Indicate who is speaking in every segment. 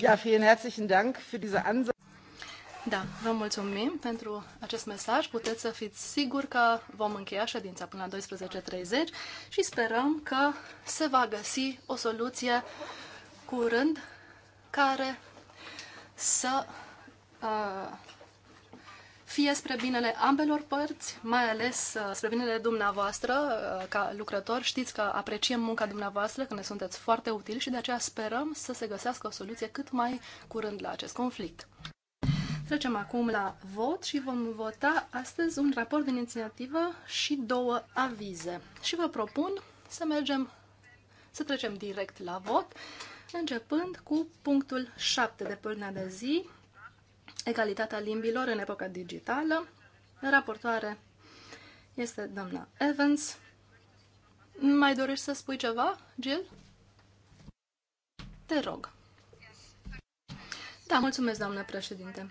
Speaker 1: Ja, vielen herzlichen Dank für diese Ansage. Da, vă mulțumim pentru acest mesaj. Puteți să fiți sigur că vom încheia ședința până la 12.30 și sperăm că se va găsi o soluție curând care să uh, fie spre binele ambelor părți, mai ales uh, spre binele dumneavoastră uh, ca lucrător. Știți că apreciem munca dumneavoastră, că ne sunteți foarte utili și de aceea sperăm să se găsească o soluție cât mai curând la acest conflict. Trecem acum la vot și vom vota astăzi un raport din inițiativă și două avize. Și vă propun să mergem, să trecem direct la vot, începând cu punctul 7 de până de zi, egalitatea limbilor în epoca digitală. Raportoare este doamna Evans. Mai dorești să spui ceva, Jill? Te rog. Da, mulțumesc, doamnă președinte.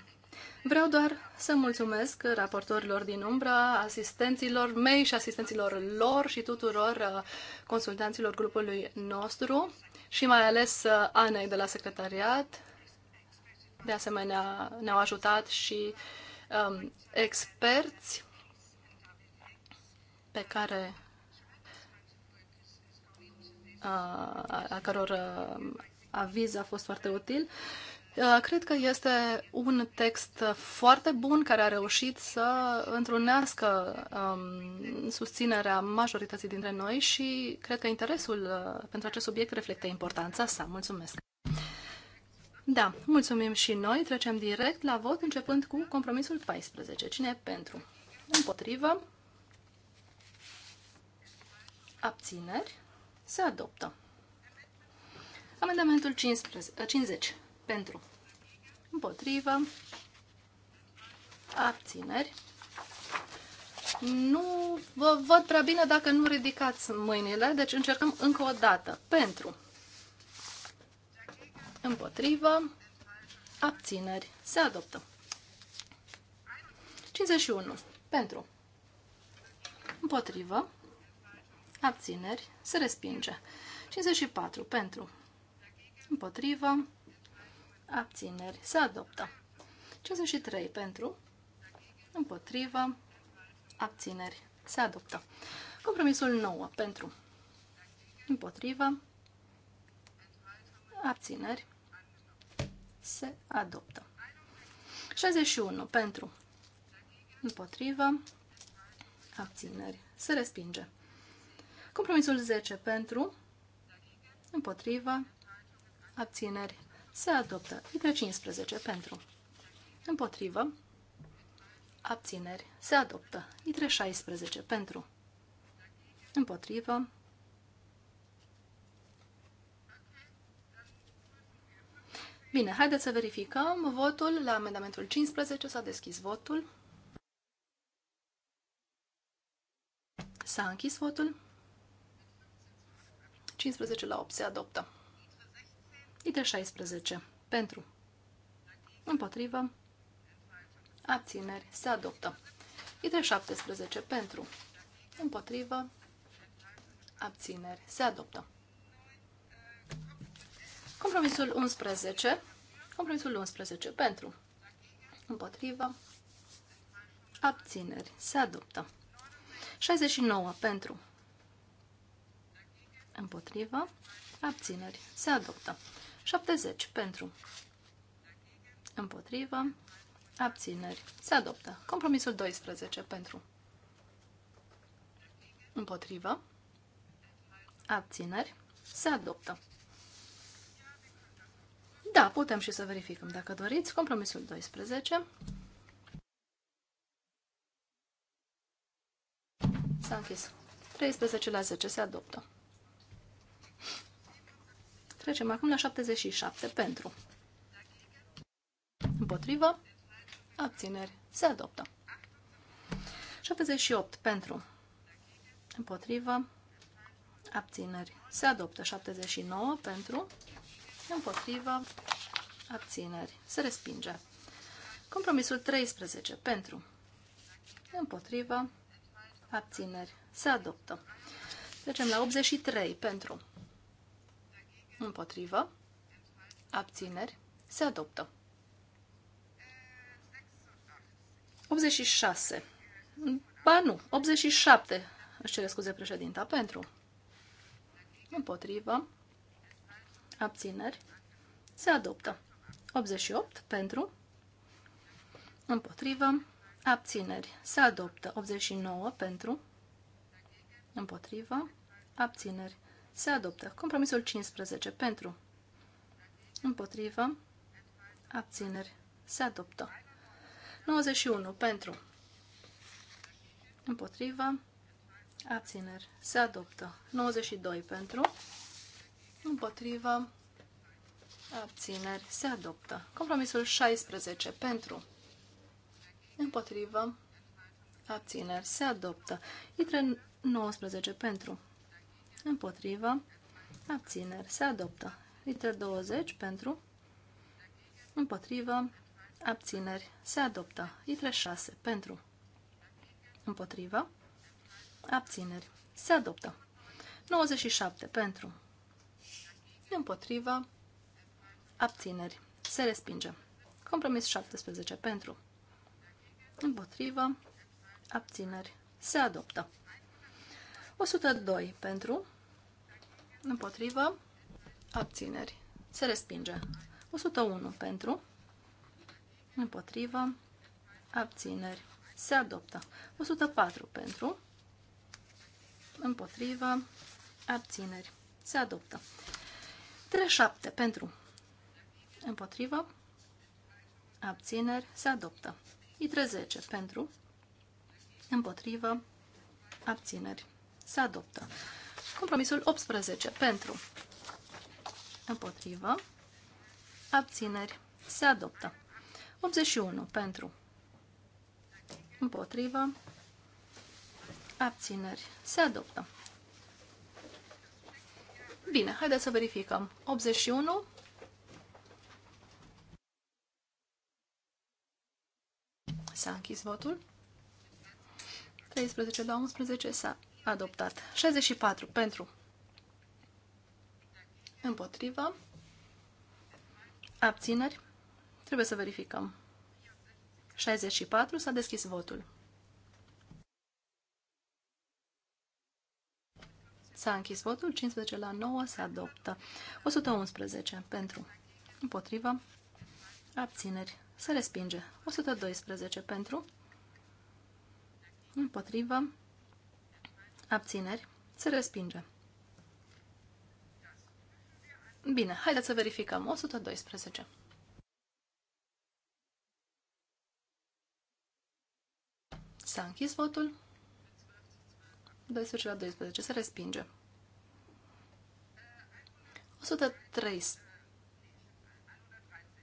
Speaker 1: Vreau doar să mulțumesc raportorilor din umbră, asistenților mei și asistenților lor și tuturor uh, consultanților grupului nostru și mai ales uh, Anei de la secretariat, de asemenea, ne-au ajutat și um, experți pe care uh, a căror uh, aviz a fost foarte util. Uh, cred că este un text foarte bun care a reușit să întrunească um, susținerea majorității dintre noi și cred că interesul uh, pentru acest subiect reflectă importanța sa. Mulțumesc! Da, mulțumim și noi. Trecem direct la vot, începând cu compromisul 14. Cine e pentru? Împotrivă. Abțineri. Se adoptă. Amendamentul 15, 50. Pentru. Împotrivă. Abțineri. Nu vă văd prea bine dacă nu ridicați mâinile, deci încercăm încă o dată. Pentru împotrivă, abțineri, se adoptă. 51. Pentru, împotrivă, abțineri, se respinge. 54. Pentru, împotrivă, abțineri, se adoptă. 53. Pentru, împotrivă, abțineri, se adoptă. Compromisul 9. Pentru, împotrivă, abțineri, se adoptă. 61 pentru, împotrivă, abțineri, se respinge. Compromisul 10 pentru, împotrivă, abțineri, se adoptă. i 15 pentru, împotrivă, abțineri, se adoptă. i 16 pentru, împotrivă, Bine, haideți să verificăm votul la amendamentul 15. S-a deschis votul. S-a închis votul. 15 la 8 se adoptă. Ite 16. Pentru. Împotrivă. Abțineri. Se adoptă. Ite 17. Pentru. Împotrivă. Abțineri. Se adoptă. Compromisul 11. Compromisul 11. Pentru. Împotrivă. Abțineri. Se adoptă. 69. Pentru. Împotrivă. Abțineri. Se adoptă. 70. Pentru. Împotrivă. Abțineri. Se adoptă. Compromisul 12. Pentru. Împotrivă. Abțineri. Se adoptă. Da, putem și să verificăm dacă doriți. Compromisul 12. S-a închis. 13 la 10 se adoptă. Trecem acum la 77 pentru. Împotrivă. Abțineri. Se adoptă. 78 pentru. Împotrivă. Abțineri. Se adoptă. 79 pentru împotriva abțineri, se respinge. Compromisul 13 pentru, împotriva abțineri, se adoptă. Trecem la 83 pentru, împotriva abțineri, se adoptă. 86. Ba nu, 87. Își cere scuze președinta pentru. împotriva abțineri, se adoptă. 88 pentru, împotrivă, abțineri, se adoptă. 89 pentru, împotrivă, abțineri, se adoptă. Compromisul 15 pentru, împotrivă, abțineri, se adoptă. 91 pentru, împotrivă, abțineri, se adoptă. 92 pentru, împotrivă, abțineri, se adoptă. Compromisul 16 pentru, împotrivă, abțineri, se adoptă. Itre 19 pentru, împotrivă, abțineri, se adoptă. Itre 20 pentru, împotrivă, abțineri, se adoptă. Itre 6 pentru, împotrivă, abțineri, se adoptă. 97 pentru, împotriva, abțineri, se respinge. Compromis 17 pentru, împotriva, abțineri, se adoptă. 102 pentru, împotriva, abțineri, se respinge. 101 pentru, împotriva, abțineri, se adoptă. 104 pentru, împotriva, abțineri. Se adoptă. 37 pentru. Împotrivă. Abțineri. Se adoptă. I30 pentru. Împotrivă. Abțineri. Se adoptă. Compromisul 18 pentru. Împotrivă. Abțineri. Se adoptă. 81 pentru. Împotrivă. Abțineri. Se adoptă. Bine, haideți să verificăm. 81. S-a închis votul. 13 la 11 s-a adoptat. 64 pentru. Împotrivă. Abțineri. Trebuie să verificăm. 64 s-a deschis votul. S-a închis votul. 15 la 9 se adoptă. 111 pentru. Împotrivă. Abțineri. Se respinge. 112 pentru. Împotrivă. Abțineri. Se respinge. Bine, haideți să verificăm. 112. S-a închis votul. 12 la 12. Se respinge. 113.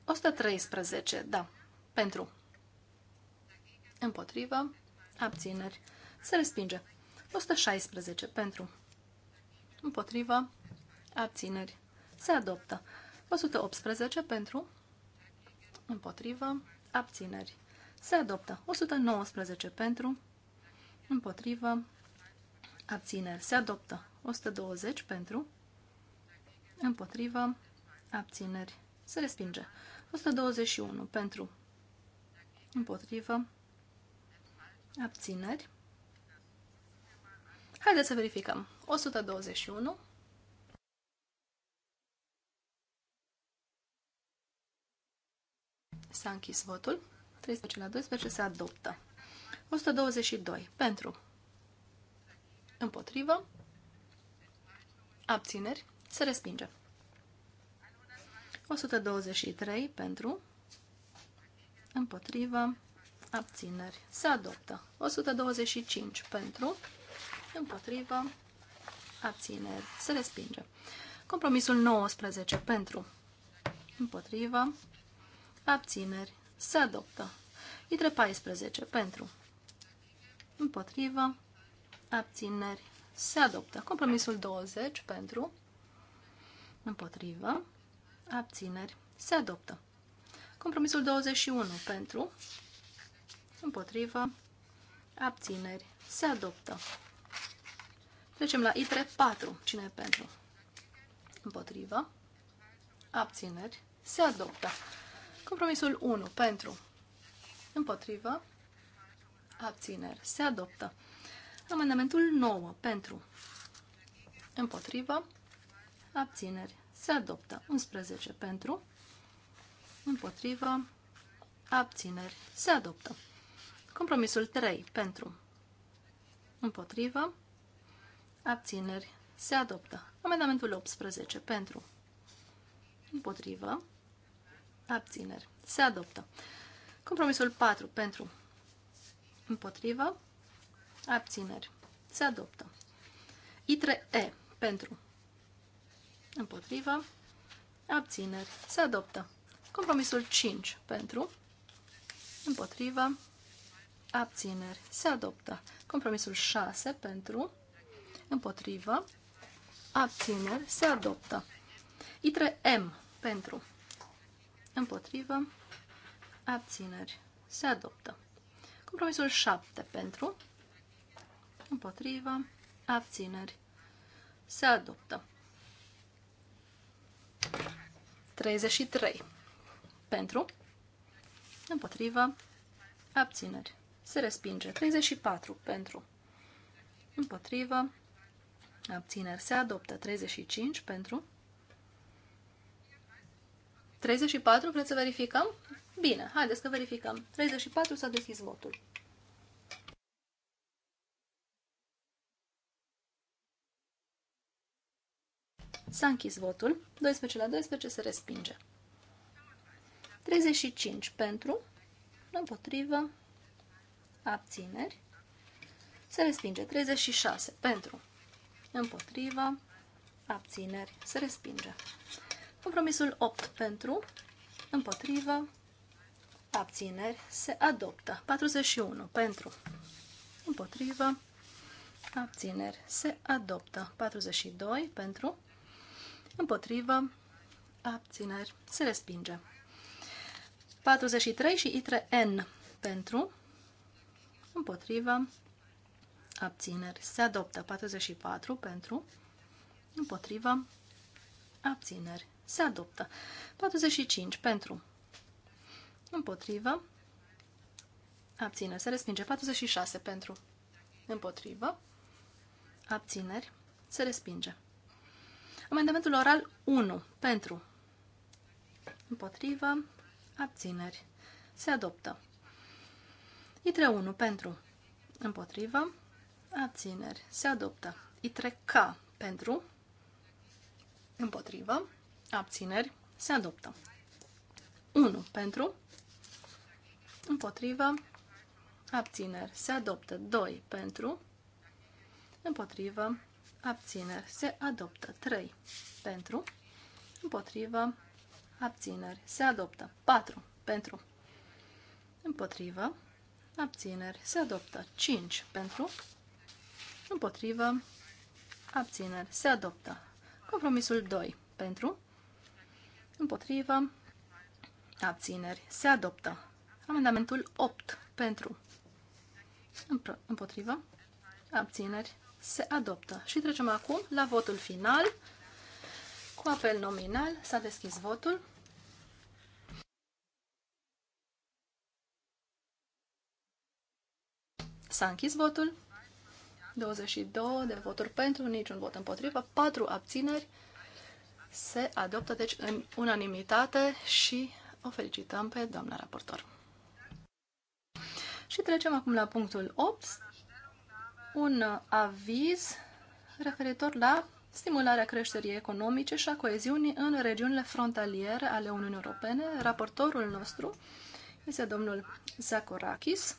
Speaker 1: 113, da. Pentru. Împotrivă. Abțineri. Se respinge. 116. Pentru. Împotrivă. Abțineri. Se adoptă. 118. Pentru. Împotrivă. Abțineri. Se adoptă. 119. Pentru. Împotrivă. Abțineri. Se adoptă. 120 pentru. Împotrivă. Abțineri. Se respinge. 121 pentru. Împotrivă. Abțineri. Haideți să verificăm. 121. S-a închis votul. 13 la 12 se adoptă. 122 pentru. Împotrivă. Abțineri. Se respinge. 123 pentru. Împotrivă. Abțineri. Se adoptă. 125 pentru. Împotrivă. Abțineri. Se respinge. Compromisul 19 pentru. Împotrivă. Abțineri. Se adoptă. Litre 14 pentru. Împotrivă abțineri, se adoptă. Compromisul 20 pentru, împotrivă, abțineri, se adoptă. Compromisul 21 pentru, împotrivă, abțineri, se adoptă. Trecem la ITRE 4. Cine pentru? Împotrivă. Abțineri. Se adoptă. Compromisul 1. Pentru. Împotrivă. Abțineri. Se adoptă. Amendamentul 9 pentru împotrivă abțineri se adoptă. 11 pentru împotrivă abțineri se adoptă. Compromisul 3 pentru împotrivă abțineri se adoptă. Amendamentul 18 pentru împotrivă abțineri se adoptă. Compromisul 4 pentru împotrivă, Abțineri. Se adoptă. Itre e Pentru. Împotrivă. Abțineri. Se adoptă. Compromisul 5. Pentru. Împotrivă. Abțineri. Se adoptă. Compromisul 6. Pentru. Împotrivă. Abțineri. Se adoptă. Itre m Pentru. Împotrivă. Abțineri. Se adoptă. Compromisul 7. Pentru. Împotriva. abțineri, se adoptă. 33. Pentru, Împotriva. abțineri, se respinge. 34. Pentru, Împotriva. abțineri, se adoptă. 35. Pentru, 34, vreți să verificăm? Bine, haideți să verificăm. 34 s-a deschis votul. S-a închis votul. 12 la 12 se respinge. 35 pentru, împotrivă, abțineri. Se respinge. 36 pentru, împotrivă, abțineri. Se respinge. Compromisul 8 pentru, împotrivă, abțineri. Se adoptă. 41 pentru, împotrivă, abțineri. Se adoptă. 42 pentru, împotrivă împotrivă, abțineri, se respinge. 43 și itre N pentru, împotrivă, abțineri, se adoptă. 44 pentru, împotrivă, abțineri, se adoptă. 45 pentru, împotrivă, abțineri, se respinge. 46 pentru, împotrivă, abțineri, se respinge. Amendamentul oral 1. Pentru. Împotrivă. Abțineri. Se adoptă. ITRE 1. Pentru. Împotrivă. Abțineri. Se adoptă. ITRE K. Pentru. Împotrivă. Abțineri. Se adoptă. 1. Pentru. Împotrivă. Abțineri. Se adoptă. 2. Pentru. Împotrivă abțineri, se adoptă. 3 pentru, împotrivă, abțineri, se adoptă. 4 pentru, împotrivă, abțineri, se adoptă. 5 pentru, împotrivă, abțineri, se adoptă. Compromisul 2 pentru, împotrivă, abțineri, se adoptă. Amendamentul 8 pentru, împotrivă, abțineri, se adoptă. Și trecem acum la votul final. Cu apel nominal s-a deschis votul. S-a închis votul. 22 de voturi pentru, niciun vot împotrivă, 4 abțineri. Se adoptă, deci, în unanimitate și o felicităm pe doamna raportor. Și trecem acum la punctul 8, un uh, aviz referitor la stimularea creșterii economice și a coeziunii în regiunile frontaliere ale Uniunii Europene. Raportorul nostru este domnul Zakorakis.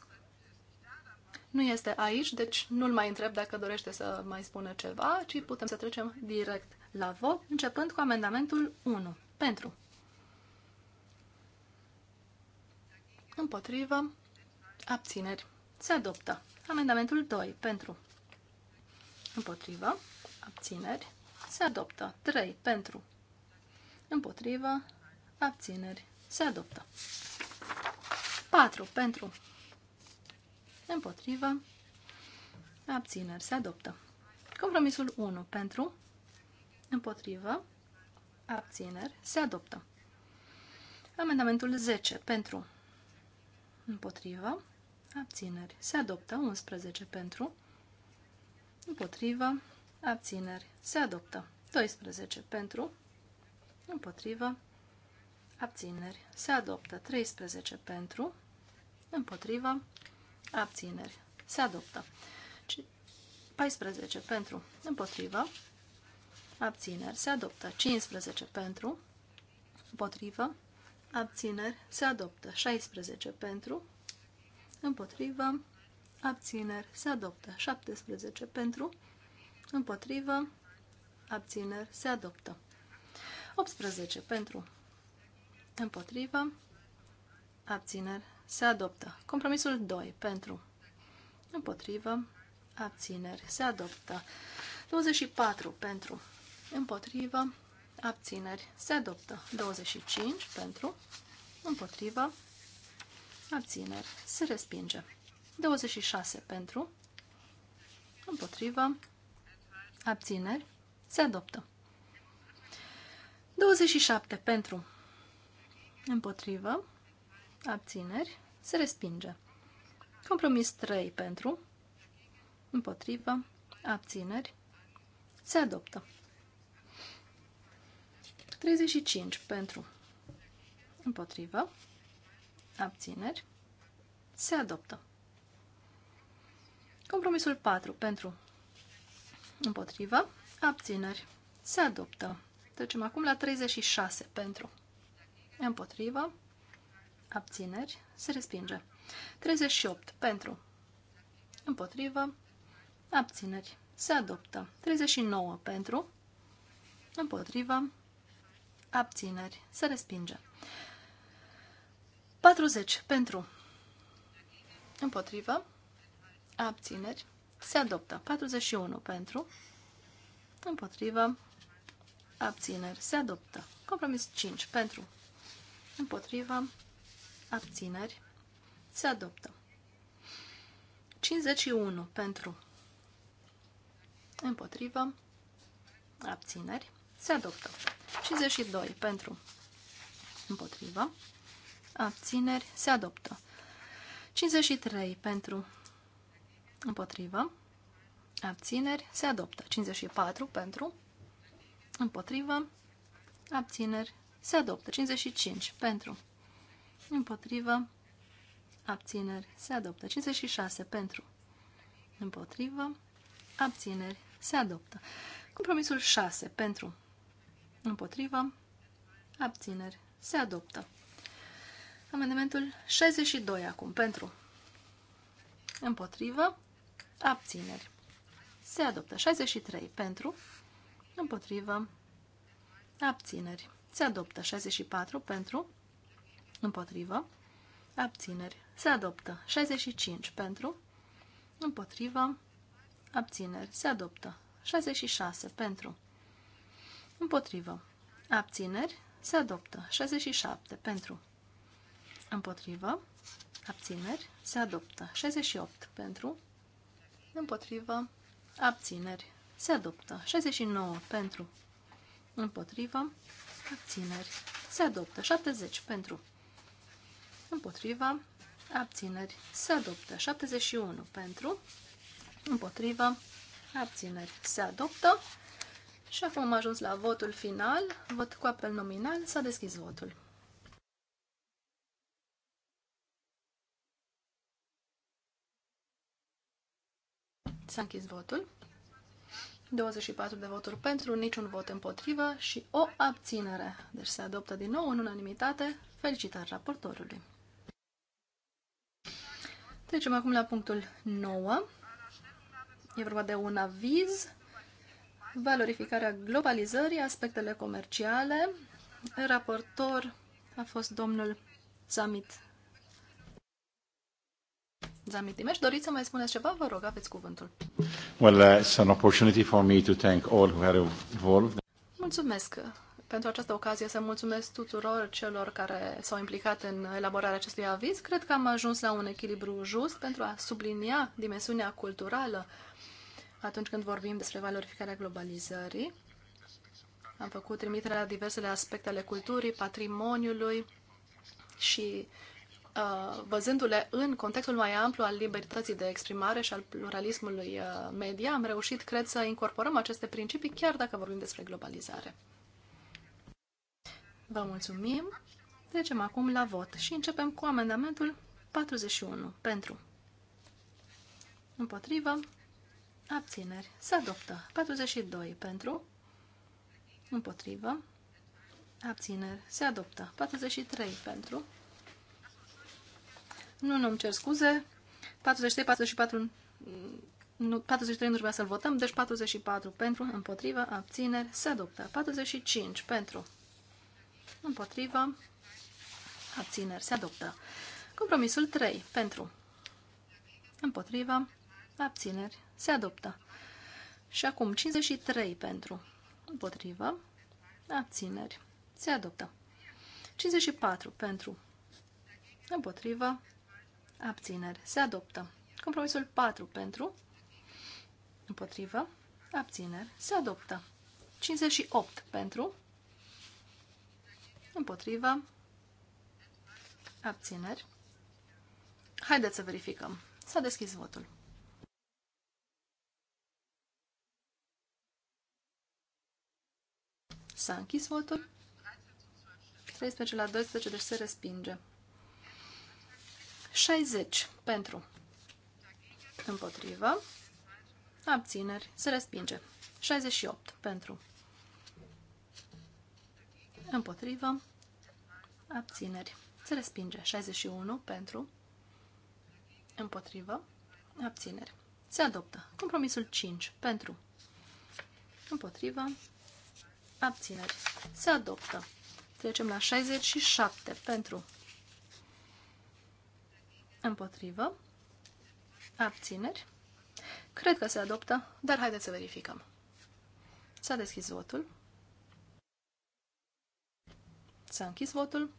Speaker 1: Nu este aici, deci nu-l mai întreb dacă dorește să mai spună ceva, ci putem să trecem direct la vot, începând cu amendamentul 1. Pentru. Împotrivă. Abțineri. Se adoptă. Amendamentul 2 pentru împotrivă, abțineri, se adoptă. 3 pentru împotrivă, abțineri, se adoptă. 4 pentru împotrivă, abțineri, se adoptă. Compromisul 1 pentru împotrivă, abțineri, se adoptă. Amendamentul 10 pentru împotrivă, abțineri. Se adoptă 11 pentru, împotrivă, abțineri. Se adoptă 12 pentru, împotrivă, abțineri. Se adoptă 13 pentru, împotrivă, abțineri. Se adoptă 14 pentru, împotrivă, abțineri. Se adoptă 15 pentru, împotrivă, abțineri. Se adoptă 16 pentru, împotrivă, abțineri, se adoptă. 17 pentru, împotrivă, abțineri, se adoptă. 18 pentru, împotrivă, abțineri, se adoptă. Compromisul 2 pentru, împotrivă, abțineri, se adoptă. 24 pentru, împotrivă, abțineri, se adoptă. 25 pentru, împotrivă, abțineri, se respinge. 26 pentru, împotrivă, abțineri, se adoptă. 27 pentru, împotrivă, abțineri, se respinge. Compromis 3 pentru, împotrivă, abțineri, se adoptă. 35 pentru, împotrivă, abțineri, se adoptă. Compromisul 4 pentru împotrivă, abțineri, se adoptă. Trecem acum la 36 pentru împotrivă, abțineri, se respinge. 38 pentru împotrivă, abțineri, se adoptă. 39 pentru împotrivă, abțineri, se respinge. 40 pentru. Împotrivă. Abțineri. Se adoptă. 41 pentru. Împotrivă. Abțineri. Se adoptă. Compromis 5 pentru. Împotrivă. Abțineri. Se adoptă. 51 pentru. Împotrivă. Abțineri. Se adoptă. 52 pentru. Împotrivă abțineri, se adoptă. 53 pentru, împotrivă, abțineri, se adoptă. 54 pentru, împotrivă, abțineri, se adoptă. 55 pentru, împotrivă, abțineri, se adoptă. 56 pentru, împotrivă, abțineri, se adoptă. Compromisul 6 pentru, împotrivă, abțineri, se adoptă. Amendamentul 62 acum, pentru, împotrivă, abțineri. Se adoptă 63 pentru, împotrivă, abțineri. Se adoptă 64 pentru, împotrivă, abțineri. Se adoptă 65 pentru, împotrivă, abțineri. Se adoptă 66 pentru, împotrivă, abțineri. Se adoptă 67 pentru, împotrivă, abțineri, se adoptă. 68 pentru, împotrivă, abțineri, se adoptă. 69 pentru, împotrivă, abțineri, se adoptă. 70 pentru, împotrivă, abțineri, se adoptă. 71 pentru, împotrivă, abțineri, se adoptă. Și acum am ajuns la votul final. Vot cu apel nominal. S-a deschis votul. S-a închis votul. 24 de voturi pentru, niciun vot împotrivă și o abținere. Deci se adoptă din nou în unanimitate. Felicitări raportorului. Trecem acum la punctul 9. E vorba de un aviz, valorificarea globalizării, aspectele comerciale. Raportor a fost domnul Zamit Zamit Dimeș, deci, doriți să mai spuneți ceva? Vă rog, aveți cuvântul.
Speaker 2: Well, uh, it's an opportunity for me to thank all who are involved.
Speaker 1: Mulțumesc pentru această ocazie să mulțumesc tuturor celor care s-au implicat în elaborarea acestui aviz. Cred că am ajuns la un echilibru just pentru a sublinia dimensiunea culturală atunci când vorbim despre valorificarea globalizării. Am făcut trimiterea la diversele aspecte ale culturii, patrimoniului și Uh, văzându-le în contextul mai amplu al libertății de exprimare și al pluralismului uh, media, am reușit, cred, să incorporăm aceste principii, chiar dacă vorbim despre globalizare. Vă mulțumim. Trecem acum la vot și începem cu amendamentul 41. Pentru. Împotrivă. Abțineri. Se adoptă. 42. Pentru. Împotrivă. Abțineri. Se adoptă. 43. Pentru. Nu, nu, îmi cer scuze. 43, 44, 43 nu trebuia să-l votăm, deci 44 pentru, împotrivă, abțineri, se adoptă. 45 pentru, împotrivă, abțineri, se adoptă. Compromisul 3 pentru, împotrivă, abțineri, se adoptă. Și acum 53 pentru, împotrivă, abțineri, se adoptă. 54 pentru, împotrivă, abțineri, se adoptă. Compromisul 4 pentru, împotrivă, abțineri, se adoptă. 58 pentru, împotrivă, abțineri. Haideți să verificăm. S-a deschis votul. S-a închis votul. 13 la 12, deci se respinge. 60 pentru. Împotrivă. Abțineri. Se respinge. 68 pentru. Împotrivă. Abțineri. Se respinge. 61 pentru. Împotrivă. Abțineri. Se adoptă. Compromisul 5 pentru. Împotrivă. Abțineri. Se adoptă. Trecem la 67 pentru. Împotrivă. Abțineri. Cred că se adoptă, dar haideți să verificăm. S-a deschis votul. S-a închis votul.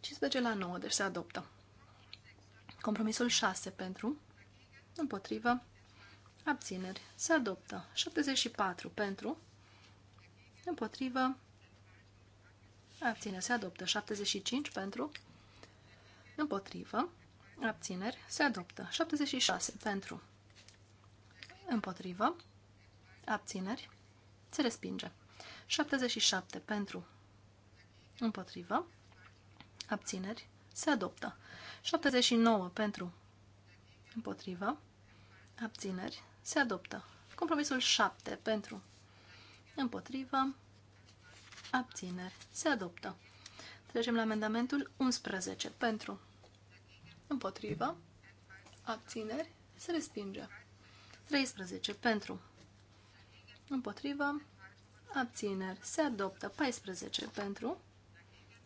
Speaker 1: 15 la 9, deci se adoptă. Compromisul 6 pentru, împotrivă, abțineri, se adoptă. 74 pentru, împotrivă, abțineri, se adoptă. 75 pentru, împotrivă, abțineri, se adoptă. 76 pentru, împotrivă, abțineri, se respinge. 77 pentru, împotrivă, abțineri, se adoptă. 79 pentru, împotrivă, abțineri, se adoptă. Compromisul 7 pentru, împotrivă, abțineri, se adoptă. Trecem la amendamentul 11 pentru, împotrivă, abțineri, se respinge. 13 pentru, împotrivă, abțineri, se adoptă. 14 pentru,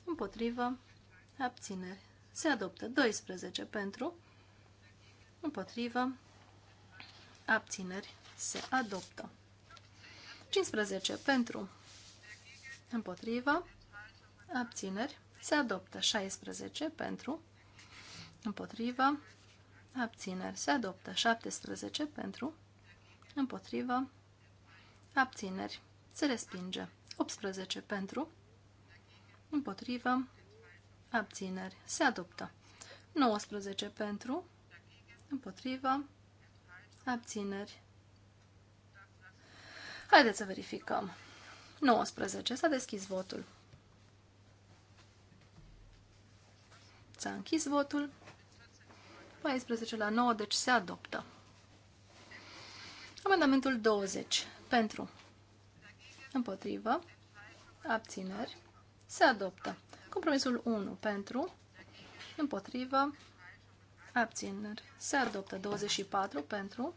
Speaker 1: împotrivă, abțineri, se adoptă. 12 pentru, împotrivă, abțineri, se adoptă. 15 pentru, împotrivă, abțineri, se adoptă. 16 pentru, împotrivă, abțineri se adoptă. 17 pentru, împotrivă, abțineri se respinge. 18 pentru, împotrivă, abțineri se adoptă. 19 pentru, împotrivă, abțineri. Haideți să verificăm. 19. S-a deschis votul. S-a închis votul. 14 la 9, deci se adoptă. Amendamentul 20. Pentru. Împotrivă. Abțineri. Se adoptă. Compromisul 1. Pentru. Împotrivă. Abțineri. Se adoptă. 24. Pentru.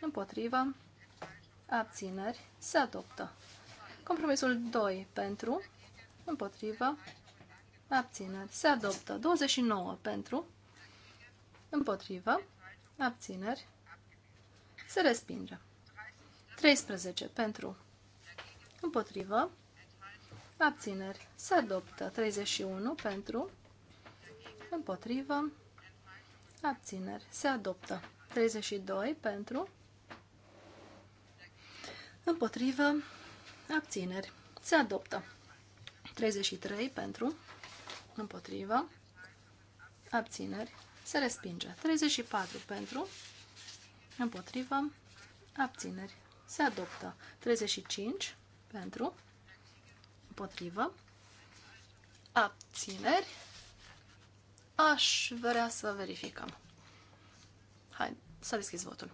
Speaker 1: Împotrivă. Abțineri. Se adoptă. Compromisul 2. Pentru. Împotrivă. Abțineri. Se adoptă. 29. Pentru. Împotrivă. Abțineri. Se respinge. 13 pentru. Împotrivă. Abțineri. Se adoptă. 31 pentru. Împotrivă. Abțineri. Se adoptă. 32 pentru. Împotrivă. Abțineri. Se adoptă. 33 pentru. Împotrivă. Abțineri se respinge. 34 pentru, împotrivă, abțineri, se adoptă. 35 pentru, împotrivă, abțineri, aș vrea să verificăm. Hai, să deschis votul.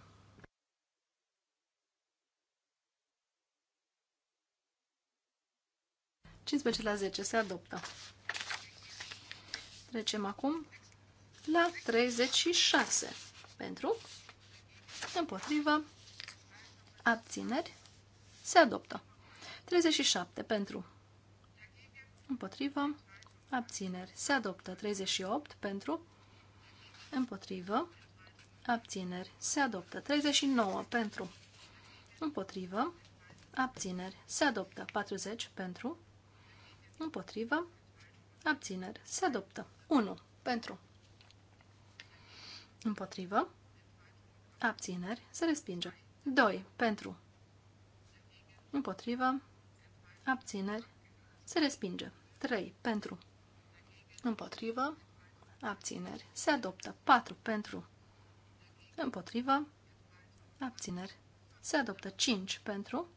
Speaker 1: la 10 se adoptă. Trecem acum la 36. Pentru, împotrivă, abțineri, se adoptă. 37. Pentru, împotrivă, abțineri, se adoptă. 38. Pentru, împotrivă, abțineri, se adoptă. 39. Pentru, împotrivă, abțineri, se adoptă. 40. Pentru, împotrivă, abțineri, se adoptă. 1. Pentru, Împotrivă. Abțineri. Se respinge. 2. Pentru. Împotrivă. Abțineri. Se respinge. 3. Pentru. Împotrivă. Abțineri. Se adoptă. 4. Pentru. Împotrivă. Abțineri. Se adoptă. 5. Pentru.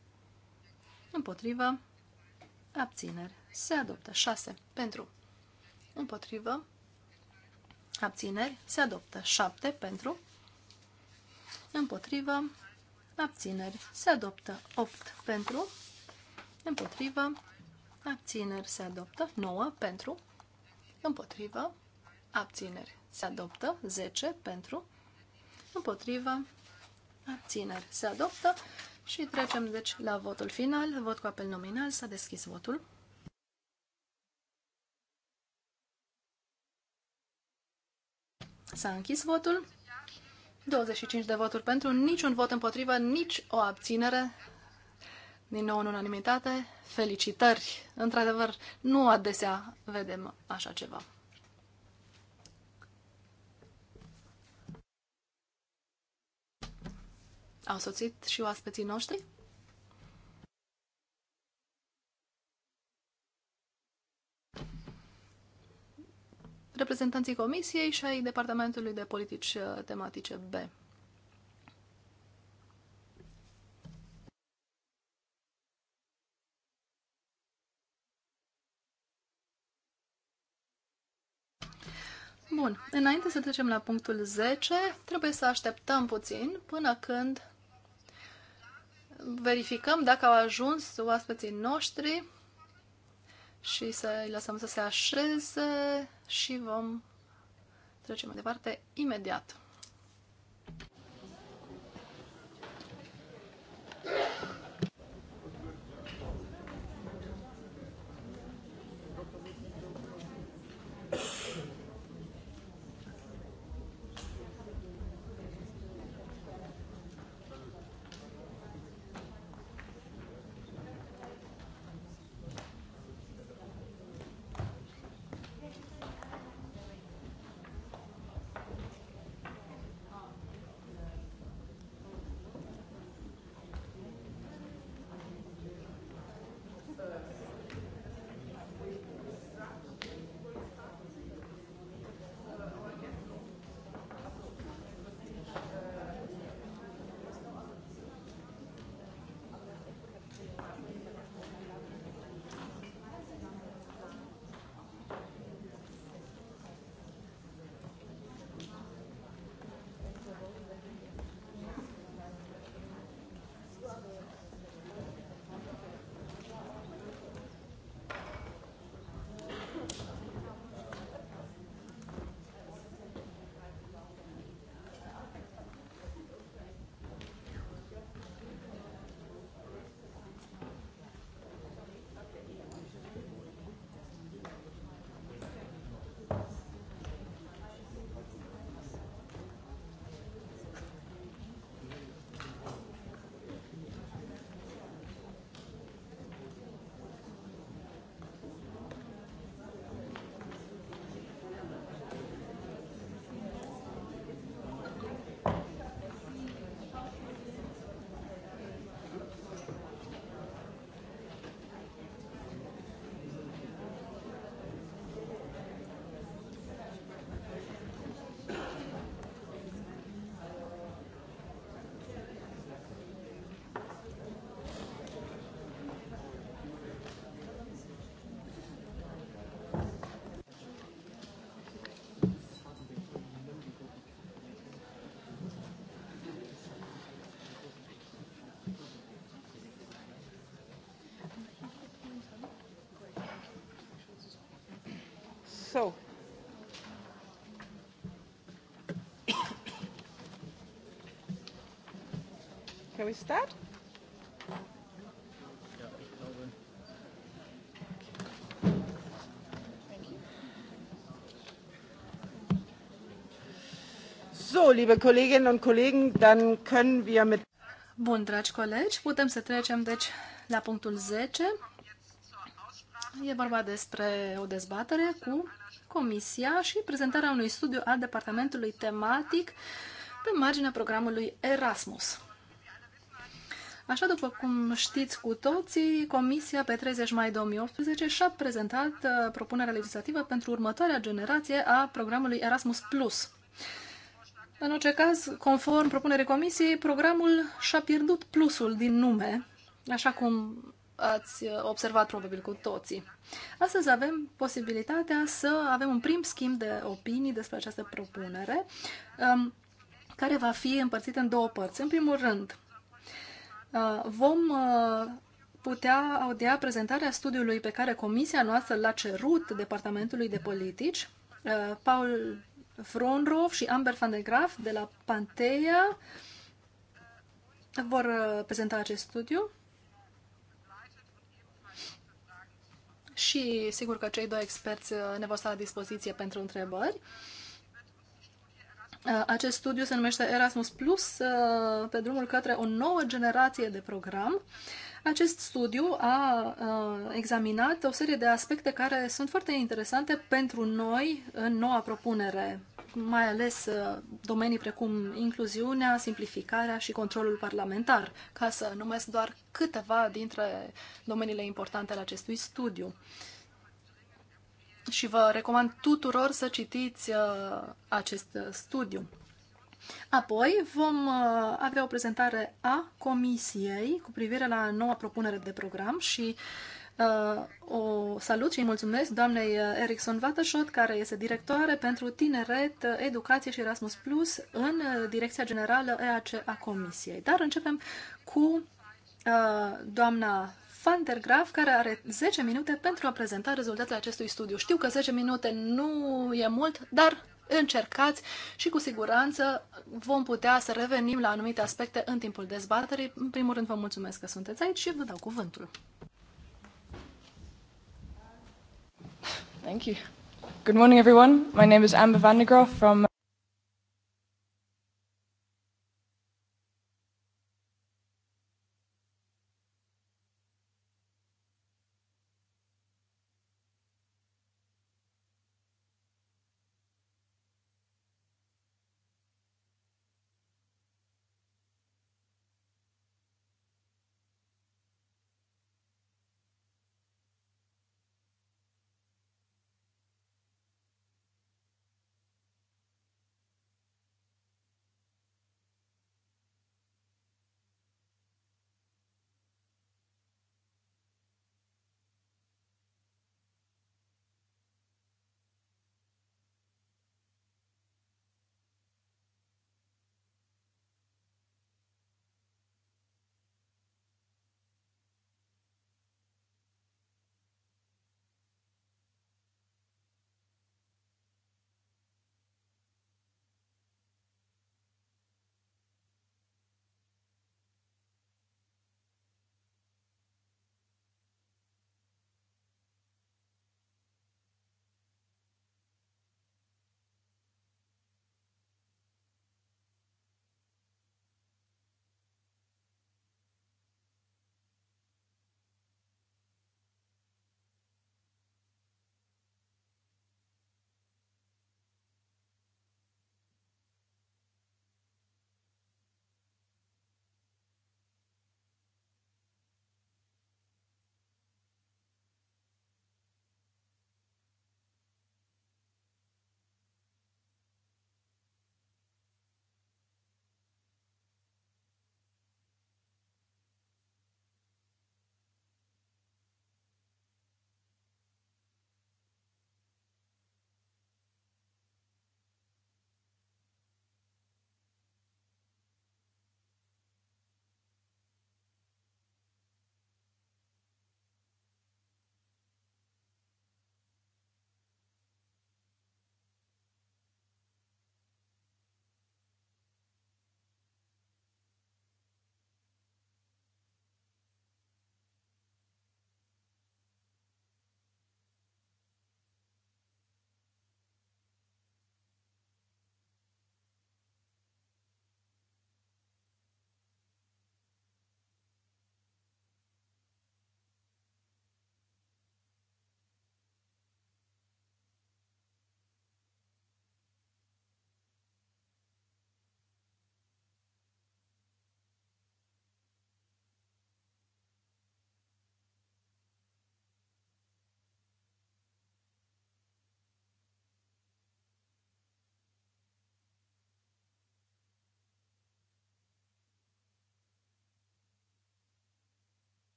Speaker 1: Împotrivă. Abțineri. Se adoptă. 6. Pentru. Împotrivă abțineri, se adoptă. 7 pentru, împotrivă, abțineri, se adoptă. 8 pentru, împotrivă, abțineri, se adoptă. 9 pentru, împotrivă, abțineri, se adoptă. 10 pentru, împotrivă, abțineri, se adoptă. Și trecem, deci, la votul final. Vot cu apel nominal. S-a deschis votul. S-a închis votul. 25 de voturi pentru, niciun vot împotrivă, nici o abținere. Din nou în unanimitate. Felicitări! Într-adevăr, nu adesea vedem așa ceva. Au soțit și oaspeții noștri? reprezentanții Comisiei și ai Departamentului de Politici uh, Tematice B. Bun, înainte să trecem la punctul 10, trebuie să așteptăm puțin până când verificăm dacă au ajuns oaspeții noștri și să îi lăsăm să se așeze și vom trece mai departe imediat. Shall we start? So, liebe Kolleginnen und Kollegen, dann können wir mit Bun, dragi colegi, putem să trecem deci la punctul 10. E vorba despre o dezbatere cu Comisia și prezentarea unui studiu al departamentului tematic pe marginea programului Erasmus. Așa după cum știți cu toții, Comisia pe 30 mai 2018 și-a prezentat uh, propunerea legislativă pentru următoarea generație a programului Erasmus+. Plus. În orice caz, conform propunerii Comisiei, programul și-a pierdut plusul din nume, așa cum ați uh, observat probabil cu toții. Astăzi avem posibilitatea să avem un prim schimb de opinii despre această propunere, um, care va fi împărțită în două părți. În primul rând, Uh, vom uh, putea audia prezentarea studiului pe care comisia noastră l-a cerut Departamentului de Politici. Uh, Paul Fronrov și Amber van de Graaf de la Pantea vor prezenta acest studiu. Și sigur că cei doi experți ne vor sta la dispoziție pentru întrebări. Uh, acest studiu se numește Erasmus Plus uh, pe drumul către o nouă generație de program. Acest studiu a uh, examinat o serie de aspecte care sunt foarte interesante pentru noi în noua propunere, mai ales domenii precum incluziunea, simplificarea și controlul parlamentar, ca să numesc doar câteva dintre domeniile importante ale acestui studiu și vă recomand tuturor să citiți uh, acest uh, studiu. Apoi vom uh, avea o prezentare a Comisiei cu privire la noua propunere de program și o salut și îi mulțumesc doamnei Erickson Vatășot, care este directoare pentru tineret, educație și Erasmus Plus în Direcția Generală EAC a Comisiei. Dar începem cu doamna Van der Graaf, care are 10 minute pentru a prezenta rezultatele acestui studiu. Știu că 10 minute nu e mult, dar încercați și cu siguranță vom putea să revenim la anumite aspecte în timpul dezbaterii. În primul rând, vă mulțumesc că sunteți aici și vă dau cuvântul. Thank you.
Speaker 2: Good morning, everyone. My name is Amber van der Graaf from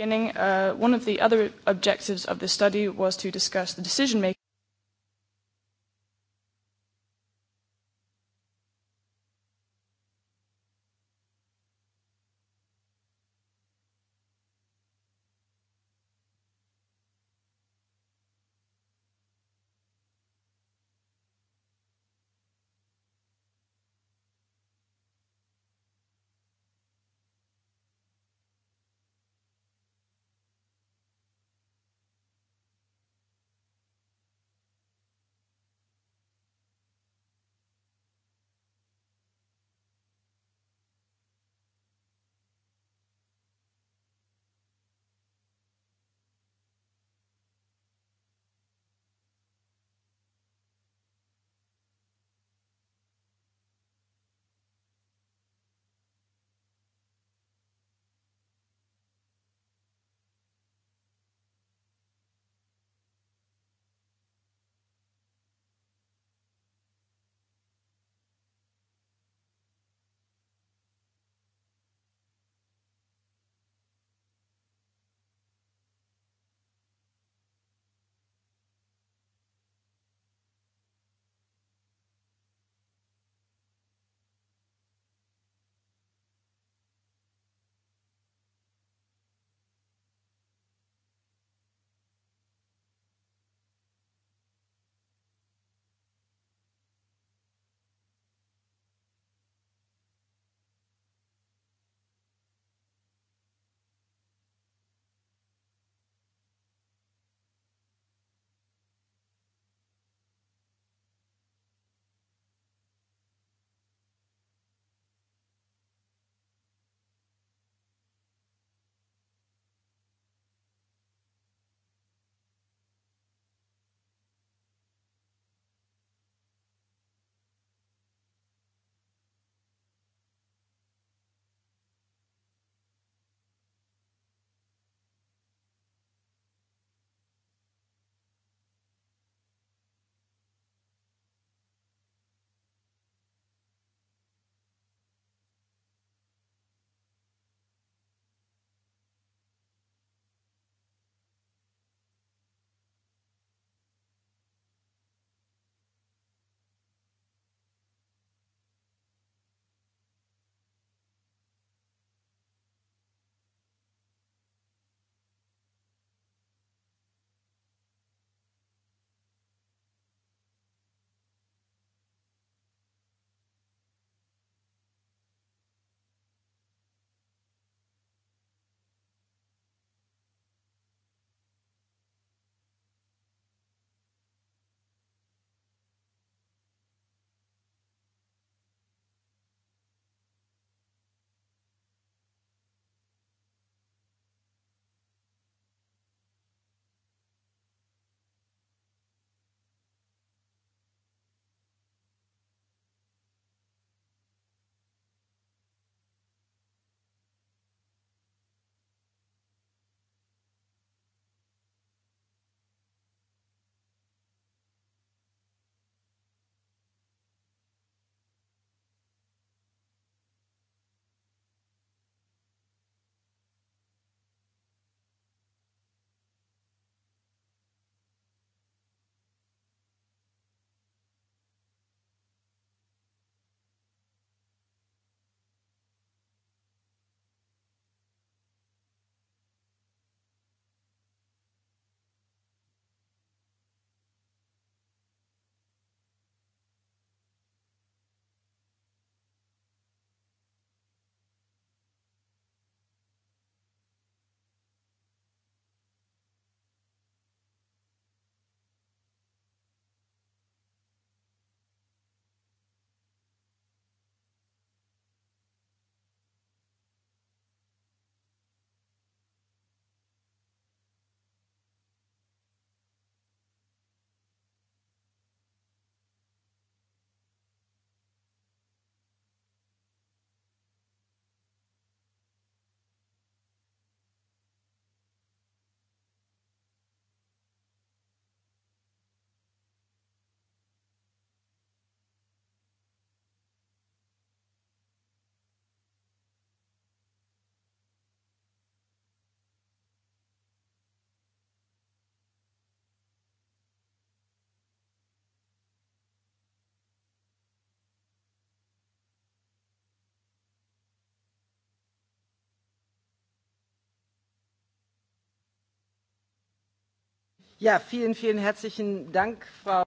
Speaker 1: beginning, uh, one of the other objectives of the study was to discuss the decision-making
Speaker 2: vielen, vielen herzlichen Dank, Frau.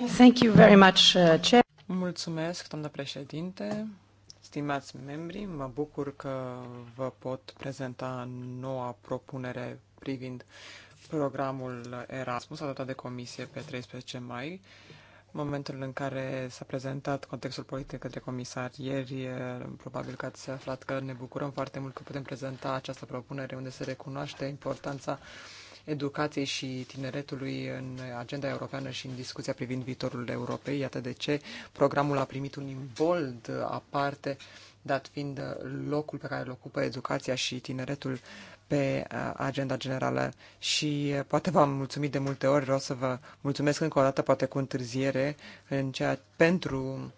Speaker 1: Thank you very much, uh, Chair.
Speaker 2: Mulțumesc, doamnă președinte. Stimați membri, mă bucur că vă pot prezenta noua propunere privind programul Erasmus adoptat de comisie pe 13 mai. Momentul în care s-a prezentat contextul politic către comisar ieri, probabil că ați aflat că ne bucurăm foarte mult că putem prezenta această propunere unde se recunoaște importanța uh, educației și tineretului în agenda europeană și în discuția privind viitorul Europei. Iată de ce programul a primit un imbold aparte, dat fiind locul pe care îl ocupă educația și tineretul pe agenda generală și poate v-am mulțumit de multe ori, vreau să vă mulțumesc încă o dată, poate cu întârziere, în ceea, pentru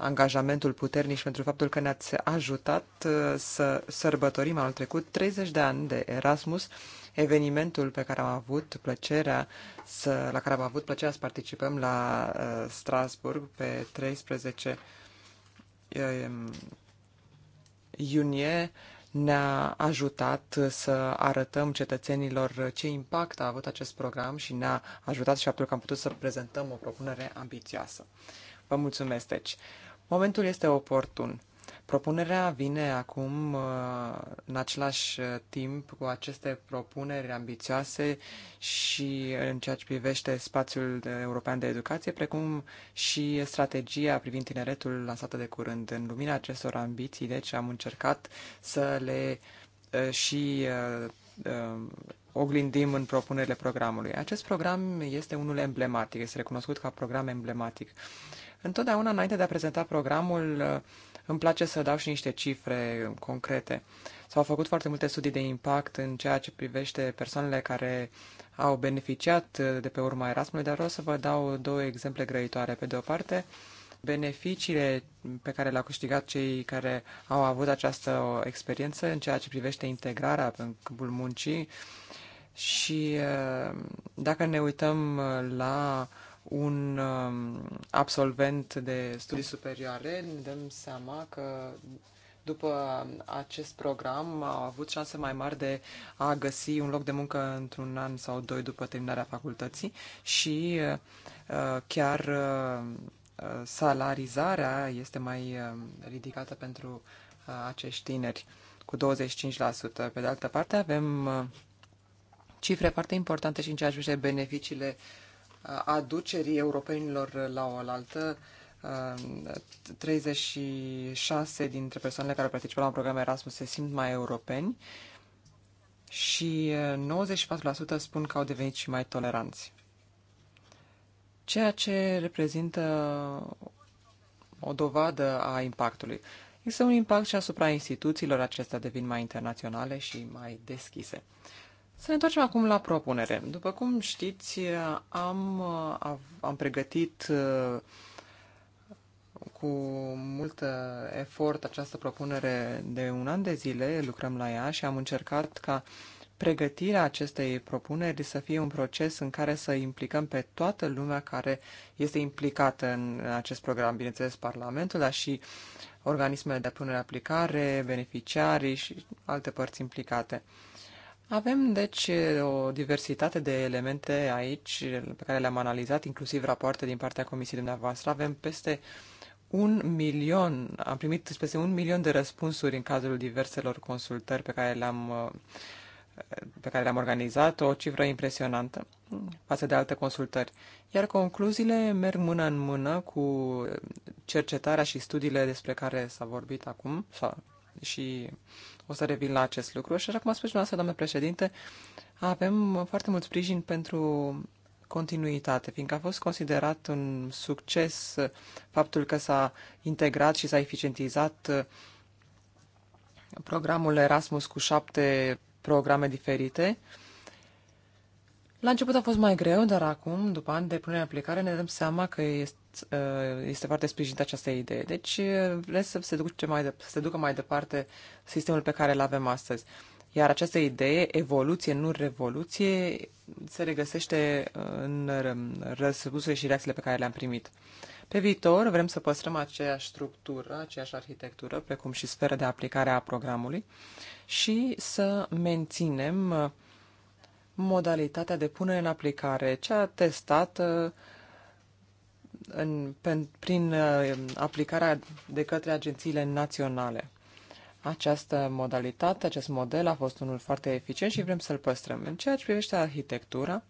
Speaker 2: angajamentul puternic și pentru faptul că ne-ați ajutat să sărbătorim anul trecut 30 de ani de Erasmus evenimentul pe care am avut plăcerea să, la care am avut plăcerea să participăm la uh, Strasburg pe 13 uh, um, iunie ne-a ajutat să arătăm cetățenilor ce impact a avut acest program și ne-a ajutat și faptul că am putut să prezentăm o propunere ambițioasă. Vă mulțumesc, deci. Momentul este oportun. Propunerea vine acum uh, în același uh, timp cu aceste propuneri ambițioase și în ceea ce privește spațiul european de educație, precum și strategia privind tineretul lansată de curând. În lumina acestor ambiții, deci, am încercat să le uh, și oglindim în propunerile programului. Acest program este unul emblematic, este recunoscut ca program emblematic. Întotdeauna, înainte de a prezenta programul, îmi place să dau și niște cifre concrete. S-au făcut foarte multe studii de impact în ceea ce privește persoanele care au beneficiat de pe urma Erasmusului, dar vreau să vă dau două exemple grăitoare. Pe de o parte, beneficiile pe care le-au câștigat cei care au avut această experiență în ceea ce privește integrarea în câmpul muncii și uh, dacă ne uităm la un um, absolvent de studii superioare, ne dăm seama că după acest program au avut șanse mai mari de a găsi un loc de muncă într-un an sau doi după terminarea facultății și uh, chiar uh, salarizarea este mai um, ridicată pentru uh, acești tineri cu 25%. Pe de altă parte avem cifre foarte importante și în ceea ce privește beneficiile uh, aducerii europenilor la o altă. 36 uh, dintre persoanele care participă la un program Erasmus se simt mai europeni și 94% uh, spun că au devenit și mai toleranți. Ceea ce reprezintă o dovadă a impactului. Există un impact și asupra instituțiilor acestea devin mai internaționale și mai deschise. Să ne întoarcem acum la propunere. După cum știți, am, am pregătit uh, cu mult efort această propunere de un an de zile, lucrăm la ea și am încercat ca pregătirea acestei propuneri să fie un proces în care să implicăm pe toată lumea care este implicată în acest program, bineînțeles Parlamentul, dar și organismele de punere aplicare, beneficiarii și alte părți implicate. Avem, deci, o diversitate de elemente aici pe care le-am analizat, inclusiv rapoarte din partea comisiei dumneavoastră. Avem peste un milion, am primit peste un milion de răspunsuri în cadrul diverselor consultări pe care le-am pe care le-am organizat, o cifră impresionantă față de alte consultări. Iar concluziile merg mână în mână cu cercetarea și studiile despre care s-a vorbit acum, sau și o să revin la acest lucru. Și așa cum a spus dumneavoastră, doamne președinte, avem foarte mult sprijin pentru continuitate, fiindcă a fost considerat un succes faptul că s-a integrat și s-a eficientizat programul Erasmus cu șapte programe diferite la început a fost mai greu, dar acum, după ani de punere în aplicare, ne dăm seama că este, uh, este foarte sprijinită această idee. Deci, uh, vrem să se, duce mai de, să se ducă mai departe sistemul pe care îl avem astăzi. Iar această idee, evoluție, nu revoluție, se regăsește în răspunsurile și reacțiile pe care le-am primit. Pe viitor vrem să păstrăm aceeași structură, aceeași arhitectură, precum și sfera de aplicare a programului și să menținem uh, modalitatea de punere în aplicare, cea testată uh, în, pen, prin uh, aplicarea de către agențiile naționale. Această modalitate, acest model a fost unul foarte eficient și vrem să-l păstrăm. În ceea ce privește arhitectura,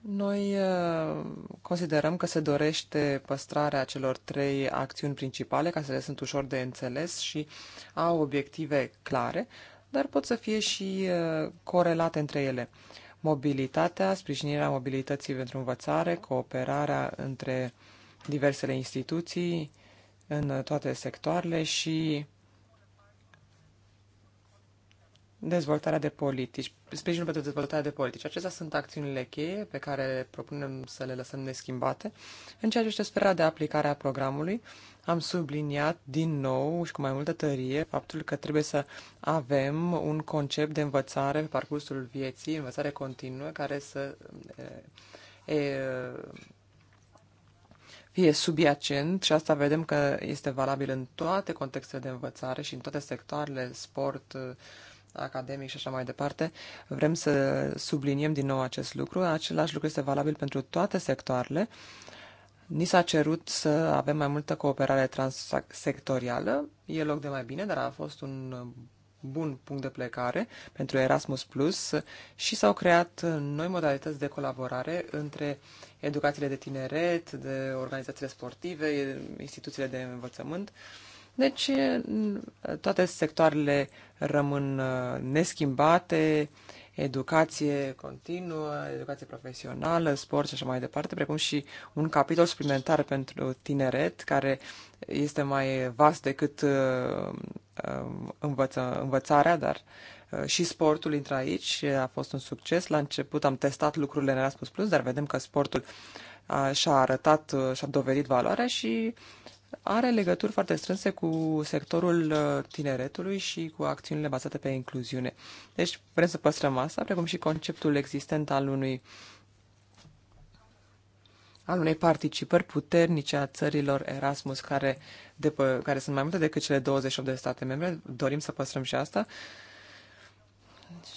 Speaker 2: noi uh, considerăm că se dorește păstrarea celor trei acțiuni principale, ca să le sunt ușor de înțeles și au obiective clare, dar pot să fie și uh, corelate între ele. Mobilitatea, sprijinirea mobilității pentru învățare, cooperarea între diversele instituții în uh, toate sectoarele și dezvoltarea de politici, sprijinul pentru dezvoltarea de politici. Acestea sunt acțiunile cheie pe care propunem să le lăsăm neschimbate. În ceea ce este sfera de aplicare a programului, am subliniat din nou și cu mai multă tărie faptul că trebuie să avem un concept de învățare pe parcursul vieții, învățare continuă, care să e, e, fie subiacent și asta vedem că este valabil în toate contextele de învățare și în toate sectoarele, sport, academic și așa mai departe, vrem să subliniem din nou acest lucru. Același lucru este valabil pentru toate sectoarele. Ni s-a cerut să avem mai multă cooperare transsectorială. E loc de mai bine, dar a fost un bun punct de plecare pentru Erasmus Plus și s-au creat noi modalități de colaborare între educațiile de tineret, de organizațiile sportive, instituțiile de învățământ. Uh, deci toate sectoarele rămân uh, neschimbate, educație continuă, educație profesională, sport și așa mai departe, precum și un capitol suplimentar pentru tineret, care este mai vast decât uh, uh, învăță, învățarea, dar și sportul intră aici, a fost un succes. La început am testat lucrurile în Erasmus Plus, dar vedem că sportul și-a arătat, și-a dovedit valoarea și uh, are legături foarte strânse cu sectorul uh, tineretului și cu acțiunile bazate pe incluziune. Deci vrem să păstrăm asta, precum și conceptul existent al unui al unei participări puternice a țărilor Erasmus, care, de, care sunt mai multe decât cele 28 de state membre. Dorim să păstrăm și asta.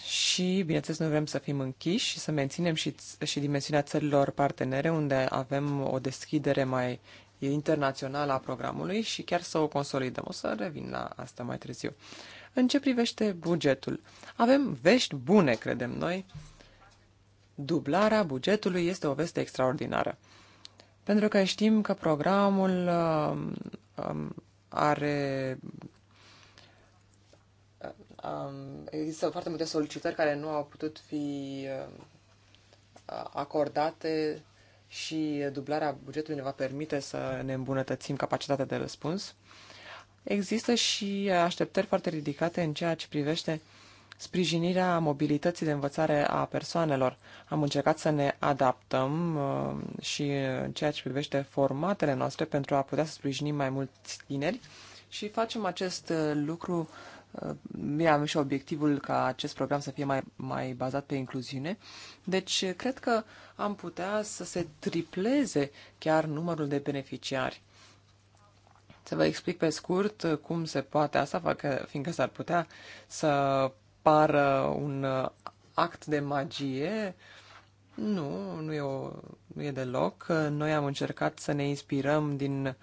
Speaker 2: Și, bineînțeles, noi vrem să fim închiși și să menținem și, și dimensiunea țărilor partenere, unde avem o deschidere mai internațională a programului și chiar să o consolidăm. O să revin la asta mai târziu. În ce privește bugetul? Avem vești bune, credem noi. Dublarea bugetului este o veste extraordinară. Pentru că știm că programul um, um are um, există foarte multe solicitări care nu au putut fi uh, acordate și dublarea bugetului ne va permite să ne îmbunătățim capacitatea de răspuns. Există și așteptări foarte ridicate în ceea ce privește sprijinirea mobilității de învățare a persoanelor. Am încercat să ne adaptăm uh, și în ceea ce privește formatele noastre pentru a putea să sprijinim mai mulți tineri și facem acest uh, lucru mi am și obiectivul ca acest program să fie mai, mai bazat pe incluziune. Deci, cred că am putea să se tripleze chiar numărul de beneficiari. Să vă explic pe scurt cum se poate asta, fiindcă s-ar putea să pară un act de magie. Nu, nu e, o, nu e deloc. Noi am încercat să ne inspirăm din uh,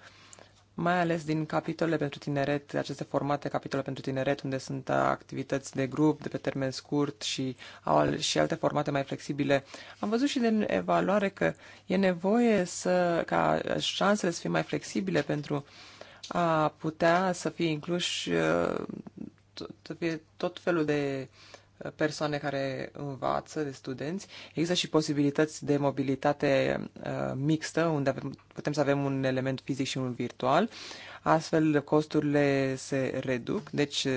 Speaker 2: mai ales din capitole pentru tineret, aceste formate capitole pentru tineret, unde sunt activități de grup, de pe termen scurt și, au, și alte formate mai flexibile. Am văzut și din evaluare că e nevoie să, ca șansele să fie mai flexibile pentru a putea să fie incluși uh, să fie tot felul de persoane care învață, de studenți. Există și posibilități de mobilitate uh, mixtă, unde avem, putem să avem un element fizic și unul virtual. Astfel, costurile se reduc, deci, uh,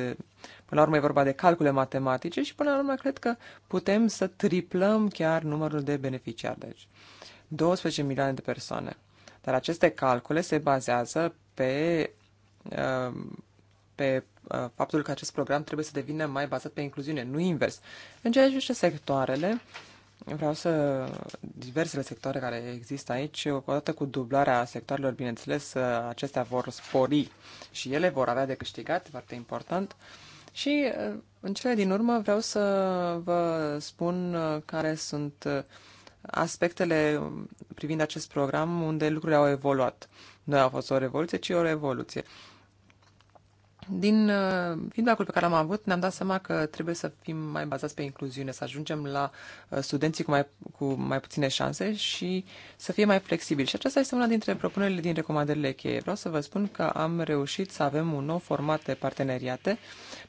Speaker 2: până la urmă, e vorba de calcule matematice și, până la urmă, cred că putem să triplăm chiar numărul de beneficiari. Deci, 12 milioane de persoane. Dar aceste calcule se bazează pe, uh, pe Uh, faptul că acest program trebuie să devină mai bazat pe incluziune, nu invers. În ceea ce privește sectoarele, vreau să diversele sectoare care există aici, odată cu dublarea sectoarelor, bineînțeles, uh, acestea vor spori și ele vor avea de câștigat, foarte important. Și uh, în cele din urmă vreau să vă spun care sunt aspectele privind acest program unde lucrurile au evoluat. Nu a fost o revoluție, ci o revoluție. Din uh, feedback-ul pe care l-am avut, ne-am dat seama că trebuie să fim mai bazați pe incluziune, să ajungem la uh, studenții cu mai, cu mai puține șanse și să fie mai flexibili. Și aceasta este una dintre propunerile din recomandările cheie. Vreau să vă spun că am reușit să avem un nou format de parteneriate,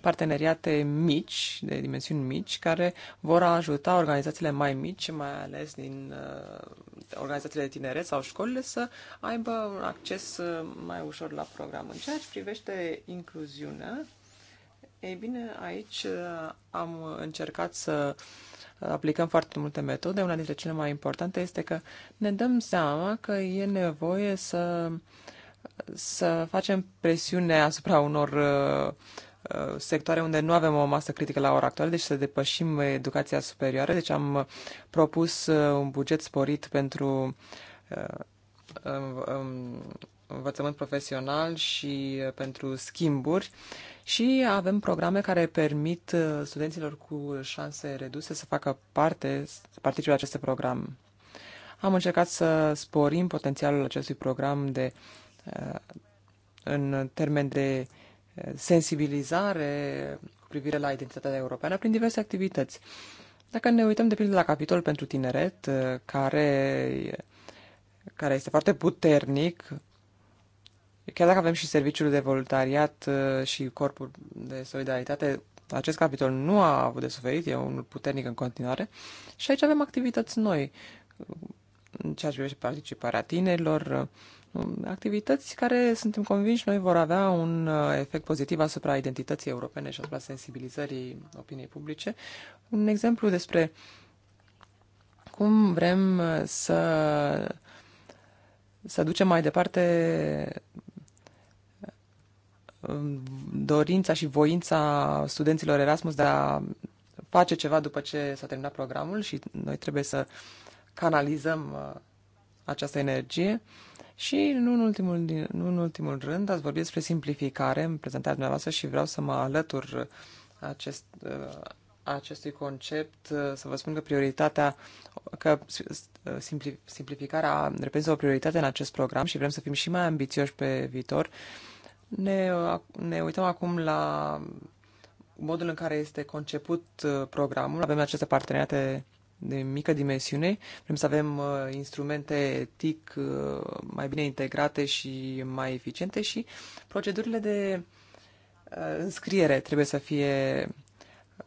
Speaker 2: parteneriate mici, de dimensiuni mici, care vor ajuta organizațiile mai mici, mai ales din uh, organizațiile de tineret sau școlile, să aibă un acces mai ușor la program. În ceea ce privește incluziunea, incluziunea. Ei bine, aici uh, am încercat să uh, aplicăm foarte multe metode. Una dintre cele mai importante este că ne dăm seama că e nevoie să, să facem presiune asupra unor uh, sectoare unde nu avem o masă critică la ora actuală, deci să depășim educația superioară. Deci am propus un buget sporit pentru um, um, învățământ profesional și uh, pentru schimburi și avem programe care permit uh, studenților cu șanse reduse să facă parte, să participe la aceste program. Am încercat să sporim potențialul acestui program de, uh, în termen de sensibilizare cu privire la identitatea europeană prin diverse activități. Dacă ne uităm, de pildă, la capitolul pentru tineret, care, care este foarte puternic, Chiar dacă avem și serviciul de voluntariat uh, și corpul de solidaritate, acest capitol nu a avut de suferit, e unul puternic în continuare. Și aici avem activități noi, în ceea ce privește participarea tinerilor, uh, activități care, suntem convinși, noi vor avea un uh, efect pozitiv asupra identității europene și asupra sensibilizării opiniei publice. Un exemplu despre cum vrem să, să ducem mai departe Um, dorința și voința studenților Erasmus de a face ceva după ce s-a terminat programul și noi trebuie să canalizăm uh, această energie. Și nu în, ultimul, nu în ultimul rând, ați vorbit despre simplificare în prezentarea dumneavoastră și vreau să mă alătur uh, acest, uh, acestui concept, să vă spun că prioritatea, că simplificarea reprezintă o prioritate în acest program și vrem să fim și mai ambițioși pe viitor ne, ne uităm acum la modul în care este conceput uh, programul. Avem aceste parteneriate de mică dimensiune. Vrem să avem uh, instrumente TIC uh, mai bine integrate și mai eficiente și procedurile de înscriere trebuie să fie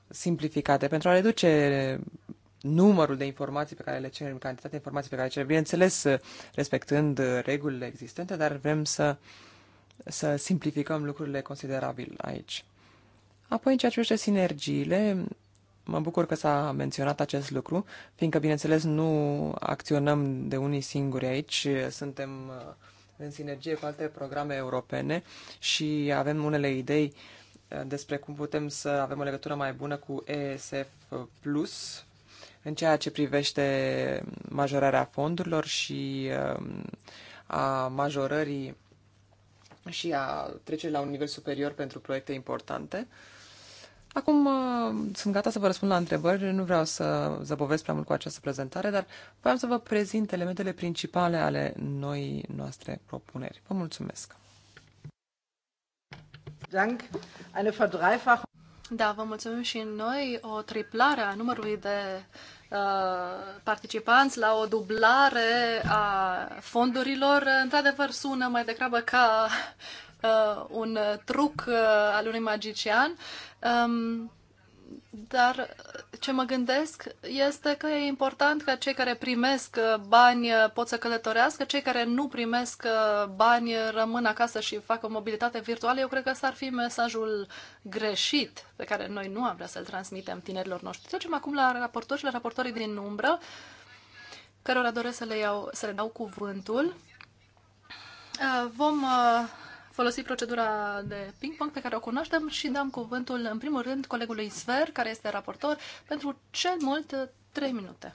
Speaker 2: simplificate pentru a reduce numărul de informații pe care le cerem, cantitatea de informații pe care le cerem, bineînțeles respectând regulile existente, dar vrem să uh, să simplificăm lucrurile considerabil aici. Apoi, în ceea ce privește sinergiile, mă bucur că s-a menționat acest lucru, fiindcă, bineînțeles, nu acționăm de unii singuri aici, suntem uh, în sinergie cu alte programe europene și avem unele idei uh, despre cum putem să avem o legătură mai bună cu ESF Plus în ceea ce privește majorarea fondurilor și uh, a majorării și a trece la un nivel superior pentru proiecte importante. Acum uh, sunt gata să vă răspund la întrebări, nu vreau să zăbovesc prea mult cu această prezentare, dar vreau să vă prezint elementele principale ale noi noastre propuneri. Vă mulțumesc!
Speaker 1: Da, vă mulțumim și noi. O triplare a numărului de participanți la o dublare a fondurilor, într-adevăr sună mai degrabă ca uh, un truc uh, al unui magician. Um, dar ce mă gândesc este că e important ca cei care primesc uh, bani uh, pot să călătorească, cei care nu primesc uh, bani rămân acasă și facă mobilitate virtuală. Eu cred că s-ar fi mesajul greșit pe care noi nu am vrea să-l transmitem tinerilor noștri. Trecem acum la raportori și la raportorii din umbră, cărora doresc să le, iau, să le dau cuvântul. Vom folosi procedura de ping-pong pe care o cunoaștem și dăm cuvântul, în primul rând, colegului Sver, care este raportor, pentru cel mult 3 uh, minute.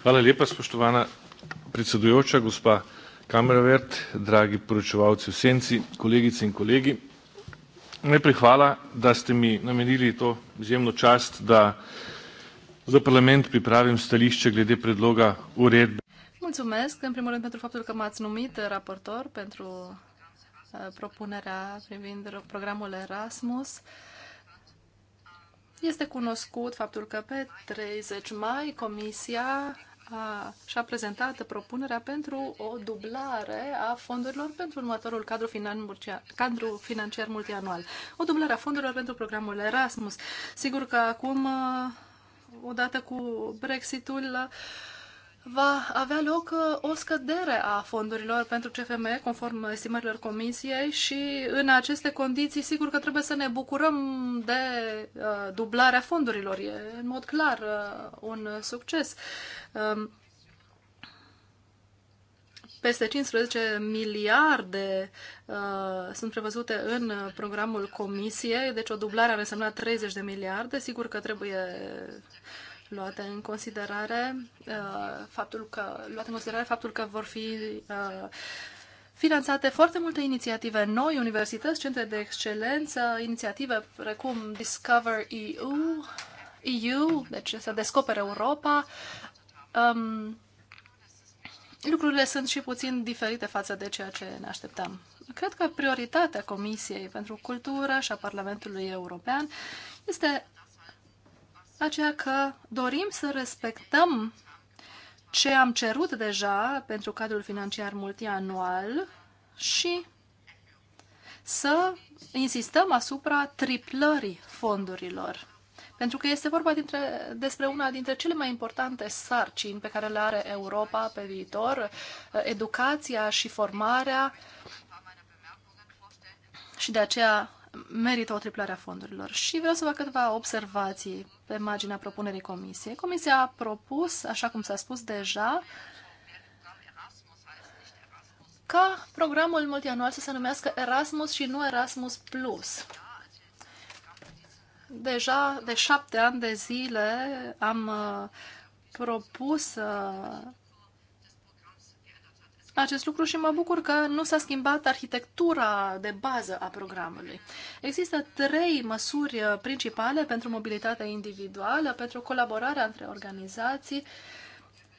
Speaker 1: Hvala lepa, spoštovana predsedujoča, gospa Kamerovert, dragi poročevalci v senci, kolegice in kolegi. Najprej hvala, da ste mi namenili to izjemno čast, da za parlament pripravim stališče glede predloga uredbe. Mulțumesc, în primul rând, pentru faptul că m-ați numit raportor pentru Uh, propunerea privind programul Erasmus. Este cunoscut faptul că pe 30 mai Comisia a, și-a prezentat propunerea pentru o dublare a fondurilor pentru următorul cadru, finan, cadru financiar multianual. O dublare a fondurilor pentru programul Erasmus. Sigur că acum, uh, odată cu Brexitul, ul va avea loc uh, o scădere a fondurilor pentru CFM, conform estimărilor comisiei, și în aceste condiții, sigur că trebuie să ne bucurăm de uh, dublarea fondurilor. E, în mod clar, uh, un succes. Um, peste 15 miliarde uh, sunt prevăzute în programul comisiei, deci o dublare ar însemna 30 de miliarde. Sigur că trebuie uh, luate în considerare uh, faptul că luat în considerare faptul că vor fi uh, finanțate foarte multe inițiative noi, universități, centre de excelență, inițiative precum Discover EU, EU, deci să descopere Europa. Um, lucrurile sunt și puțin diferite față de ceea ce ne așteptam. Cred că prioritatea Comisiei pentru Cultură și a Parlamentului European este aceea că dorim să respectăm ce am cerut deja pentru cadrul financiar multianual și să insistăm asupra triplării fondurilor. Pentru că este vorba dintre, despre una dintre cele mai importante sarcini pe care le are Europa pe viitor, educația și formarea. Și de aceea merită o triplare a fondurilor. Și vreau să fac câteva observații pe marginea propunerii comisiei. Comisia a propus, așa cum s-a spus deja, ca programul multianual să se numească Erasmus și nu Erasmus Plus. Deja de șapte ani de zile am uh, propus uh, acest lucru și mă bucur că nu s-a schimbat arhitectura de bază a programului. Există trei măsuri uh, principale pentru mobilitatea individuală, pentru colaborarea între organizații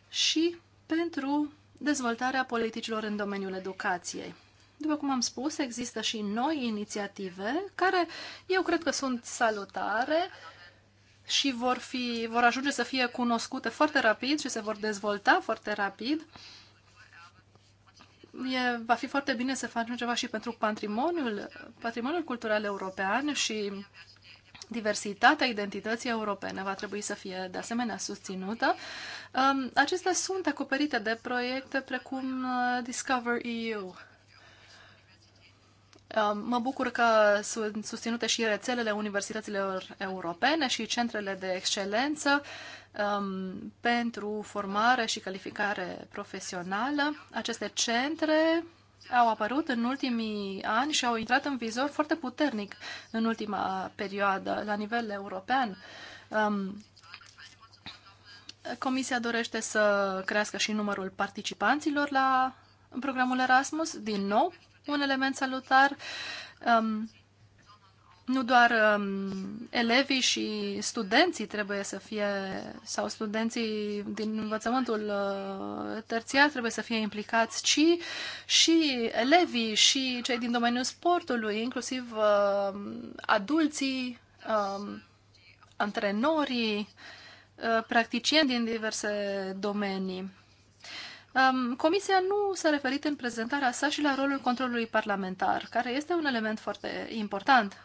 Speaker 1: și pentru dezvoltarea politicilor în domeniul educației. După cum am spus, există și noi inițiative care eu cred că sunt salutare și vor, fi, vor ajunge să fie cunoscute foarte rapid și se vor dezvolta foarte rapid e, va fi foarte bine să facem ceva și pentru patrimoniul, patrimoniul cultural european și diversitatea identității europene va trebui să fie de asemenea susținută. Um, acestea sunt acoperite de proiecte precum uh, Discover EU. Um, mă bucur că sunt susținute și rețelele universităților europene și centrele de excelență um, pentru formare și calificare profesională. Aceste centre au apărut în ultimii ani și au intrat în vizor foarte puternic în ultima perioadă la nivel european. Um, Comisia dorește să crească și numărul participanților la programul Erasmus, din nou, un element salutar. Um, nu doar um, elevii și studenții trebuie să fie, sau studenții din învățământul uh, terțiar trebuie să fie implicați, ci și elevii și cei din domeniul sportului, inclusiv uh, adulții, uh, antrenorii, uh, practicieni din diverse domenii. Um, comisia nu s-a referit în prezentarea sa și la rolul controlului parlamentar, care este un element foarte important.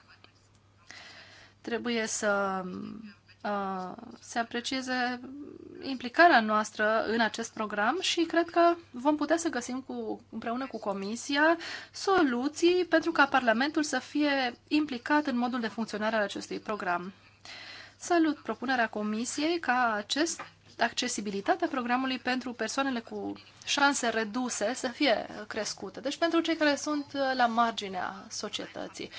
Speaker 1: Trebuie să uh, se aprecieze implicarea noastră în acest program și cred că vom putea să găsim cu, împreună cu Comisia soluții pentru ca Parlamentul să fie implicat în modul de funcționare al acestui program. Salut propunerea Comisiei ca acest accesibilitatea programului pentru persoanele cu șanse reduse să fie crescută. Deci pentru cei care sunt uh, la marginea societății.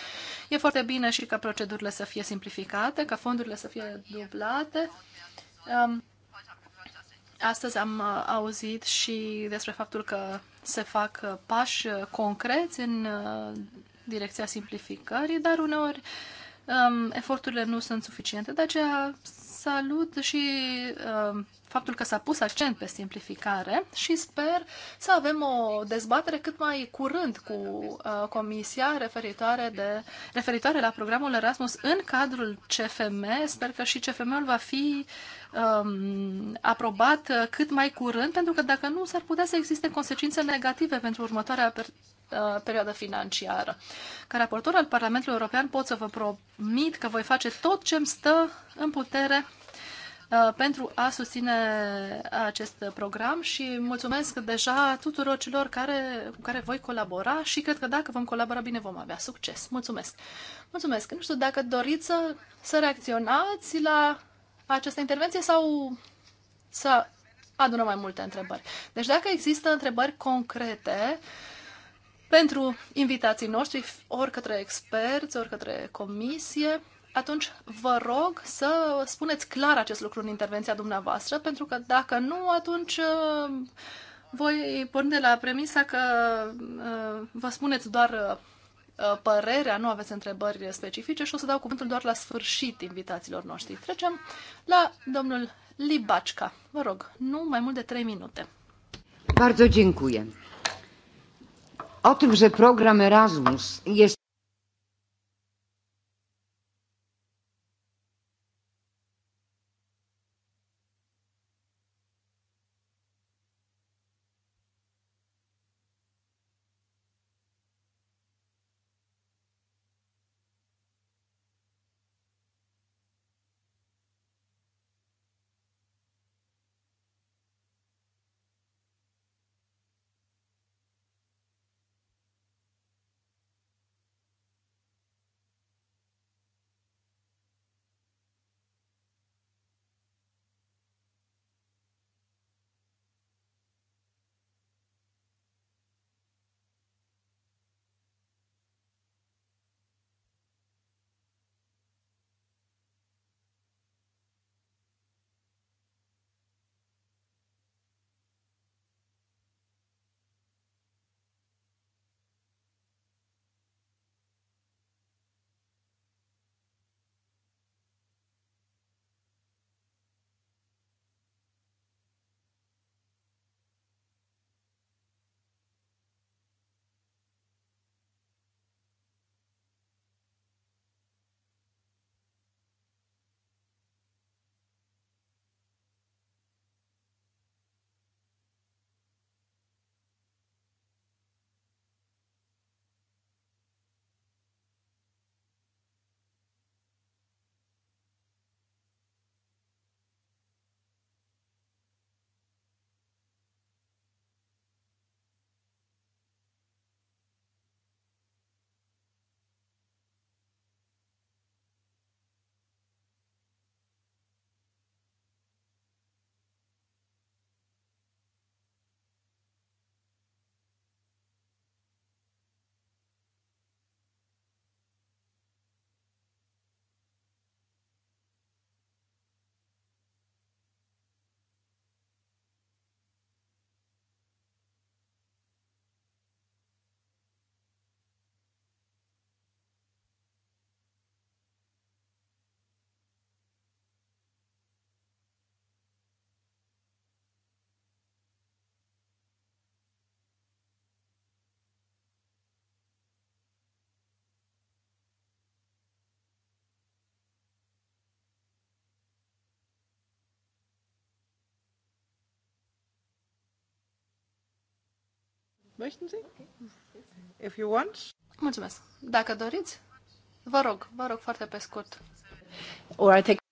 Speaker 1: E foarte bine și ca procedurile să fie simplificate, ca fondurile să fie dublate. Astăzi am uh, auzit și despre faptul că se fac uh, pași concreți în direcția simplificării, dar uneori um, eforturile nu sunt suficiente, de aceea salut și uh, faptul că s-a pus accent pe simplificare și sper să avem o dezbatere cât mai curând cu uh, Comisia referitoare, de, referitoare la programul Erasmus în cadrul CFM. Sper că și CFM-ul va fi um, aprobat cât mai curând, pentru că dacă nu, s-ar putea să existe consecințe negative pentru următoarea Uh, perioadă financiară. Ca raportor al Parlamentului European pot să vă promit că voi face tot ce îmi stă în putere uh, pentru a susține acest program și mulțumesc deja tuturor celor care, cu care voi colabora și cred că dacă vom colabora bine vom avea succes. Mulțumesc! Mulțumesc! Nu știu dacă doriți să, să reacționați la această intervenție sau să adună mai multe întrebări. Deci dacă există întrebări concrete, uh, pentru invitații noștri, ori către experți, ori către comisie, atunci vă rog să spuneți clar acest lucru în intervenția dumneavoastră, pentru că dacă nu, atunci uh, voi porni de la premisa că uh, vă spuneți doar uh, părerea, nu aveți întrebări specifice și o să dau cuvântul doar la sfârșit invitațiilor noștri. Trecem la domnul Libacca. Vă rog, nu mai mult de 3 minute.
Speaker 2: Bardzo dziękuję o tym, że program Erasmus jest
Speaker 1: Möchten Sie? If you want. Mulțumesc. Dacă doriți, vă rog, vă rog foarte pe scurt. Or I take...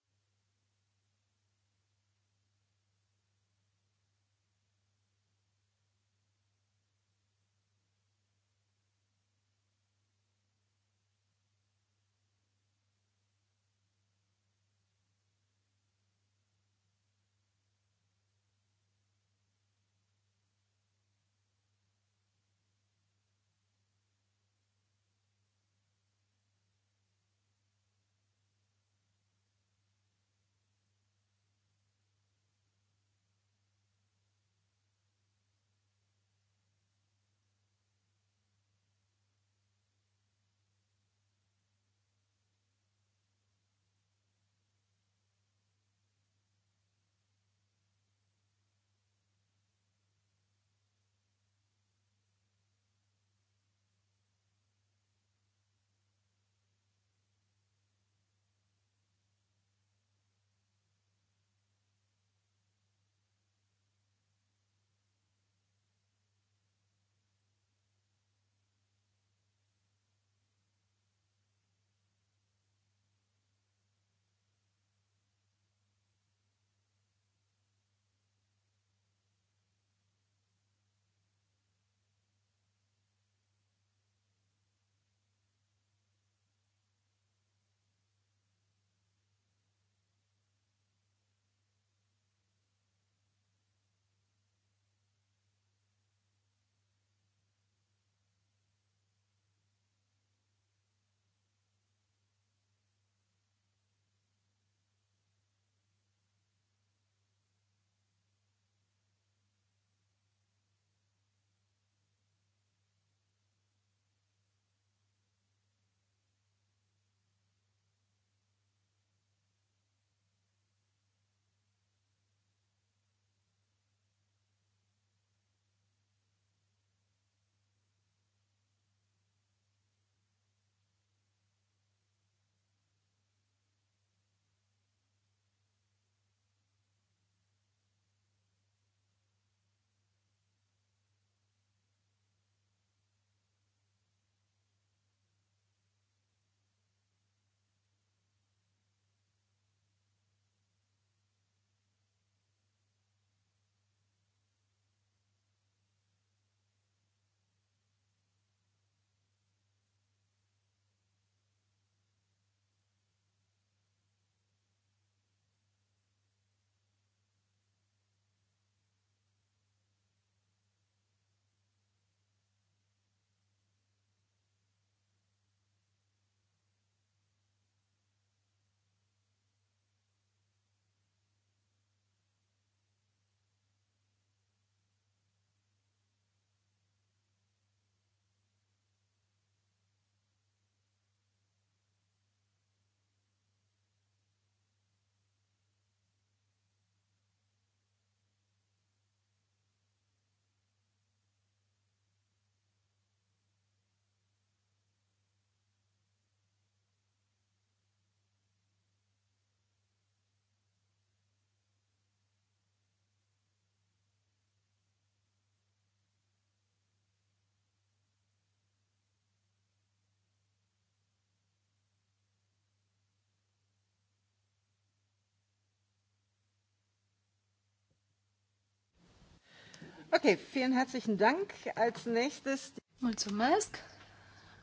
Speaker 1: Okay, vielen herzlichen Dank. Als nächstes... Mulțumesc.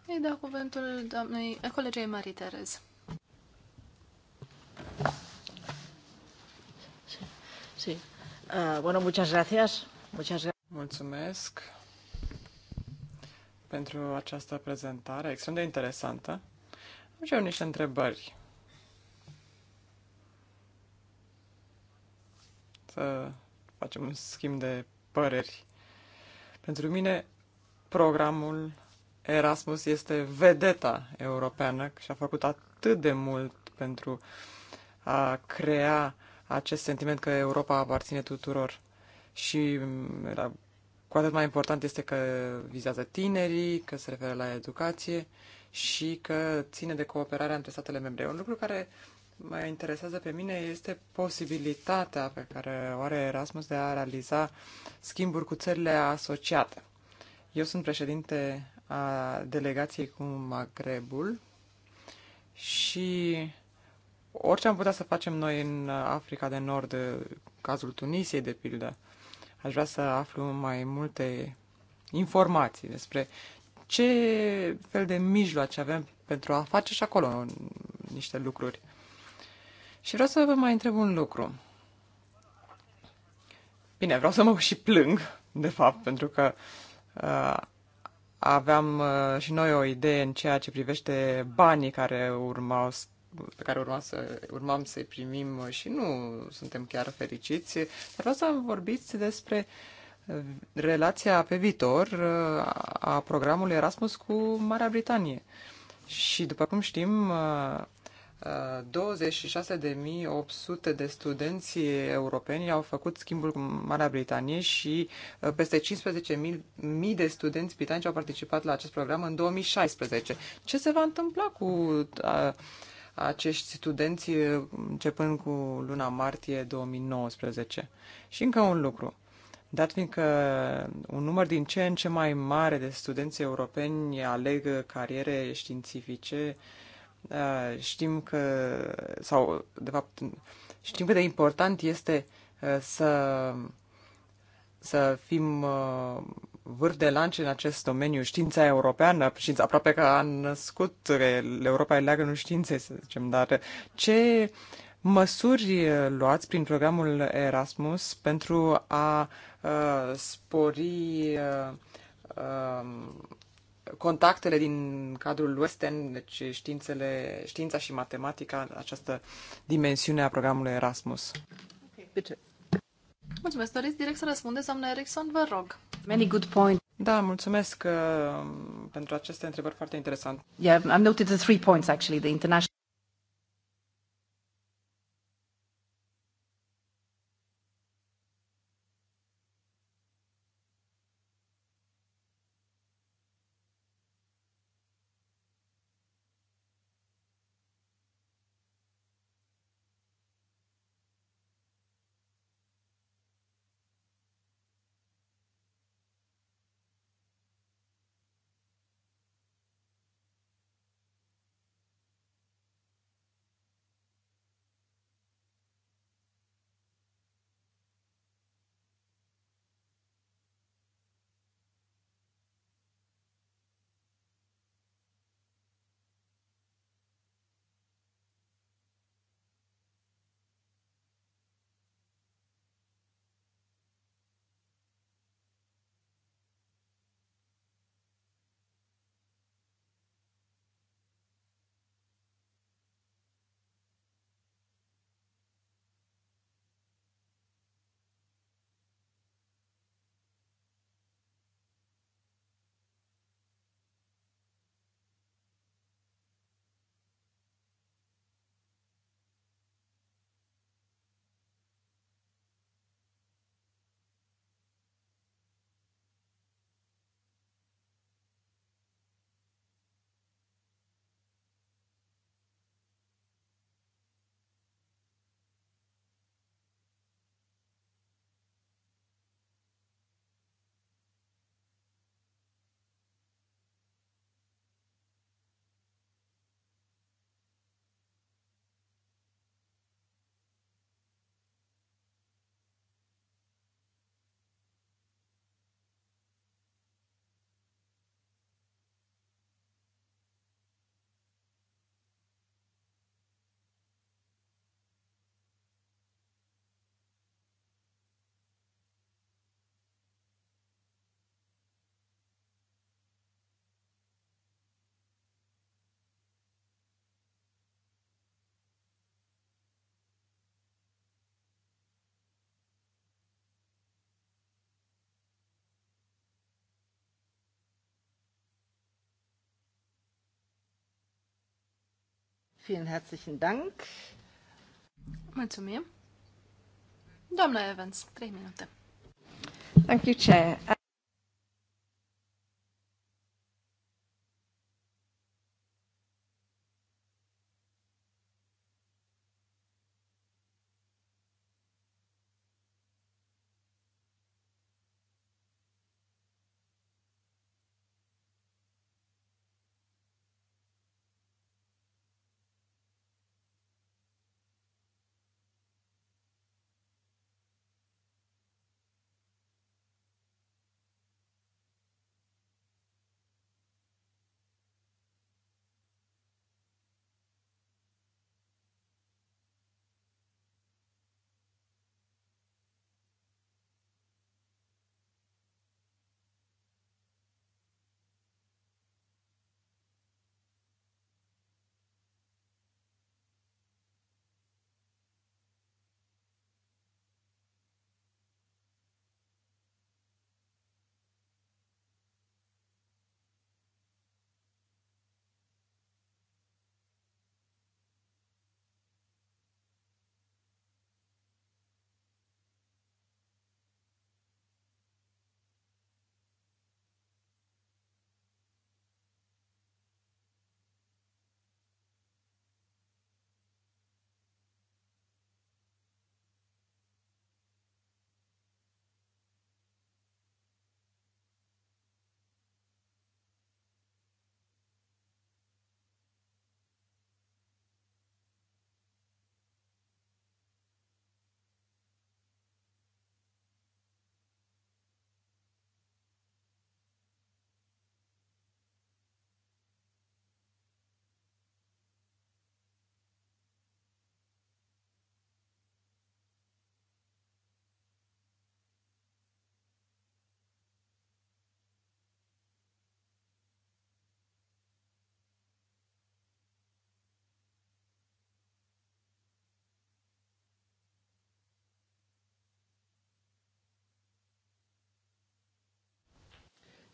Speaker 1: Îi dau cuvântul doamnei, colegei Marie Terez. Sí.
Speaker 2: Uh, bueno, muchas gracias. Muchas gracias. Mulțumesc pentru această prezentare extrem de interesantă. Am și eu niște întrebări. Să facem un schimb de păreri. Pentru mine, programul Erasmus este vedeta europeană și a făcut atât de mult pentru a crea acest sentiment că Europa aparține tuturor. Și era, da, cu atât mai important este că vizează tinerii, că se referă la educație și că ține de cooperarea între statele membre. E un lucru care mă interesează pe mine este posibilitatea pe care o are Erasmus de a realiza schimburi cu țările asociate. Eu sunt președinte a delegației cu Magrebul și orice am putea să facem noi în Africa de Nord, cazul Tunisiei, de pildă, aș vrea să aflu mai multe informații despre ce fel de mijloace avem pentru a face și acolo niște lucruri. Și vreau să vă mai întreb un lucru. Bine, vreau să mă și plâng, de fapt, pentru că uh, aveam uh, și noi o idee în ceea ce privește banii care urmau pe care urma să, urmam să-i primim și nu suntem chiar fericiți. Dar vreau să vorbiți despre uh, relația pe viitor uh, a programului Erasmus cu Marea Britanie. Și după cum știm, uh, 26.800 de studenți europeni au făcut schimbul cu Marea Britanie și uh, peste 15.000 de studenți britanici au participat la acest program în 2016. Ce se va întâmpla cu uh, acești studenți uh, începând cu luna martie 2019? Și încă un lucru. Dat fiindcă un număr din ce în ce mai mare de studenți europeni aleg cariere științifice, uh, Uh, știm că, sau de fapt, știm cât de important este uh, să, să fim uh, vârf de lance în acest domeniu. Știința europeană, știința aproape că a născut Europa e leagă în științe, să zicem, dar ce măsuri luați prin programul Erasmus pentru a uh, spori uh, um, contactele din cadrul Western, deci științele, știința și matematica, această dimensiune a programului Erasmus.
Speaker 1: Okay. Mulțumesc. Doriți direct să răspundeți, doamna Erickson, vă rog.
Speaker 2: Many good points. Da, mulțumesc uh, pentru aceste întrebări foarte interesante.
Speaker 1: Yeah, I've noted the three points actually, the international Vielen herzlichen Dank. Mulțumim. Doamna Evans, trei minute. Thank you, Chair.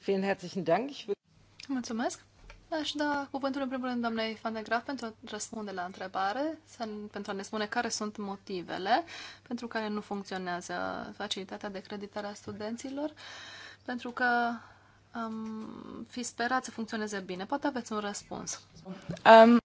Speaker 2: Vielen herzlichen Dank. Ich
Speaker 1: Mulțumesc. Aș da cuvântul în primul rând doamnei Van de Graaf pentru a răspunde la întrebare, pentru a ne spune care sunt motivele pentru care nu funcționează facilitatea de creditare a studenților, pentru că am fi sperat să funcționeze bine. Poate aveți un răspuns. Um,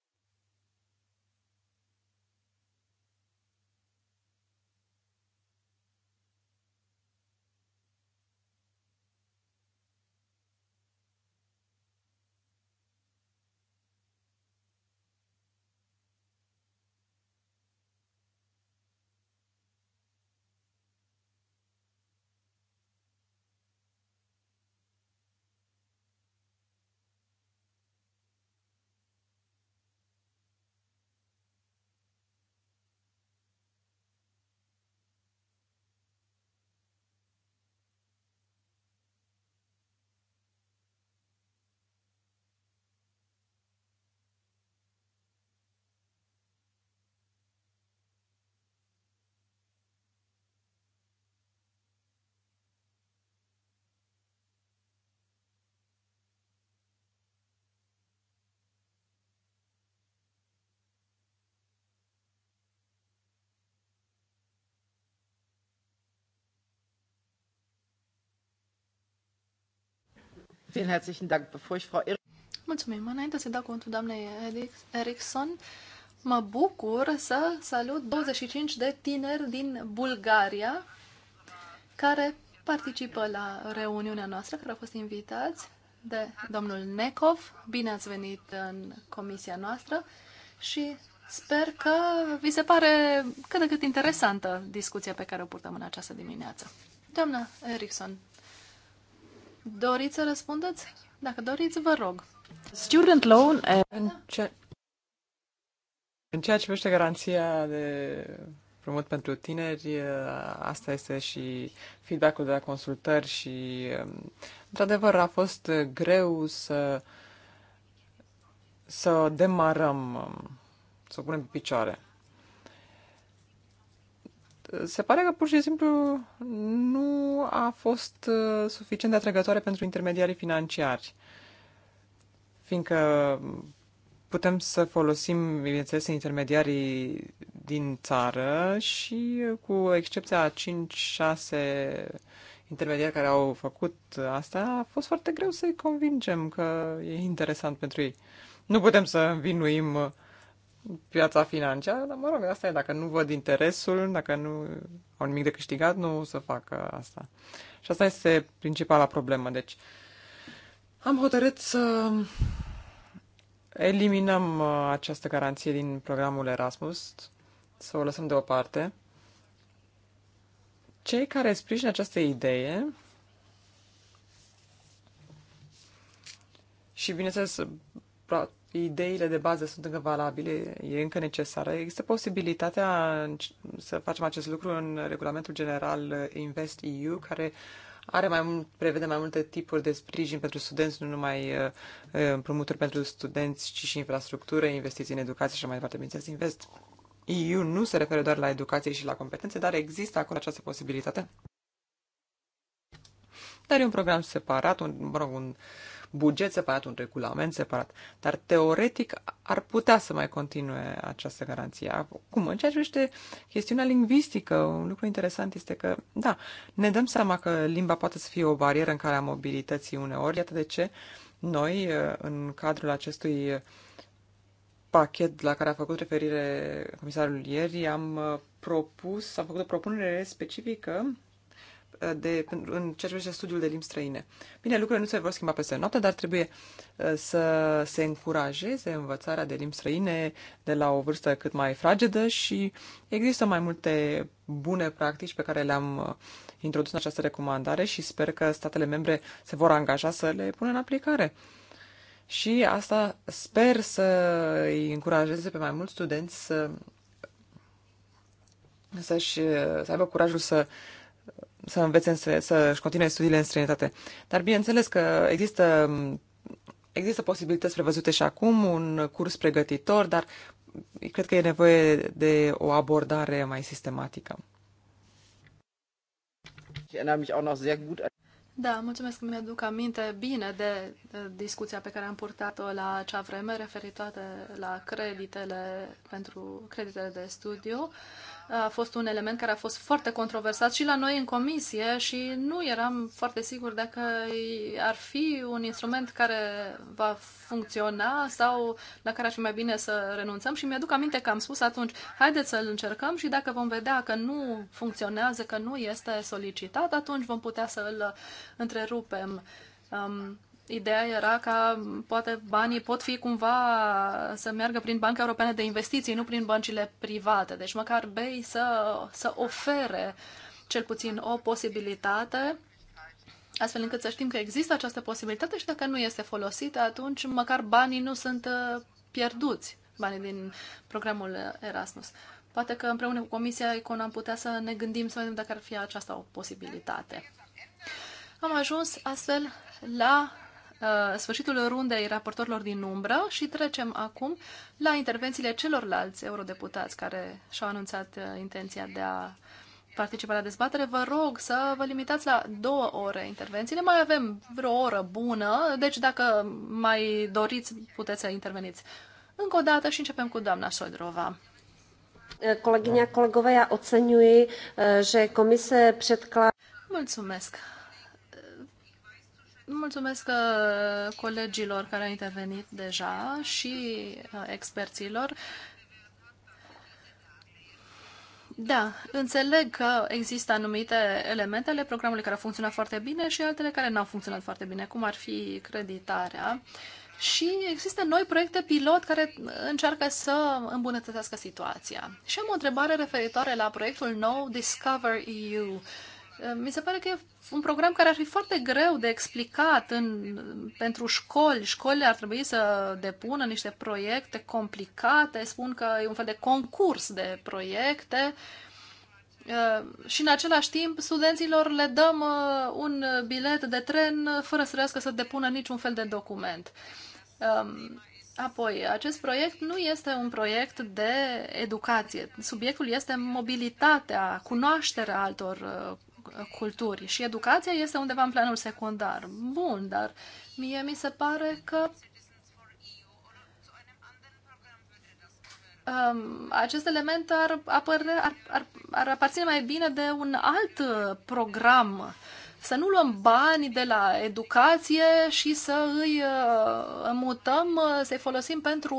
Speaker 2: Vielen herzlichen Dank. Bevor ich Frau
Speaker 1: Mulțumim. Înainte să dau cuvântul doamnei Erickson, mă bucur să salut 25 de tineri din Bulgaria care participă la reuniunea noastră, care au fost invitați de domnul Nekov. Bine ați venit în comisia noastră și sper că vi se pare cât de cât interesantă discuția pe care o purtăm în această dimineață. Doamna Erickson, Doriți să răspundeți? Dacă doriți, vă rog. Student loan eh, în, ce...
Speaker 2: în ceea ce privește garanția de promot pentru tineri, eh, asta este și feedback-ul de la consultări și, eh, într-adevăr, a fost greu să, să demarăm, să o punem pe picioare se pare că pur și simplu nu a fost uh, suficient de atrăgătoare pentru intermediarii financiari, fiindcă putem să folosim, bineînțeles, intermediarii din țară și uh, cu excepția a 5-6 intermediari care au făcut asta, a fost foarte greu să-i convingem că e interesant pentru ei. Nu putem să învinuim uh, piața financiară, dar mă rog, asta e, dacă nu văd interesul, dacă nu au nimic de câștigat, nu o să facă asta. Și asta este principala problemă. Deci, am hotărât să eliminăm uh, această garanție din programul Erasmus, să o lăsăm deoparte. Cei care sprijină această idee și, bineînțeles, ideile de bază sunt încă valabile, e încă necesară. Există posibilitatea să facem acest lucru în regulamentul general Invest EU, care are mai mult, prevede mai multe tipuri de sprijin pentru studenți, nu numai uh, uh, împrumuturi pentru studenți, ci și infrastructură, investiții în educație și mai departe. Bineînțeles, Invest EU nu se referă doar la educație și la competențe, dar există acolo această posibilitate. Dar e un program separat, un, mă rog, un, buget separat, un regulament separat. Dar teoretic ar putea să mai continue această garanție. Cum? În ceea ce este chestiunea lingvistică, un lucru interesant este că, da, ne dăm seama că limba poate să fie o barieră în care a mobilității uneori. Iată de ce noi, în cadrul acestui pachet la care a făcut referire comisarul ieri, am propus, am făcut o propunere specifică de, în ceea ce privește studiul de limbi străine. Bine, lucrurile nu se vor schimba peste noapte, dar trebuie uh, să se încurajeze învățarea de limbi străine de la o vârstă cât mai fragedă și există mai multe bune practici pe care le-am uh, introdus în această recomandare și sper că statele membre se vor angaja să le pună în aplicare. Și asta sper să îi încurajeze pe mai mulți studenți să, să-și, să aibă curajul să să învețe, să-și continue studiile în străinătate. Dar bineînțeles că există, există posibilități prevăzute și acum, un curs pregătitor, dar cred că e nevoie de o abordare mai sistematică.
Speaker 1: Da, mulțumesc că mi-aduc aminte bine de discuția pe care am purtat-o la acea vreme referitoare la creditele pentru creditele de studiu a fost un element care a fost foarte controversat și la noi în comisie și nu eram foarte sigur dacă ar fi un instrument care va funcționa sau la care ar fi mai bine să renunțăm și mi-aduc aminte că am spus atunci, haideți să-l încercăm și dacă vom vedea că nu funcționează, că nu este solicitat, atunci vom putea să îl întrerupem. Um, ideea era ca poate banii pot fi cumva să meargă prin Banca Europeană de Investiții, nu prin băncile private. Deci măcar BEI să, să ofere cel puțin o posibilitate astfel încât să știm că există această posibilitate și dacă nu este folosită, atunci măcar banii nu sunt uh, pierduți, banii din programul Erasmus. Poate că împreună cu Comisia Econ am putea să ne gândim să vedem dacă ar fi aceasta o posibilitate. Am ajuns astfel la Uh, sfârșitul rundei raportorilor din umbră și trecem acum la intervențiile celorlalți eurodeputați care și-au anunțat uh, intenția de a participa la dezbatere. Vă rog să vă limitați la două ore intervențiile. Mai avem vreo oră bună, deci dacă mai doriți, puteți să interveniți. Încă o dată și începem cu doamna Sodrova. Eh, kolegyně a kolegové, já oceňuji, eh, že komise předkládá. Mulțumesc. Mulțumesc uh, colegilor care au intervenit deja și uh, experților. Da, înțeleg că există anumite elemente ale programului care au funcționat foarte bine și altele care nu au funcționat foarte bine, cum ar fi creditarea. Și există noi proiecte pilot care încearcă să îmbunătățească situația. Și am o întrebare referitoare la proiectul nou Discover EU. Uh, mi se pare că e un program care ar fi foarte greu de explicat în, pentru școli. Școlile ar trebui să depună niște proiecte complicate, spun că e un fel de concurs de proiecte uh, și în același timp studenților le dăm uh, un bilet de tren fără să trebuiască să depună niciun fel de document. Um, apoi, acest proiect nu este un proiect de educație. Subiectul este mobilitatea, cunoașterea altor uh, culturii și educația este undeva în planul secundar. Bun, dar mie mi se pare că um, acest element ar, apăre, ar, ar, ar aparține mai bine de un alt program. Să nu luăm bani de la educație și să îi uh, mutăm, uh, să-i folosim pentru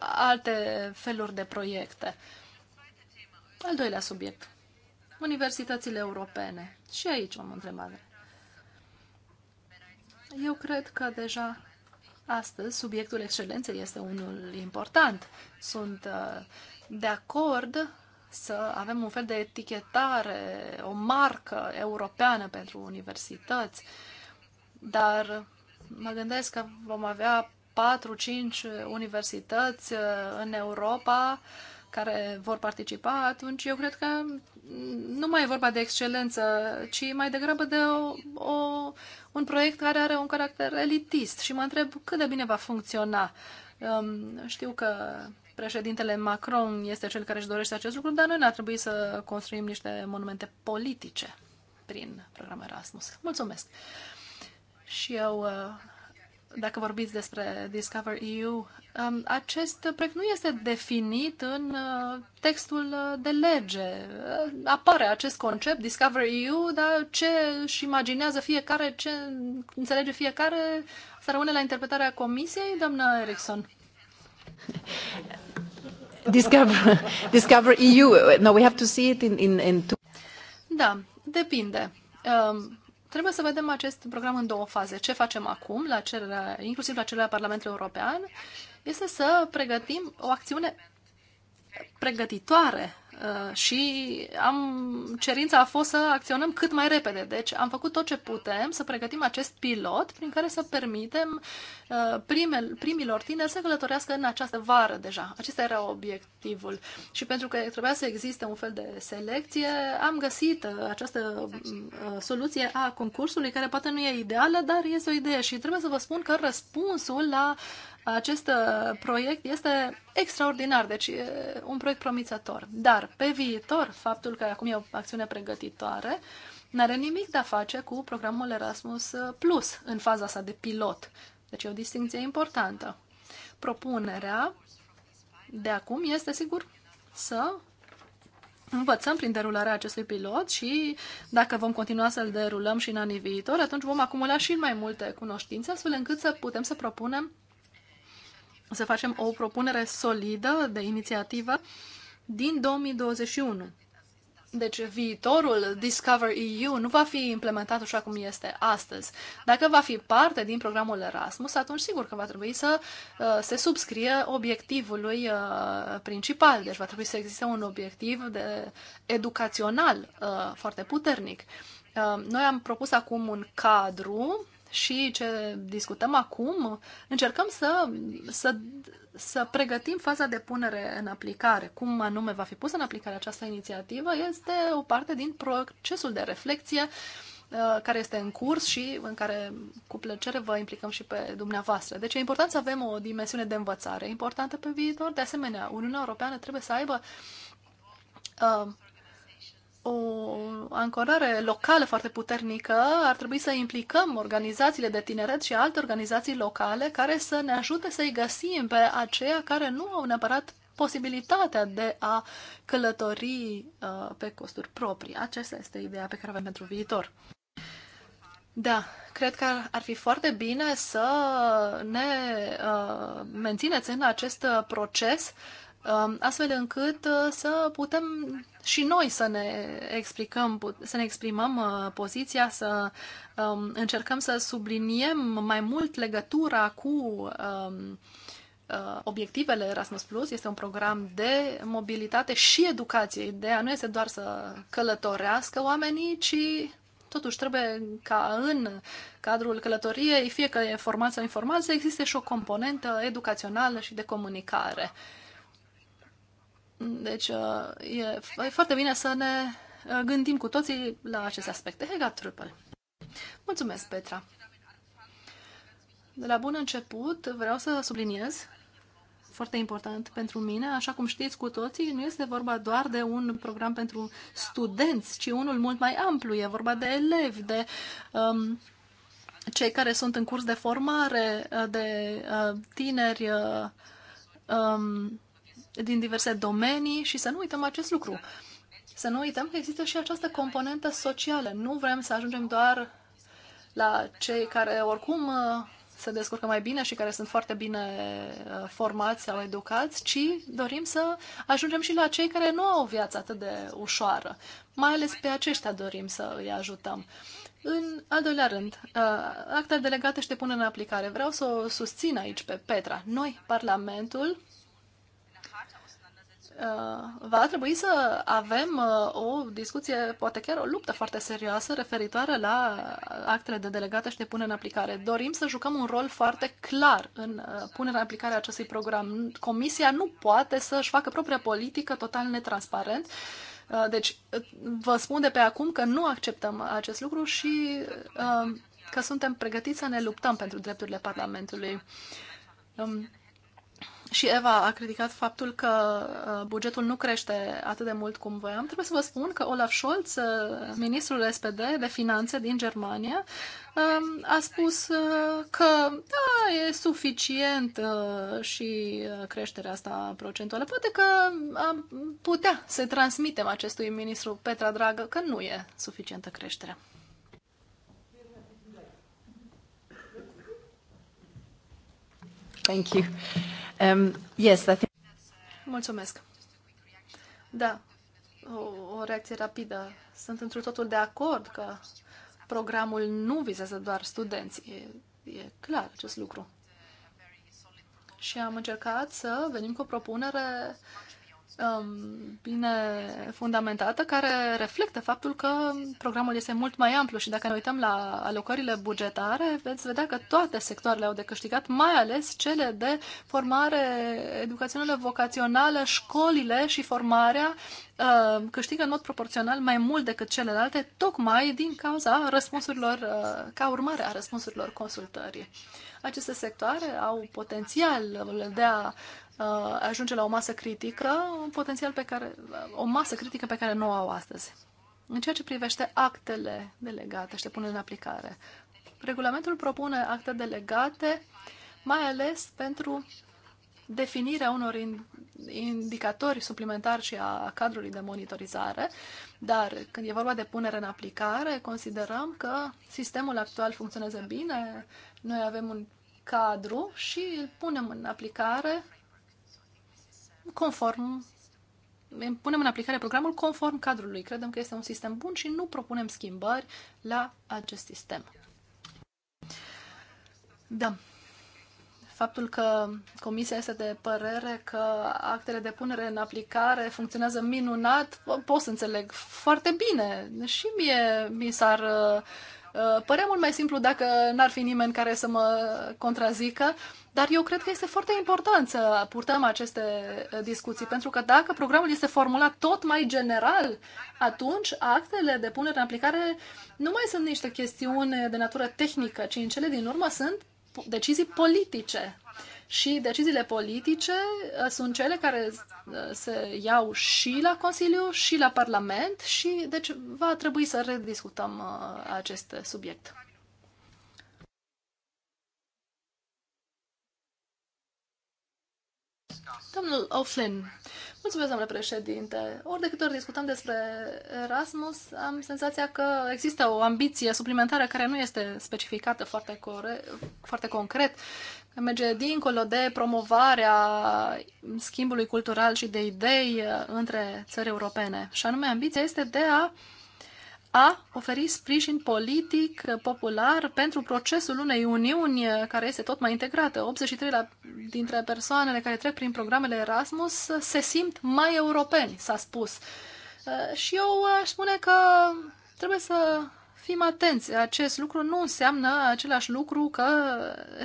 Speaker 1: alte feluri de proiecte. Al doilea subiect universitățile europene. Și aici am o întrebare. Eu cred că deja astăzi subiectul excelenței este unul important. Sunt uh, de acord să avem un fel de etichetare, o marcă europeană pentru universități, dar mă gândesc că vom avea 4-5 universități uh, în Europa care vor participa, atunci eu cred că nu mai e vorba de excelență, ci mai degrabă de o, o, un proiect care are un caracter elitist și mă întreb cât de bine va funcționa. Um, știu că președintele Macron este cel care își dorește acest lucru, dar noi ne-ar trebui să construim niște monumente politice prin programul Erasmus. Mulțumesc! Și eu uh, dacă vorbiți despre Discover EU, um, acest proiect nu este definit în uh, textul de lege. Uh, apare acest concept, Discover EU, dar ce își imaginează fiecare, ce înțelege fiecare, să rămâne la interpretarea comisiei, doamna Erickson. Discover, Discover EU. No, we have to see it in, in, in two... Da, depinde. Um, Trebuie să vedem acest program în două faze. Ce facem acum, la cererea, inclusiv la cererea Parlamentului European, este să pregătim o acțiune pregătitoare uh, și am, cerința a fost să acționăm cât mai repede. Deci am făcut tot ce putem să pregătim acest pilot prin care să permitem uh, prime, primilor tineri să călătorească în această vară deja. Acesta era obiectivul. Și pentru că trebuia să existe un fel de selecție, am găsit uh, această soluție a concursului, care poate nu e ideală, dar este o idee și trebuie să vă spun că răspunsul la acest uh, proiect este extraordinar, deci e un proiect promițător. Dar, pe viitor, faptul că acum e o acțiune pregătitoare, n-are nimic de a face cu programul Erasmus uh, Plus în faza sa de pilot. Deci e o distinție importantă. Propunerea de acum este, sigur, să învățăm prin derularea acestui pilot și dacă vom continua să-l derulăm și în anii viitori, atunci vom acumula și mai multe cunoștințe, astfel încât să putem să propunem să facem o propunere solidă de inițiativă din 2021. Deci viitorul Discover EU nu va fi implementat așa cum este astăzi. Dacă va fi parte din programul Erasmus, atunci sigur că va trebui să uh, se subscrie obiectivului uh, principal. Deci va trebui să existe un obiectiv de, educațional uh, foarte puternic. Uh, noi am propus acum un cadru și ce discutăm acum, încercăm să, să, să pregătim faza de punere în aplicare. Cum anume va fi pusă în aplicare această inițiativă este o parte din procesul de reflexie uh, care este în curs și în care cu plăcere vă implicăm și pe dumneavoastră. Deci e important să avem o dimensiune de învățare importantă pe viitor. De asemenea, Uniunea Europeană trebuie să aibă uh, o ancorare locală foarte puternică, ar trebui să implicăm organizațiile de tineret și alte organizații locale care să ne ajute să-i găsim pe aceia care nu au neapărat posibilitatea de a călători uh, pe costuri proprii. Aceasta este ideea pe care avem pentru viitor. Da, cred că ar fi foarte bine să ne uh, mențineți în acest proces uh, Um, astfel încât uh, să putem și noi să ne, explicăm, să ne exprimăm uh, poziția, să um, încercăm să subliniem mai mult legătura cu um, uh, obiectivele Erasmus Plus. Este un program de mobilitate și educație. Ideea nu este doar să călătorească oamenii, ci totuși trebuie ca în cadrul călătoriei, fie că e format sau informat, să existe și o componentă educațională și de comunicare. Deci uh, e, e foarte bine să ne uh, gândim cu toții la aceste aspecte. Hega Trupel. Mulțumesc, Petra. De la bun început vreau să subliniez foarte important pentru mine. Așa cum știți cu toții, nu este vorba doar de un program pentru studenți, ci unul mult mai amplu. E vorba de elevi, de um, cei care sunt în curs de formare, uh, de uh, tineri uh, um, din diverse domenii și să nu uităm acest lucru. Să nu uităm că există și această componentă socială. Nu vrem să ajungem doar la cei care oricum uh, se descurcă mai bine și care sunt foarte bine uh, formați sau educați, ci dorim să ajungem și la cei care nu au o viață atât de ușoară. Mai ales pe aceștia dorim să îi ajutăm. În al doilea rând, uh, actele delegate și te pune în aplicare. Vreau să o susțin aici pe Petra. Noi, Parlamentul, Uh, va trebui să avem uh, o discuție, poate chiar o luptă foarte serioasă referitoare la actele de delegate și de punere în aplicare. Dorim să jucăm un rol foarte clar în uh, punerea în aplicare a acestui program. Comisia nu poate să-și facă propria politică total netransparent. Deci vă spun de pe acum că nu acceptăm acest lucru și că suntem pregătiți să ne luptăm pentru drepturile Parlamentului. Um, și Eva a criticat faptul că uh, bugetul nu crește atât de mult cum voiam. Trebuie să vă spun că Olaf Scholz, uh, ministrul SPD de finanțe din Germania, um, a spus uh, că da, e suficient și creșterea asta procentuală. Poate că am putea să transmitem acestui ministru Petra Dragă că nu e suficientă creșterea. Thank you. Um, yes, I think... Mulțumesc. Da, o, o reacție rapidă. Sunt într totul de acord că programul nu vizează doar studenți. E, e clar acest lucru. Și am încercat să venim cu o propunere Um, bine fundamentată, care reflectă faptul că programul este mult mai amplu și dacă ne uităm la alocările bugetare, veți vedea că toate sectoarele au de câștigat, mai ales cele de formare educațională vocațională, școlile și formarea uh, câștigă în mod proporțional mai mult decât celelalte, tocmai din cauza răspunsurilor, uh, ca urmare a răspunsurilor consultării. Aceste sectoare au potențial de a Uh, ajunge la o masă critică, un potențial pe care, uh, o masă critică pe care nu o au astăzi. În ceea ce privește actele delegate și pune în aplicare, regulamentul propune acte delegate mai ales pentru definirea unor indicatori suplimentari și a cadrului de monitorizare, dar când e vorba de punere în aplicare, considerăm că sistemul actual funcționează bine, noi avem un cadru și îl punem în aplicare conform, punem în aplicare programul conform cadrului. Credem că este un sistem bun și nu propunem schimbări la acest sistem. Da. Faptul că comisia este de părere că actele de punere în aplicare funcționează minunat, pot să înțeleg foarte bine. Și mie mi s-ar uh, Uh, părea mult mai simplu dacă n-ar fi nimeni care să mă contrazică, dar eu cred că este foarte important să purtăm aceste uh, discuții, pentru că dacă programul este formulat tot mai general, atunci actele de punere în aplicare nu mai sunt niște chestiuni de natură tehnică, ci în cele din urmă sunt decizii politice. Și deciziile politice uh, sunt cele care uh, se iau și la Consiliu, și la Parlament și deci va trebui să rediscutăm uh, acest subiect. Domnul O'Flynn, mulțumesc, domnule președinte. Ori de câte ori discutăm despre Erasmus, am senzația că există o ambiție suplimentară care nu este specificată foarte, core- foarte concret merge dincolo de promovarea schimbului cultural și de idei uh, între țări europene. Și anume, ambiția este de a, a oferi sprijin politic, uh, popular, pentru procesul unei uniuni uh, care este tot mai integrată. 83% dintre persoanele care trec prin programele Erasmus se simt mai europeni, s-a spus. Și eu aș spune că trebuie să fim atenți. Acest lucru nu înseamnă același lucru că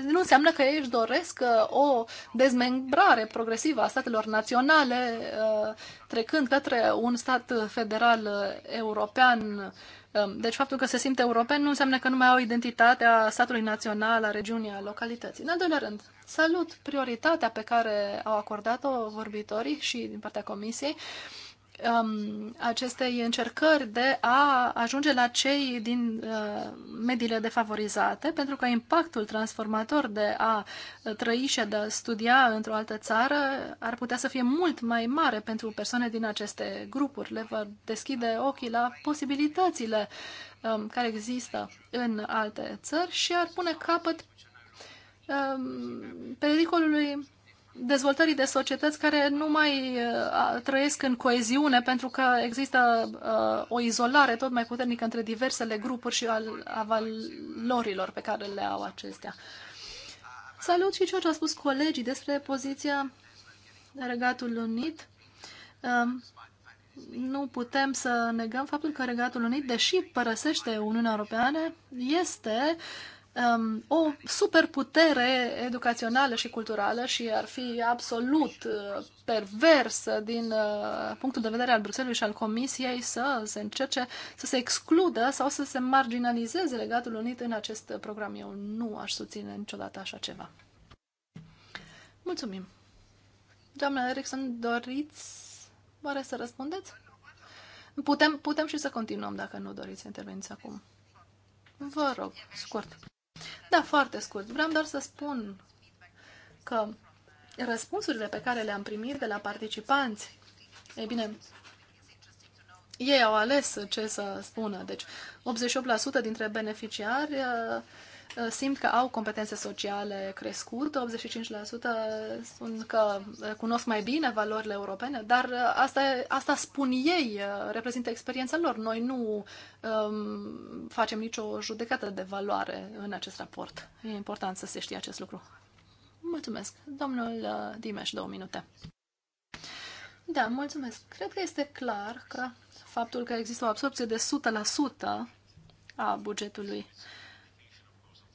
Speaker 1: nu înseamnă că ei își doresc uh, o dezmembrare progresivă a statelor naționale uh, trecând către un stat federal uh, european. Um, deci faptul că se simte european nu înseamnă că nu mai au identitatea statului național, a regiunii, a localității. În al doilea rând, salut prioritatea pe care au acordat-o vorbitorii și din partea Comisiei uh, um, acestei încercări de a ajunge la cei din uh, mediile defavorizate, pentru că impactul transformator de a trăi și de a studia într-o altă țară ar putea să fie mult mai mare pentru persoane din aceste grupuri. Le vor deschide ochii la posibilitățile um, care există în alte țări și ar pune capăt um, pericolului dezvoltării de societăți care nu mai uh, trăiesc în coeziune pentru că există uh, o izolare tot mai puternică între diversele grupuri și al, a valorilor pe care le au acestea. Salut și ceea ce au spus colegii despre poziția Regatul Unit. Um, nu putem să negăm faptul că Regatul Unit, deși părăsește Uniunea Europeană, este uh, um, o superputere educațională și culturală și ar fi absolut uh, pervers din uh, punctul de vedere al Bruxelles și al Comisiei să se încerce să se excludă sau să se marginalizeze legatul Unit în acest program. Eu nu aș susține niciodată așa ceva. Mulțumim. Doamna Erickson, doriți oare să răspundeți? Putem, putem și să continuăm dacă nu doriți să interveniți acum. Vă rog, scurt. Da, foarte scurt. Vreau doar să spun că răspunsurile pe care le-am primit de la participanți, ei bine, ei au ales ce să spună. Deci, 88% dintre beneficiari uh, Uh, simt că au competențe sociale crescute, 85% spun că uh, cunosc mai bine valorile europene, dar uh, asta, asta spun ei, reprezintă experiența lor. Noi nu um, facem nicio judecată de valoare în acest raport. E important să se știe acest lucru. Mulțumesc. Domnul Dimeș, două minute. Da, mulțumesc. Cred că este clar că faptul că există o absorpție de 100% a bugetului uh,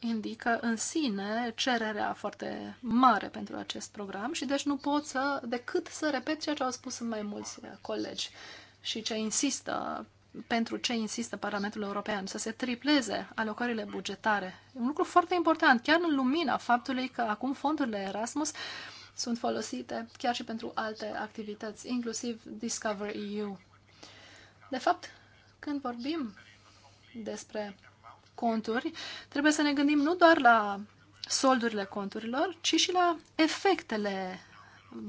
Speaker 1: indică în sine cererea foarte mare pentru acest program și deci nu pot să, decât să repet ceea ce au spus mai mulți colegi și ce insistă pentru ce insistă Parlamentul European, să se tripleze alocările bugetare. E un lucru foarte important, chiar în lumina faptului că acum fondurile Erasmus sunt folosite chiar și pentru alte activități, inclusiv Discover EU. De fapt, când vorbim despre conturi, trebuie să ne gândim nu doar la soldurile conturilor, ci și la efectele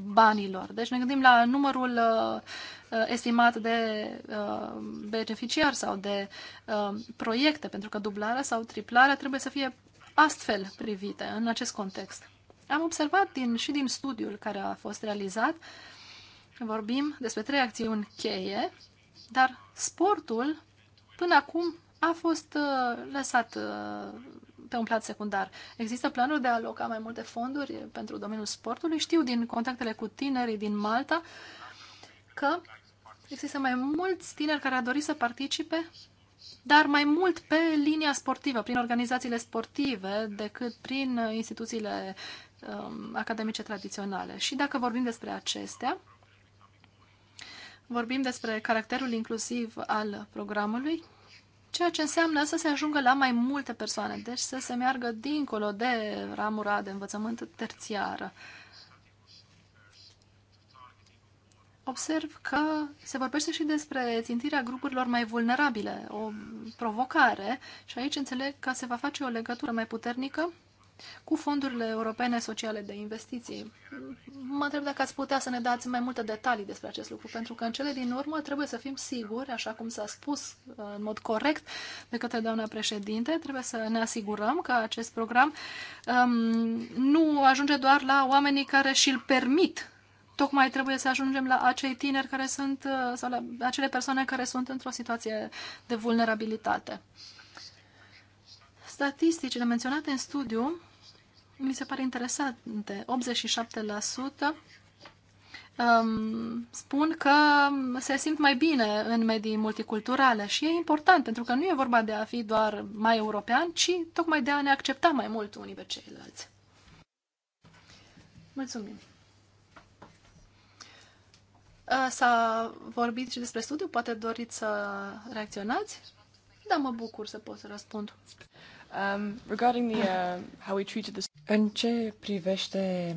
Speaker 1: banilor. Deci ne gândim la numărul uh, estimat de uh, beneficiari sau de uh, proiecte, pentru că dublarea sau triplarea trebuie să fie astfel privite în acest context. Am observat din, și din studiul care a fost realizat, vorbim despre trei acțiuni cheie, dar sportul până acum a fost uh, lăsat uh, pe un plan secundar. Există planuri de a aloca mai multe fonduri pentru domeniul sportului. Știu din contactele cu tinerii din Malta că există mai mulți tineri care ar dori să participe, dar mai mult pe linia sportivă, prin organizațiile sportive, decât prin instituțiile um, academice tradiționale. Și dacă vorbim despre acestea, vorbim despre caracterul inclusiv al programului, ceea ce înseamnă să se ajungă la mai multe persoane, deci să se meargă dincolo de ramura de învățământ terțiară. Observ că se vorbește și despre țintirea grupurilor mai vulnerabile, o provocare, și aici înțeleg că se va face o legătură mai puternică cu fondurile europene sociale de investiții. Mă întreb dacă ați putea să ne dați mai multe detalii despre acest lucru, pentru că în cele din urmă trebuie să fim siguri, așa cum s-a spus uh, în mod corect de către doamna președinte, trebuie să ne asigurăm că acest program um, nu ajunge doar la oamenii care și-l permit tocmai trebuie să ajungem la acei tineri care sunt, uh, sau la acele persoane care sunt într-o situație de vulnerabilitate. Statisticile menționate în studiu mi se pare interesante. 87% um, spun că se simt mai bine în medii multiculturale și e important pentru că nu e vorba de a fi doar mai european, ci tocmai de a ne accepta mai mult unii pe ceilalți. Mulțumim! Uh, s-a vorbit și despre studiu, poate doriți să reacționați? Da, mă bucur să pot să răspund. Um, uh, În ce privește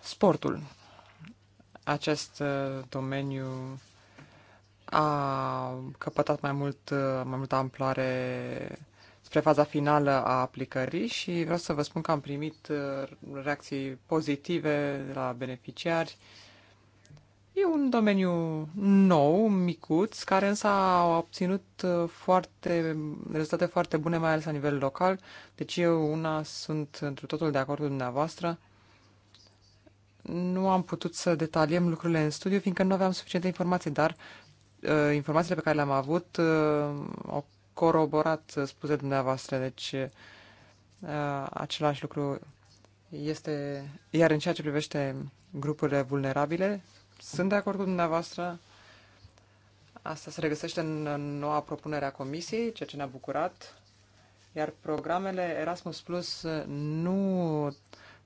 Speaker 2: sportul, acest uh, domeniu a căpătat mai, mult, uh, mai multă amploare spre faza finală a aplicării și vreau să vă spun că am primit reacții pozitive de la beneficiari, E un domeniu nou, micuț, care însă a obținut uh, foarte, rezultate foarte bune, mai ales la nivel local. Deci eu una sunt într totul de acord cu dumneavoastră. Nu am putut să detaliem lucrurile în studiu, fiindcă nu aveam suficiente informații, dar uh, informațiile pe care le-am avut uh, au coroborat uh, spuse dumneavoastră. Deci uh, același lucru este... Iar în ceea ce privește grupurile vulnerabile, sunt de acord cu dumneavoastră. Asta se regăsește în noua propunere a Comisiei, ceea ce ne-a bucurat. Iar programele Erasmus Plus nu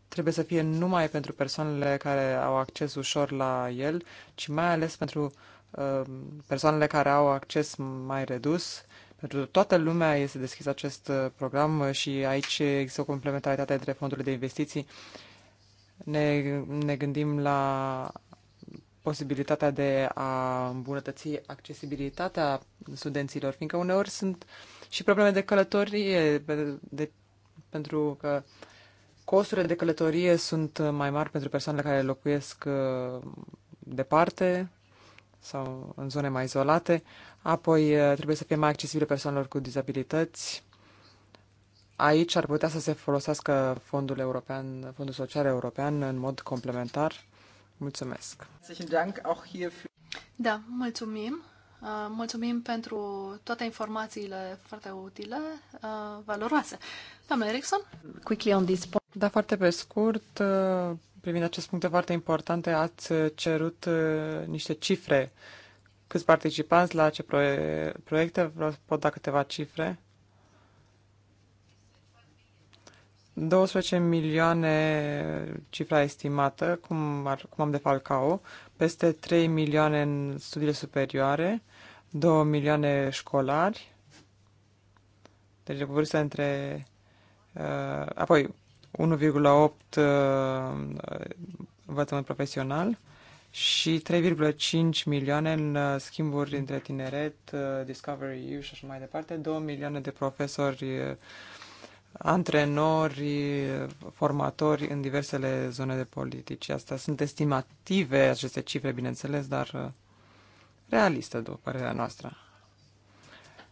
Speaker 2: trebuie să fie numai pentru persoanele care au acces ușor la el, ci mai ales pentru uh, persoanele care au acces mai redus. Pentru toată lumea este deschis acest uh, program și aici există o complementaritate între fondurile de investiții. Ne, ne gândim la posibilitatea de a îmbunătăți accesibilitatea studenților, fiindcă uneori sunt și probleme de călătorie, de, pentru că costurile de călătorie sunt mai mari pentru persoanele care locuiesc uh, departe sau în zone mai izolate. Apoi uh, trebuie să fie mai accesibile persoanelor cu dizabilități. Aici ar putea să se folosească fondul european, fondul social european în mod complementar Mulțumesc!
Speaker 1: Da, mulțumim! Uh, mulțumim pentru toate informațiile foarte utile, uh, valoroase. Doamna Erickson?
Speaker 2: Quickly on this point. Da, foarte pe scurt, uh, privind acest puncte foarte importante, ați cerut niște cifre. Câți participanți la ce proiecte? Vreau să pot da câteva cifre. 12 milioane cifra estimată, cum, ar, cum am de o peste 3 milioane în studiile superioare, 2 milioane școlari, deci vârsta între... Uh, apoi 1,8 uh, profesional și 3,5 milioane în uh, schimburi între tineret, uh, Discovery EU și așa mai departe, 2 milioane de profesori uh, antrenori, formatori în diversele zone de politici. Asta sunt estimative, aceste cifre, bineînțeles, dar uh, realistă, după părerea noastră.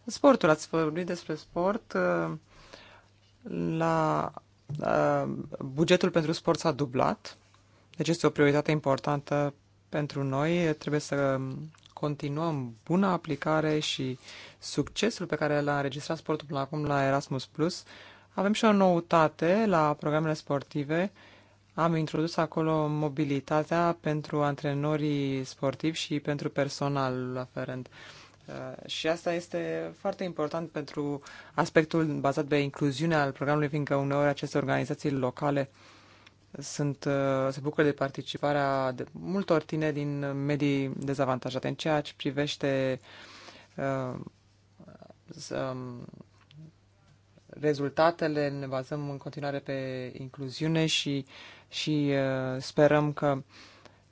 Speaker 2: Sportul, ați vorbit despre sport. Uh, la uh, bugetul pentru sport s-a dublat, deci este o prioritate importantă pentru noi. Trebuie să um, continuăm buna aplicare și succesul pe care l-a înregistrat sportul până acum la Erasmus+, Plus avem și o noutate la programele sportive. Am introdus acolo mobilitatea pentru antrenorii sportivi și pentru personal aferent. Uh, și asta este foarte important pentru aspectul bazat pe incluziunea al programului, fiindcă uneori aceste organizații locale sunt, uh, se bucură de participarea de multor tineri din medii dezavantajate. În ceea ce privește uh, um, rezultatele, ne bazăm în continuare pe incluziune și, și uh, sperăm că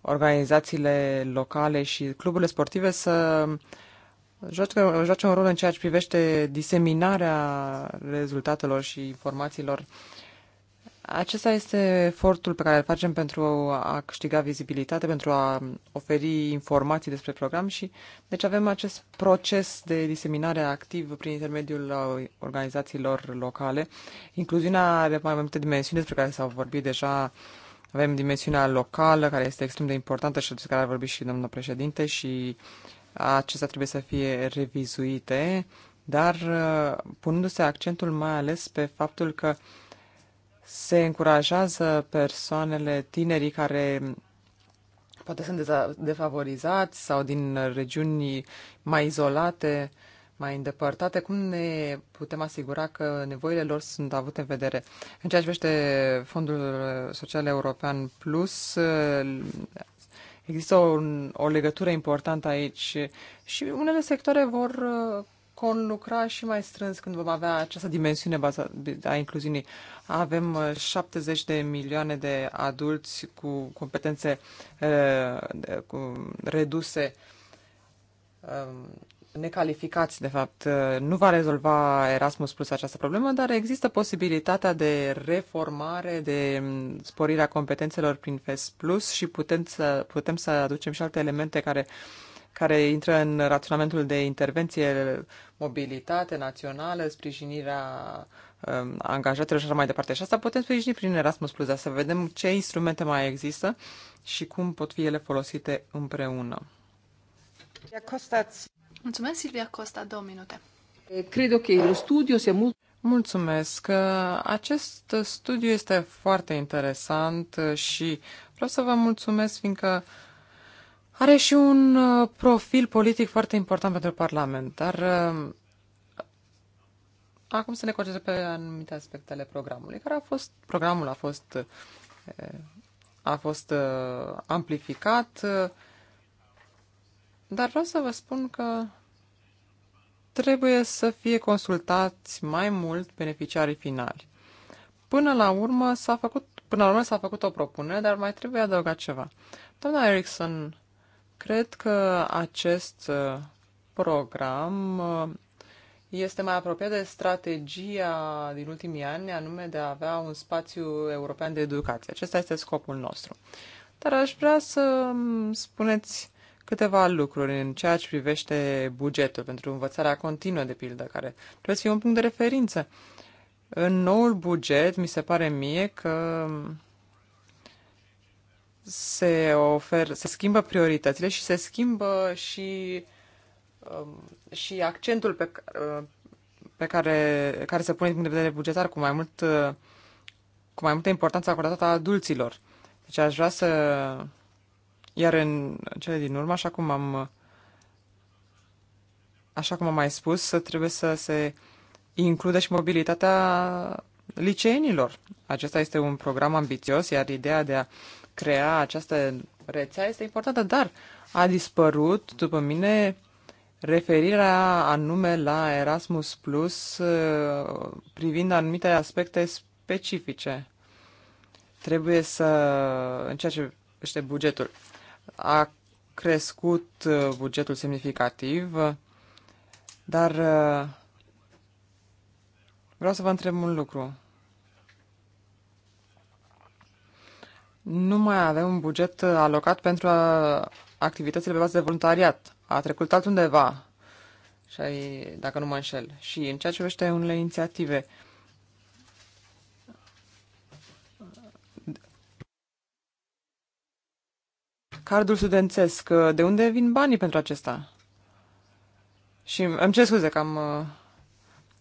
Speaker 2: organizațiile locale și cluburile sportive să joace, joace un rol în ceea ce privește diseminarea rezultatelor și informațiilor acesta este efortul pe care îl facem pentru a câștiga vizibilitate, pentru a oferi informații despre program și deci avem acest proces de diseminare activ prin intermediul organizațiilor locale. Incluziunea are mai multe dimensiuni despre care s-au vorbit deja. Avem dimensiunea locală, care este extrem de importantă și despre care a vorbit și domnul președinte și acestea trebuie să fie revizuite, dar punându-se accentul mai ales pe faptul că uh, se încurajează persoanele, tinerii care poate sunt defavorizați sau din regiuni mai izolate, mai îndepărtate, cum ne putem asigura că nevoile lor sunt avute în vedere? În ceea ce privește Fondul Social European Plus, există o, o legătură importantă aici și unele sectoare vor con lucra și mai strâns când vom avea această dimensiune a incluziunii. Avem 70 uh, de milioane de adulți cu competențe uh, cu reduse, um, necalificați, de fapt. Uh, nu va rezolva Erasmus Plus această problemă, dar există posibilitatea de reformare, de um, sporirea competențelor prin FES Plus și putem să, putem să aducem și alte elemente care uh, care intră în raționamentul de intervenție, mobilitate națională, sprijinirea um, angajatelor și așa mai departe. Și asta putem sprijini prin Erasmus Plus, dar să vedem ce instrumente mai există și cum pot fi ele folosite împreună.
Speaker 1: Mulțumesc, Silvia Costa, două minute. Eh, Cred că lo
Speaker 2: studio sia mult... Mulțumesc. Acest studiu este foarte interesant și vreau să vă mulțumesc fiindcă are și un uh, profil politic foarte important pentru Parlament, dar uh, acum să ne concentrăm pe anumite aspecte ale programului, care a fost, programul a fost, uh, a fost amplificat, dar vreau să vă spun că trebuie să fie consultați mai mult beneficiarii finali. Până la urmă s-a făcut, până la urmă s-a făcut o propunere, dar mai trebuie adăugat ceva. Doamna Erickson Cred că acest uh, program uh, este mai apropiat de strategia din ultimii ani, anume de a avea un spațiu european de educație. Acesta este scopul nostru. Dar aș vrea să um, spuneți câteva lucruri în ceea ce privește bugetul pentru învățarea continuă, de pildă, care trebuie să fie un punct de referință. În noul buget, mi se pare mie că um, se ofer, se schimbă prioritățile și se schimbă și, um, și accentul pe, uh, pe care, care se pune din punct de vedere bugetar cu mai mult uh, cu mai multă importanță acordată a adulților. Deci aș vrea să iar în cele din urmă, așa cum am așa cum am mai spus, să trebuie să se includă și mobilitatea liceenilor. Acesta este un program ambițios, iar ideea de a crea această rețea este importantă, dar a dispărut, după mine, referirea anume la Erasmus Plus uh, privind anumite aspecte specifice. Trebuie să, în ceea ce este bugetul, a crescut uh, bugetul semnificativ, dar uh, vreau să vă întreb un lucru. nu mai avem un buget alocat pentru uh, activitățile pe bază de voluntariat. A trecut altundeva, și ai, dacă nu mă înșel. Și în ceea ce vește unele inițiative, Cardul studențesc, de unde vin banii pentru acesta? Și îmi cer scuze că am uh,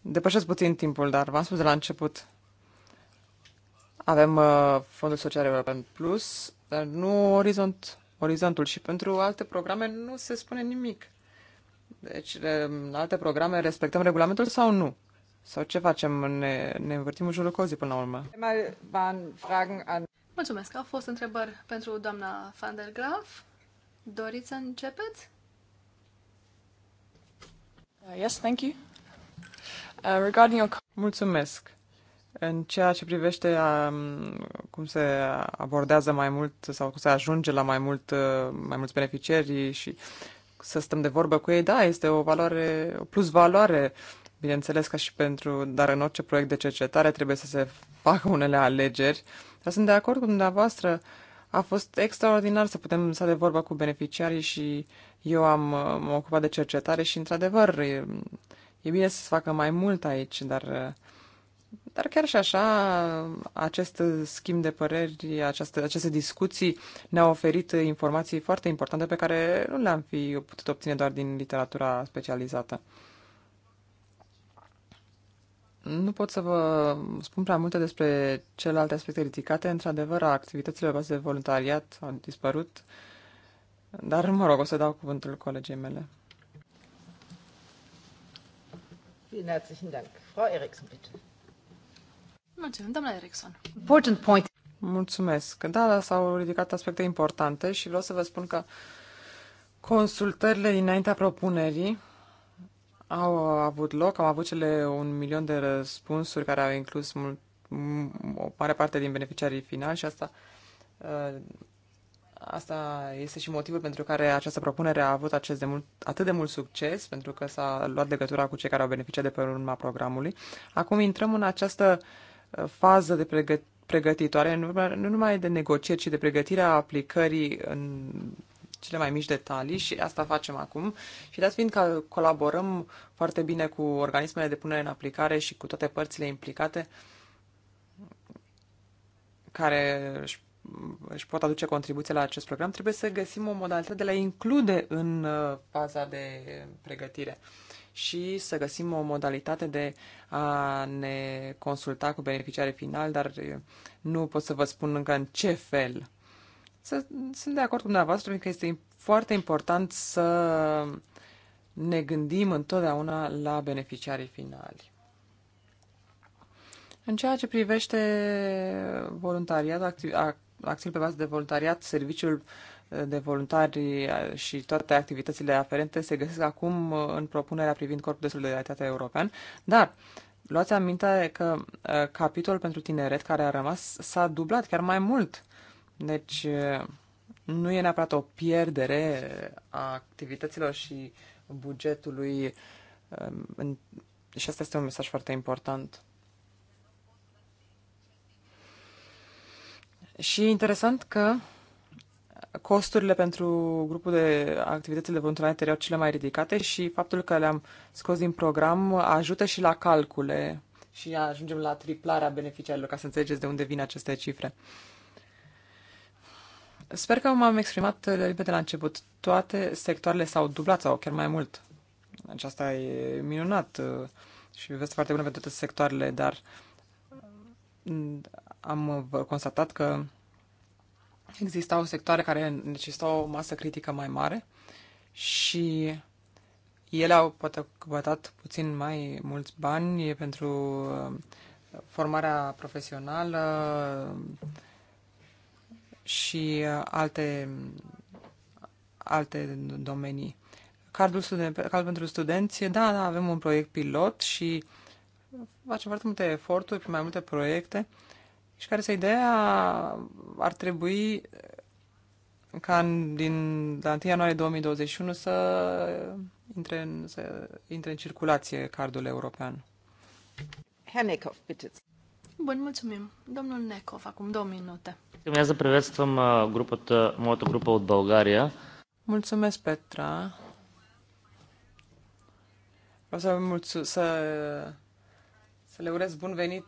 Speaker 2: depășesc puțin timpul, dar v-am spus de la început avem uh, Fondul Social European Plus, dar nu Orizont, Orizontul. Și pentru alte programe nu se spune nimic. Deci, în alte programe respectăm regulamentul sau nu? Sau ce facem? Ne, ne învârtim în jurul cozii până la urmă.
Speaker 1: Mulțumesc. Au fost întrebări pentru doamna van der Graaf. Doriți să începeți?
Speaker 2: Uh, yes, thank you. Uh, regarding your... Mulțumesc. În ceea ce privește a, um, cum se abordează mai mult sau cum se ajunge la mai, mult, uh, mai mulți beneficiari și să stăm de vorbă cu ei, da, este o valoare, o plus valoare, bineînțeles, ca și pentru, dar în orice proiect de cercetare trebuie să se facă unele alegeri. Dar sunt de acord cu dumneavoastră, a fost extraordinar să putem sta de vorbă cu beneficiarii și eu am uh, mă am ocupat de cercetare și, într-adevăr, e, e bine să se facă mai mult aici, dar uh, dar chiar și așa, acest schimb de păreri, această, aceste discuții ne-au oferit informații foarte importante pe care nu le-am fi putut obține doar din literatura specializată. Nu pot să vă spun prea multe despre celelalte aspecte ridicate. Într-adevăr, activitățile bază de voluntariat au dispărut, dar, mă rog, o să dau cuvântul colegii mele.
Speaker 1: Vielen herzlichen Dank. Frau Eriksen, bitte. Mulțumim, doamna Erickson.
Speaker 2: Important point. Mulțumesc. Da, da, s-au ridicat aspecte importante și vreau să vă spun că consultările dinaintea propunerii au avut loc. Am avut cele un milion de răspunsuri care au inclus mult, o mare parte din beneficiarii finali și asta ă, asta este și motivul pentru care această propunere a avut acest de mult, atât de mult succes, pentru că s-a luat legătura cu cei care au beneficiat de pe urma programului. Acum intrăm în această fază de pregătire pregătitoare, nu numai de negocieri, ci de pregătirea aplicării în cele mai mici detalii și asta facem acum. Și dat fiind că colaborăm foarte bine cu organismele de punere în aplicare și cu toate părțile implicate care își, își pot aduce contribuție la acest program, trebuie să găsim o modalitate de a include în uh, faza de pregătire și să găsim o modalitate de a ne consulta cu beneficiare final, dar nu pot să vă spun încă în ce fel. Să, sunt de acord cu dumneavoastră, că este foarte important să ne gândim întotdeauna la beneficiarii finali. În ceea ce privește voluntariatul, acțiuni pe bază de voluntariat, serviciul uh, de voluntari uh, și toate activitățile aferente se găsesc acum uh, în propunerea privind Corpul de Solidaritate European, dar luați aminte că capitolul pentru tineret care a rămas s-a dublat chiar mai mult. Deci nu e neapărat o pierdere a activităților și bugetului și asta este un mesaj foarte important. Și e interesant că costurile pentru grupul de activitățile voluntariate erau cele mai ridicate și faptul că le-am scos din program ajută și la calcule și ajungem la triplarea beneficiarilor, ca să înțelegeți de unde vin aceste cifre. Sper că m-am exprimat de la început. Toate sectoarele s-au dublat sau chiar mai mult. Aceasta e minunat uh, și vezi foarte bună pentru toate sectoarele, dar mm, am uh, constatat că existau sectoare care necesitau o masă critică mai mare și ele au poate căpătat puțin mai mulți bani pentru uh, formarea profesională și uh, alte, alte domenii. Cardul, studen- cardul pentru studenți, da, da, avem un proiect pilot și facem foarte multe eforturi pe mai multe proiecte și care să ideea ar trebui ca în, din la 1 ianuarie 2021 să intre în, să intre în circulație cardul european. Herr Nekov,
Speaker 1: bitte. Bun, mulțumim. Domnul Nekov, acum două minute. Urmează
Speaker 2: приветствам
Speaker 1: grupul моята група от
Speaker 2: Mulțumesc, Petra. Vreau să, mulțu- să, să le urez bun venit,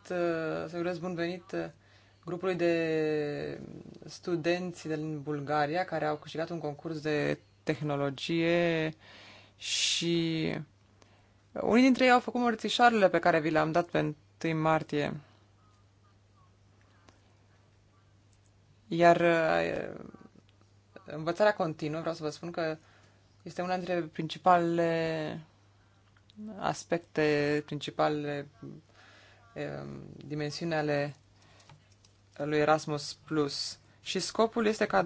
Speaker 2: să urez bun venit grupului de studenți din Bulgaria care au câștigat un concurs de tehnologie și unii dintre ei au făcut mărțișoarele pe care vi le-am dat pe 1 martie. Iar uh, învățarea continuă, vreau să vă spun că este una dintre principalele aspecte, principalele uh, dimensiuni ale lui Erasmus Plus. Și scopul este ca 25%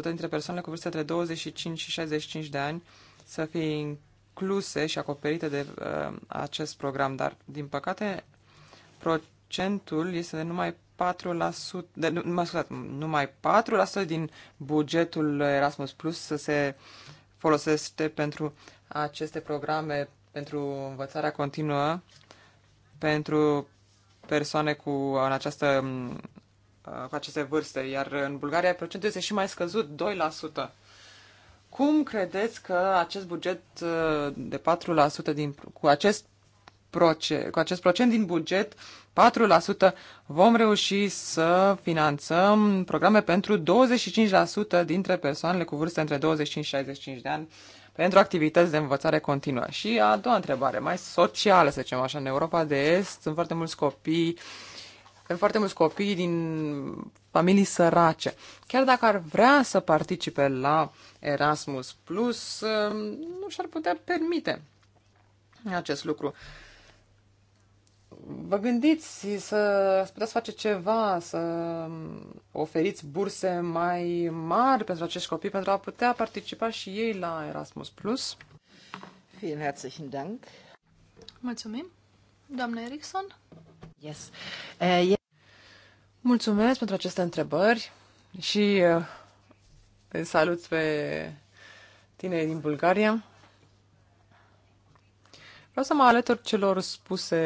Speaker 2: dintre persoanele cu vârste între 25 și 65 de ani să fie incluse și acoperite de uh, acest program, dar din păcate procentul este de numai 4%, de, nu, mă scuzat, numai 4% din bugetul Erasmus Plus să se folosește pentru aceste programe pentru învățarea continuă pentru persoane cu, în această, mm, uh, cu aceste vârste, iar în Bulgaria procentul este și mai scăzut, 2%. Cum credeți că acest buget uh, de 4% din, cu acest proce, cu acest procent din buget, 4%, vom reuși să finanțăm programe pentru 25% dintre persoanele cu vârste între 25 și 65 de ani pentru activități de învățare continuă. Și a doua întrebare, mai socială, să zicem așa, în Europa de Est sunt foarte mulți copii foarte mulți copii din familii sărace. Chiar dacă ar vrea să participe la Erasmus Plus, nu și-ar putea permite acest lucru vă gândiți să ați putea să face ceva, să oferiți burse mai mari pentru acești copii, pentru a putea participa și ei la Erasmus+. Plus. Vielen herzlichen Dank.
Speaker 1: Mulțumim. Doamna Erickson?
Speaker 2: Yes. Uh, eh, yes. Mulțumesc pentru aceste întrebări și uh, salut pe tine din Bulgaria. Vreau să mă alătur celor spuse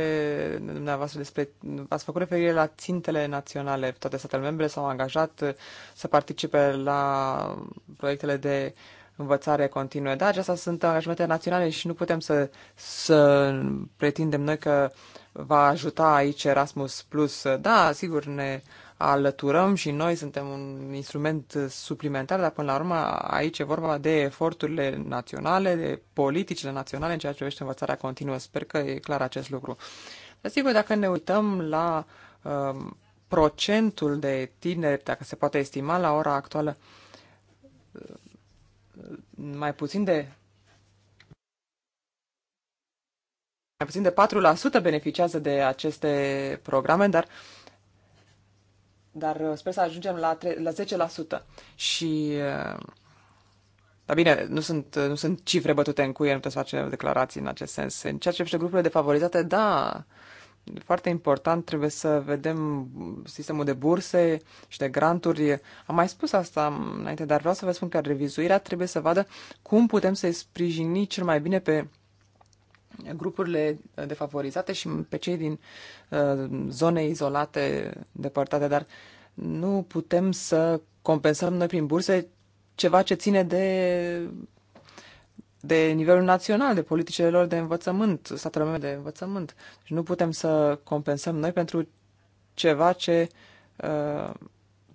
Speaker 2: dumneavoastră despre... Ați făcut referire la țintele naționale. Toate statele membre s-au angajat uh, să participe la proiectele de învățare continuă. Da, acestea sunt angajamente naționale și nu putem să, să pretindem noi că va ajuta aici Erasmus Plus. Da, sigur, ne uh, alăturăm și noi suntem un instrument suplimentar, dar până la urmă aici e vorba de eforturile naționale, de politicile naționale în ceea ce privește învățarea continuă. Sper că e clar acest lucru. Dar sigur, dacă ne uităm la uh, procentul de tineri, dacă se poate estima la ora actuală, uh, mai puțin de mai puțin de 4% beneficiază de aceste programe, dar uh, dar uh, sper să ajungem la, tre- la 10%. Și uh, dar bine, nu sunt, uh, nu sunt cifre bătute în cuie, nu trebuie să facem declarații în acest sens. În ceea ce privește grupurile defavorizate, da, foarte important, trebuie să vedem sistemul de burse și de granturi. Am mai spus asta înainte, dar vreau să vă spun că revizuirea trebuie să vadă cum putem să-i sprijini cel mai bine pe grupurile defavorizate și pe cei din uh, zone izolate, depărtate, dar nu putem să compensăm noi prin burse ceva ce ține de, de nivelul național, de politicile lor de învățământ, statele membre de învățământ. deci nu putem să compensăm noi pentru ceva ce uh,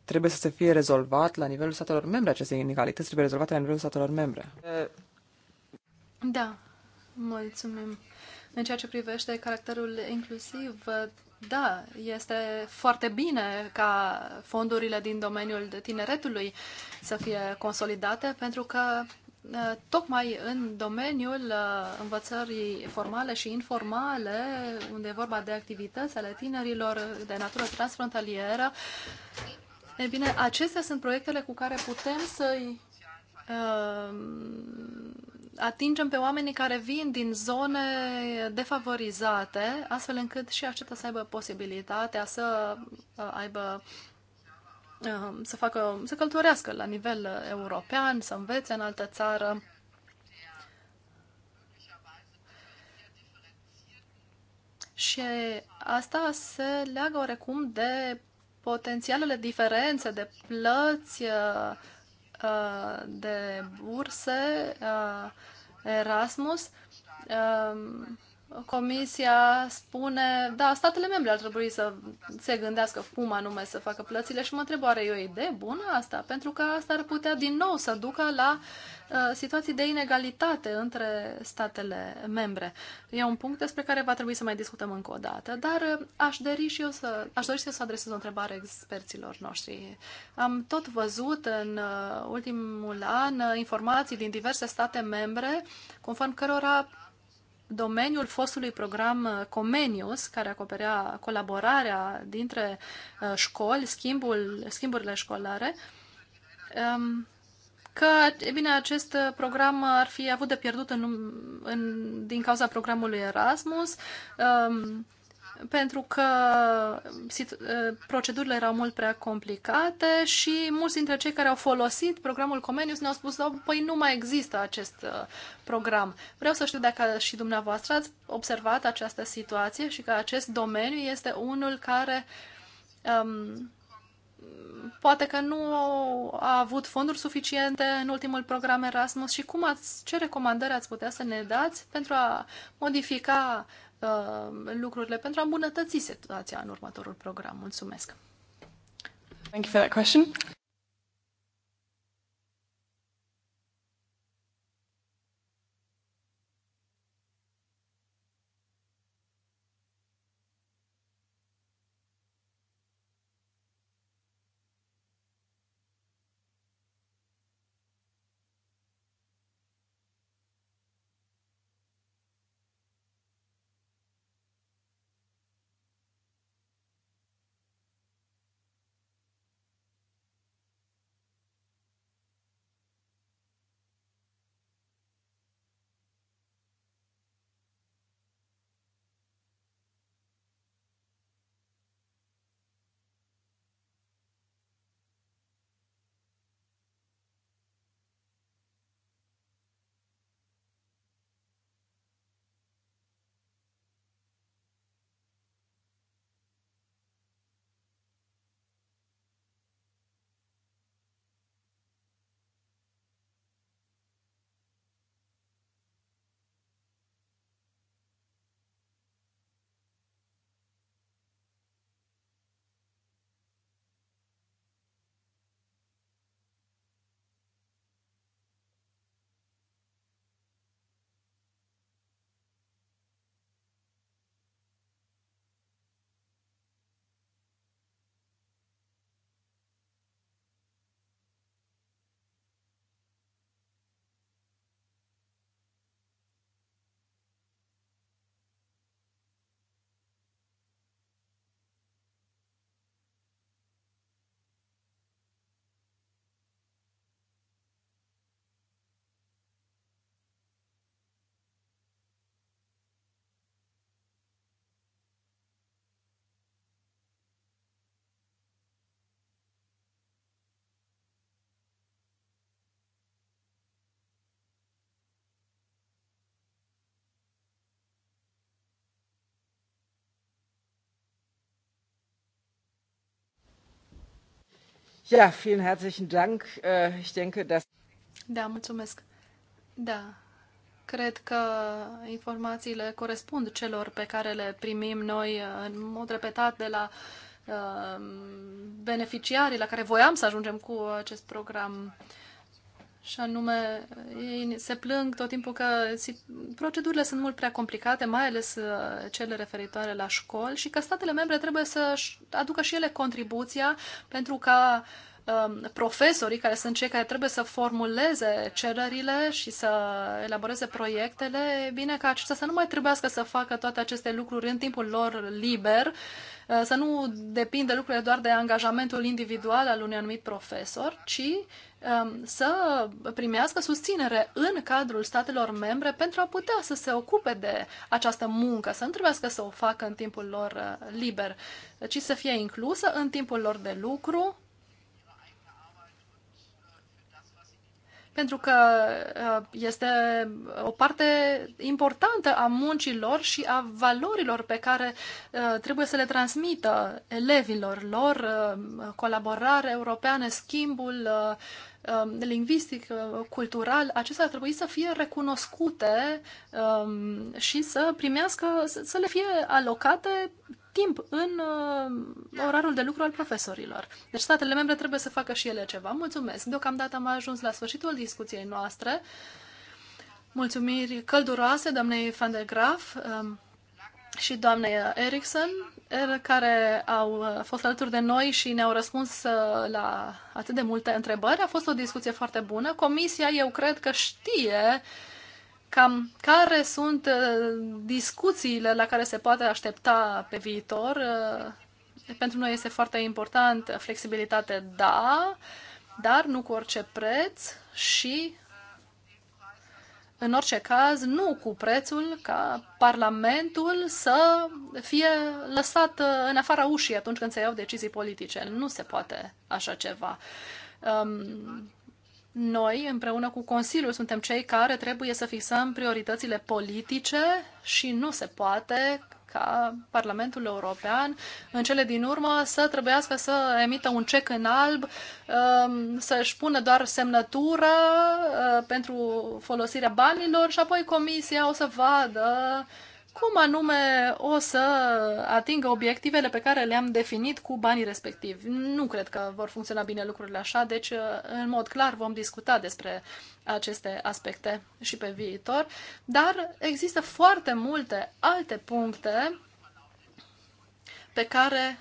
Speaker 2: trebuie să se fie rezolvat la nivelul statelor membre. Aceste inegalități trebuie rezolvate la nivelul statelor membre.
Speaker 1: Da, Mulțumim. În ceea ce privește caracterul inclusiv, da, este foarte bine ca fondurile din domeniul tineretului să fie consolidate, pentru că tocmai în domeniul învățării formale și informale, unde e vorba de activități ale tinerilor de natură transfrontalieră, e bine, acestea sunt proiectele cu care putem să-i uh, atingem pe oamenii care vin din zone defavorizate, astfel încât și aceștia să aibă posibilitatea să uh, aibă uh, să facă, să călătorească la nivel european, să învețe în altă țară. Și asta se leagă oarecum de potențialele diferențe de plăți uh, Uh, de burse uh, Erasmus, um, Comisia spune, da, statele membre ar trebui să se gândească cum anume să facă plățile și mă întreb, are o idee bună asta? Pentru că asta ar putea din nou să ducă la Uh, situații de inegalitate între statele membre. E un punct despre care va trebui să mai discutăm încă o dată, dar uh, aș dori și eu să, aș dori și eu să adresez o întrebare experților noștri. Am tot văzut în uh, ultimul an informații din diverse state membre conform cărora domeniul fostului program Comenius, care acoperea colaborarea dintre școli, schimbul, schimburile școlare, um, că, e bine, acest program ar fi avut de pierdut în, în, din cauza programului Erasmus, um, pentru că sit, uh, procedurile erau mult prea complicate și mulți dintre cei care au folosit programul Comenius ne-au spus, că păi nu mai există acest uh, program. Vreau să știu dacă și dumneavoastră ați observat această situație și că acest domeniu este unul care um, poate că nu a avut fonduri suficiente în ultimul program Erasmus și cum ați, ce recomandări ați putea să ne dați pentru a modifica uh, lucrurile, pentru a îmbunătăți situația în următorul program? Mulțumesc! Thank you for that question.
Speaker 2: Ja, vielen herzlichen Dank. Äh, ich denke, dass...
Speaker 1: Da, mulțumesc. Da, cred că informațiile corespund celor pe care le primim noi uh, în mod repetat de la uh, beneficiarii la care voiam să ajungem cu acest program. Și anume, ei se plâng tot timpul că procedurile sunt mult prea complicate, mai ales uh, cele referitoare la școli, și că statele membre trebuie să aducă și ele contribuția pentru ca uh, Um, profesorii, care sunt cei care trebuie să formuleze cererile și să elaboreze proiectele, e bine ca aceștia să nu mai trebuiască să facă toate aceste lucruri în timpul lor liber, uh, să nu depindă lucrurile doar de angajamentul individual al unui anumit profesor, ci um, să primească susținere în cadrul statelor membre pentru a putea să se ocupe de această muncă, să nu trebuiască să o facă în timpul lor uh, liber, ci să fie inclusă în timpul lor de lucru, pentru că uh, este o parte importantă a muncilor și a valorilor pe care uh, trebuie să le transmită elevilor lor, uh, colaborare europeană, schimbul um, lingvistic, cultural, acestea ar trebui să fie recunoscute um, și să primească, să le fie alocate schimb în uh, orarul de lucru al profesorilor. Deci statele membre trebuie să facă și ele ceva. Mulțumesc! Deocamdată am ajuns la sfârșitul discuției noastre. Mulțumiri călduroase doamnei Van der Graaf um, și doamnei Erickson, er, care au uh, fost alături de noi și ne-au răspuns uh, la atât de multe întrebări. A fost o discuție foarte bună. Comisia, eu cred că știe uh, cam care sunt uh, discuțiile la care se poate aștepta pe viitor. Uh, pentru noi este foarte important flexibilitate, da, dar nu cu orice preț și în orice caz, nu cu prețul ca Parlamentul să fie lăsat uh, în afara ușii atunci când se iau decizii politice. Nu se poate așa ceva. Um, noi, împreună cu Consiliul, suntem cei care trebuie să fixăm prioritățile politice și nu se poate ca Parlamentul European în cele din urmă să trebuiască să emită un cec în alb, um, să-și pună doar semnătură uh, pentru folosirea banilor și apoi Comisia o să vadă cum anume o să atingă obiectivele pe care le-am definit cu banii respectivi. Nu cred că vor funcționa bine lucrurile așa, deci în mod clar vom discuta despre aceste aspecte și pe viitor, dar există foarte multe alte puncte pe care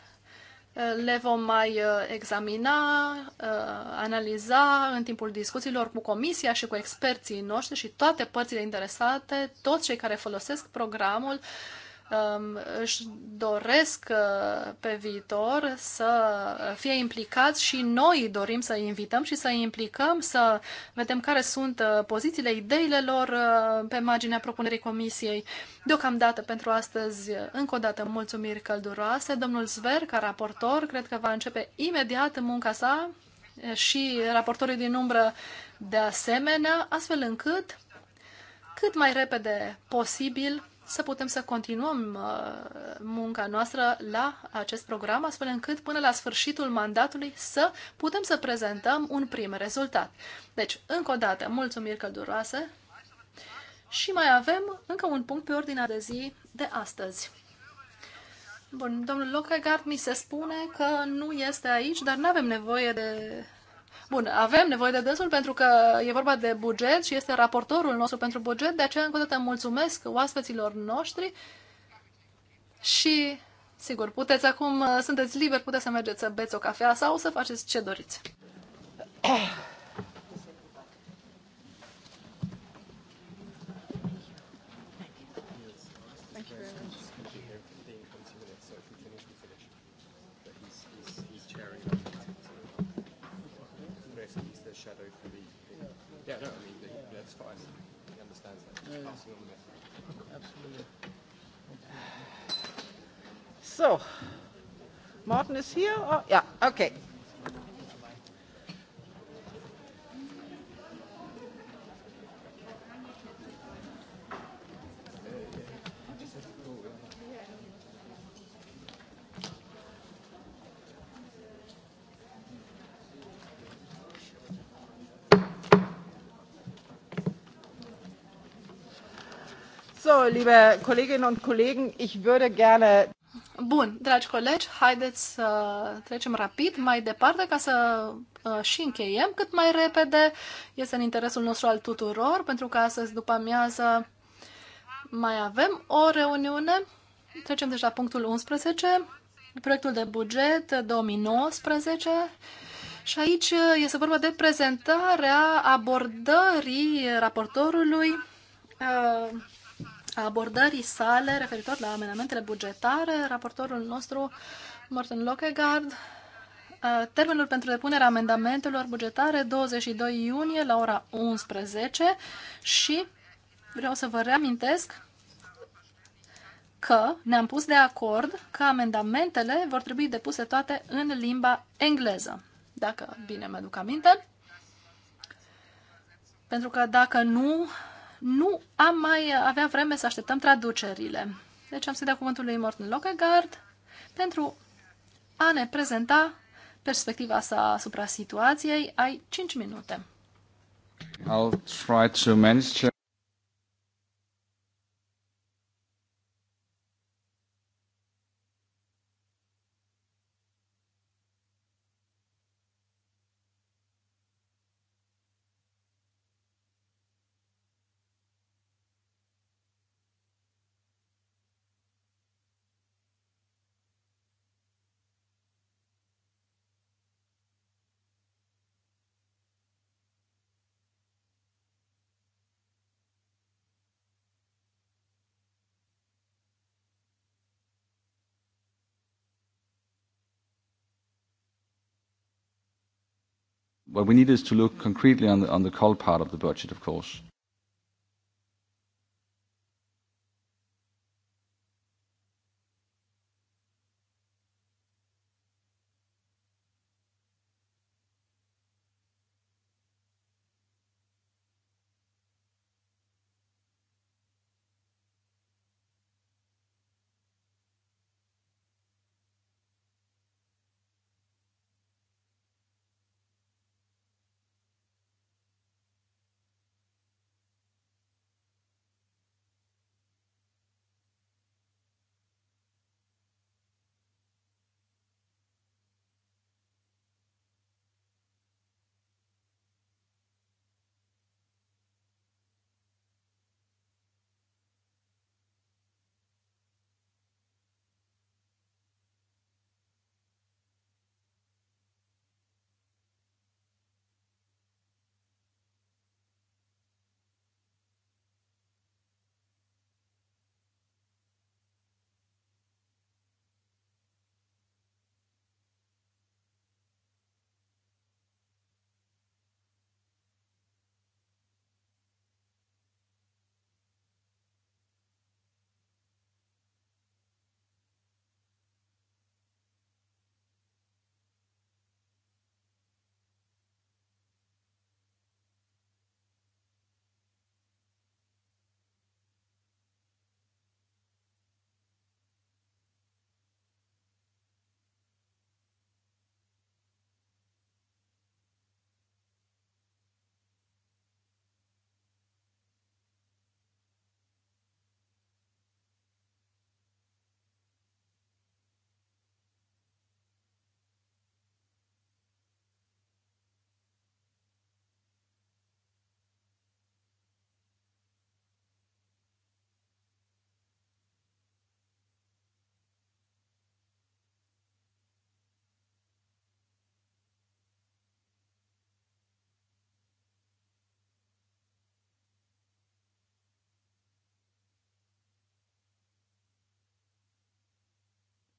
Speaker 1: le vom mai uh, examina, uh, analiza în timpul discuțiilor cu comisia și cu experții noștri și toate părțile interesate, toți cei care folosesc programul, Um, își doresc uh, pe viitor să fie implicați și noi dorim să invităm și să implicăm, să vedem care sunt uh, pozițiile, ideile lor uh, pe marginea propunerii comisiei. Deocamdată pentru astăzi, încă o dată, mulțumiri călduroase. Domnul Zver, ca raportor, cred că va începe imediat munca sa și raportorii din umbră de asemenea, astfel încât cât mai repede posibil să putem să continuăm uh, munca noastră la acest program, astfel încât până la sfârșitul mandatului să putem să prezentăm un prim rezultat. Deci, încă o dată, mulțumiri călduroase și mai avem încă un punct pe ordinea de zi de astăzi. Bun, domnul Lockhart mi se spune că nu este aici, dar nu avem nevoie de Bun, avem nevoie de dânsul pentru că e vorba de buget și este raportorul nostru pentru buget, de aceea încă o dată mulțumesc oaspeților noștri și, sigur, puteți acum, sunteți liberi, puteți să mergeți să beți o cafea sau să faceți ce doriți.
Speaker 2: So, Martin is here? Or? Yeah, okay.
Speaker 1: liebe Kolleginnen und Kollegen, ich würde gerne Bun, dragi colegi, haideți să trecem rapid mai departe ca să uh, și încheiem cât mai repede. Este în interesul nostru al tuturor, pentru că astăzi după amiază mai avem o reuniune. Trecem deja deci la punctul 11, proiectul de buget 2019. Și aici uh, este vorba de prezentarea abordării raportorului uh, a abordării sale referitor la amendamentele bugetare, raportorul nostru, Morten Lockegaard, termenul pentru depunerea amendamentelor bugetare 22 iunie la ora 11 și vreau să vă reamintesc că ne-am pus de acord că amendamentele vor trebui depuse toate în limba engleză, dacă bine mă aduc aminte. Pentru că dacă nu, nu am mai avea vreme să așteptăm traducerile. Deci am să-i cuvântul lui Morten Lockegaard pentru a ne prezenta perspectiva sa asupra situației. Ai 5 minute. I'll try to manage
Speaker 2: what we need is to look concretely on the, on the coal part of the budget, of course.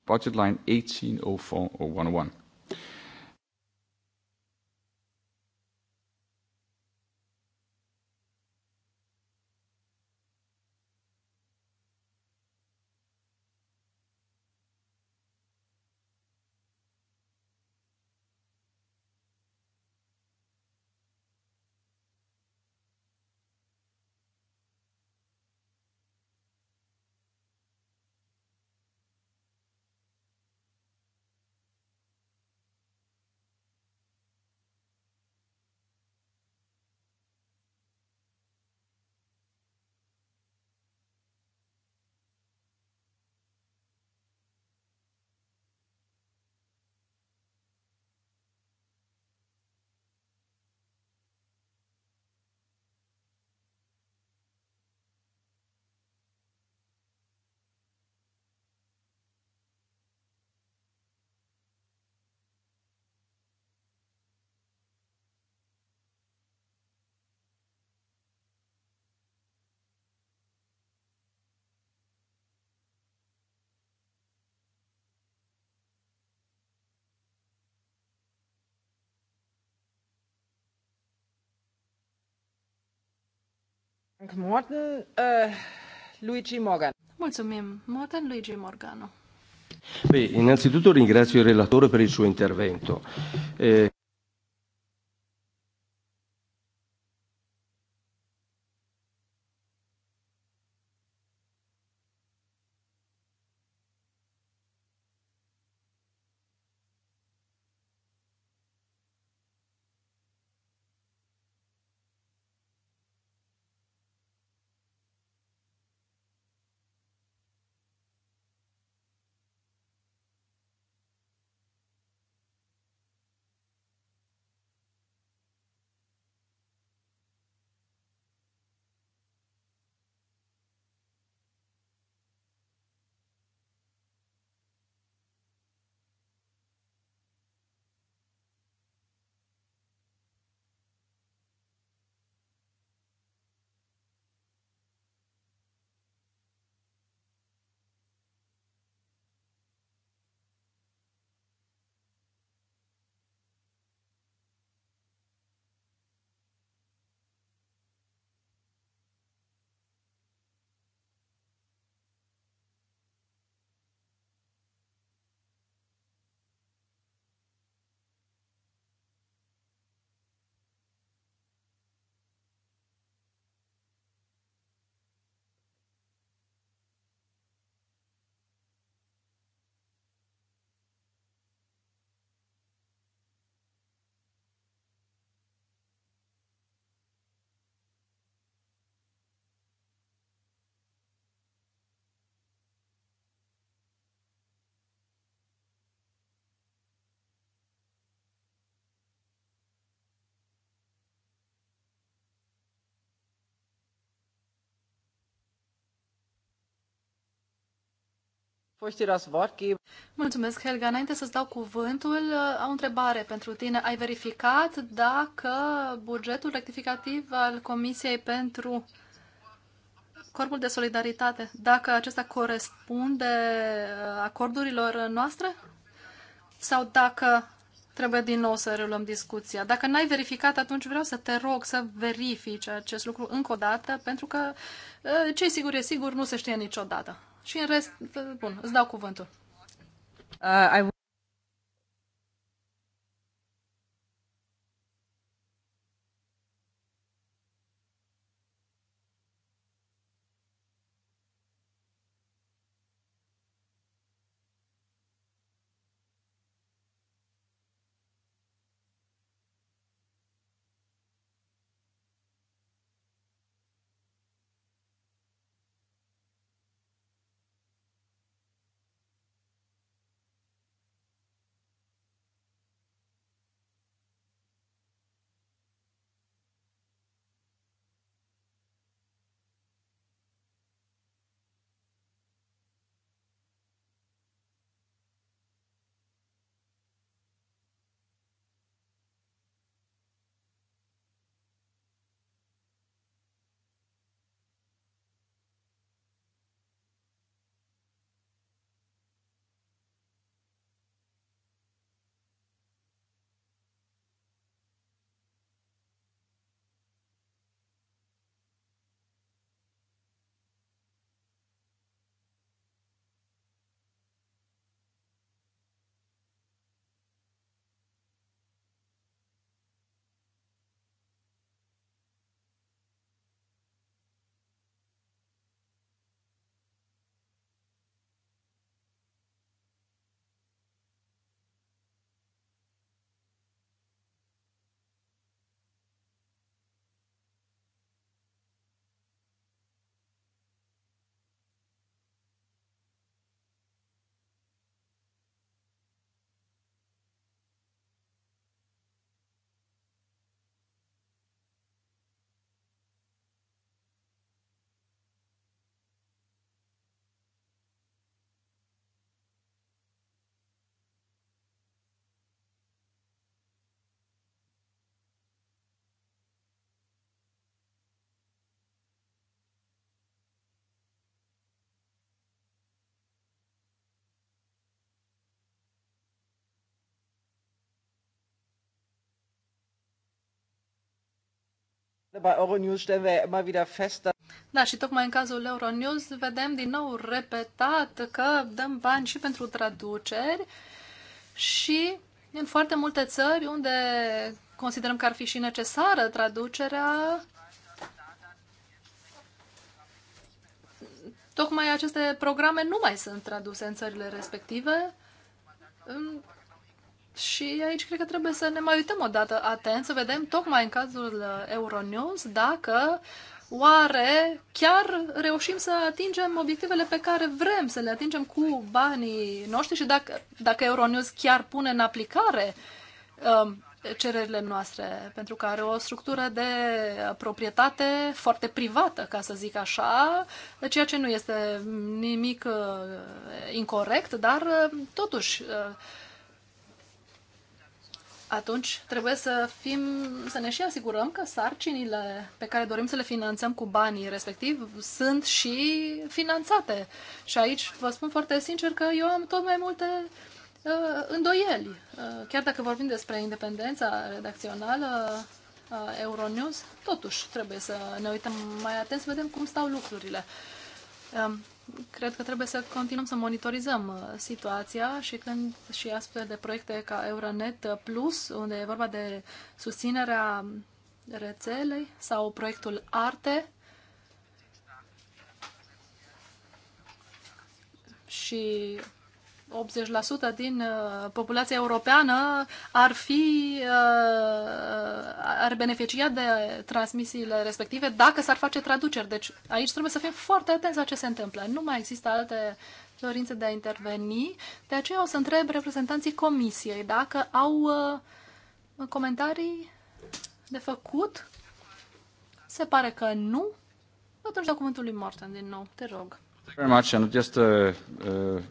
Speaker 1: budget line 180411. Morten, uh, Luigi Morgan. Mulțumim, Morten Luigi Morgano. Beh, innanzitutto
Speaker 2: ringrazio il relatore per il suo intervento. Eh,
Speaker 1: Mulțumesc, Helga. Înainte să-ți dau cuvântul, uh, am o întrebare pentru tine. Ai verificat dacă bugetul rectificativ al Comisiei pentru Corpul de Solidaritate, dacă acesta corespunde uh, acordurilor noastre? Sau dacă trebuie din nou să reluăm discuția. Dacă n-ai verificat, atunci vreau să te rog să verifici acest lucru încă o dată, pentru că uh, ce sigur e sigur nu se știe niciodată și în rest, bun, îți dau cuvântul. Uh, I...
Speaker 2: Bei Euronews stellen wir ja immer wieder fest, dass
Speaker 1: da, și tocmai în cazul Euronews vedem din nou repetat că dăm bani și pentru traduceri și în foarte multe țări unde considerăm că ar fi și necesară traducerea, tocmai aceste programe nu mai sunt traduse în țările respective și aici cred că trebuie să ne mai uităm o dată atent, să vedem tocmai în cazul uh, Euronews dacă oare chiar reușim să atingem obiectivele pe care vrem să le atingem cu banii noștri și dacă, dacă Euronews chiar pune în aplicare um, cererile noastre, pentru că are o structură de uh, proprietate foarte privată, ca să zic așa, ceea ce nu este nimic uh, incorrect, dar uh, totuși uh, atunci trebuie să, fim, să ne și asigurăm că sarcinile pe care dorim să le finanțăm cu banii respectiv sunt și finanțate. Și aici vă spun foarte sincer că eu am tot mai multe uh, îndoieli. Uh, chiar dacă vorbim despre independența redacțională uh, Euronews, totuși trebuie să ne uităm mai atent să vedem cum stau lucrurile. Uh, cred că trebuie să continuăm să monitorizăm uh, situația și când și astfel de proiecte ca Euronet uh, Plus, unde e vorba de susținerea rețelei sau proiectul Arte și 80% din uh, populația europeană ar fi uh, ar beneficia de transmisiile respective dacă s-ar face traduceri. Deci aici trebuie să fim foarte atenți la ce se întâmplă. Nu mai există alte dorințe de a interveni. De aceea o să întreb reprezentanții comisiei dacă au uh, comentarii de făcut. Se pare că nu. Atunci dau cuvântul lui Morten din nou. Te rog.
Speaker 2: Very much and just, uh, uh...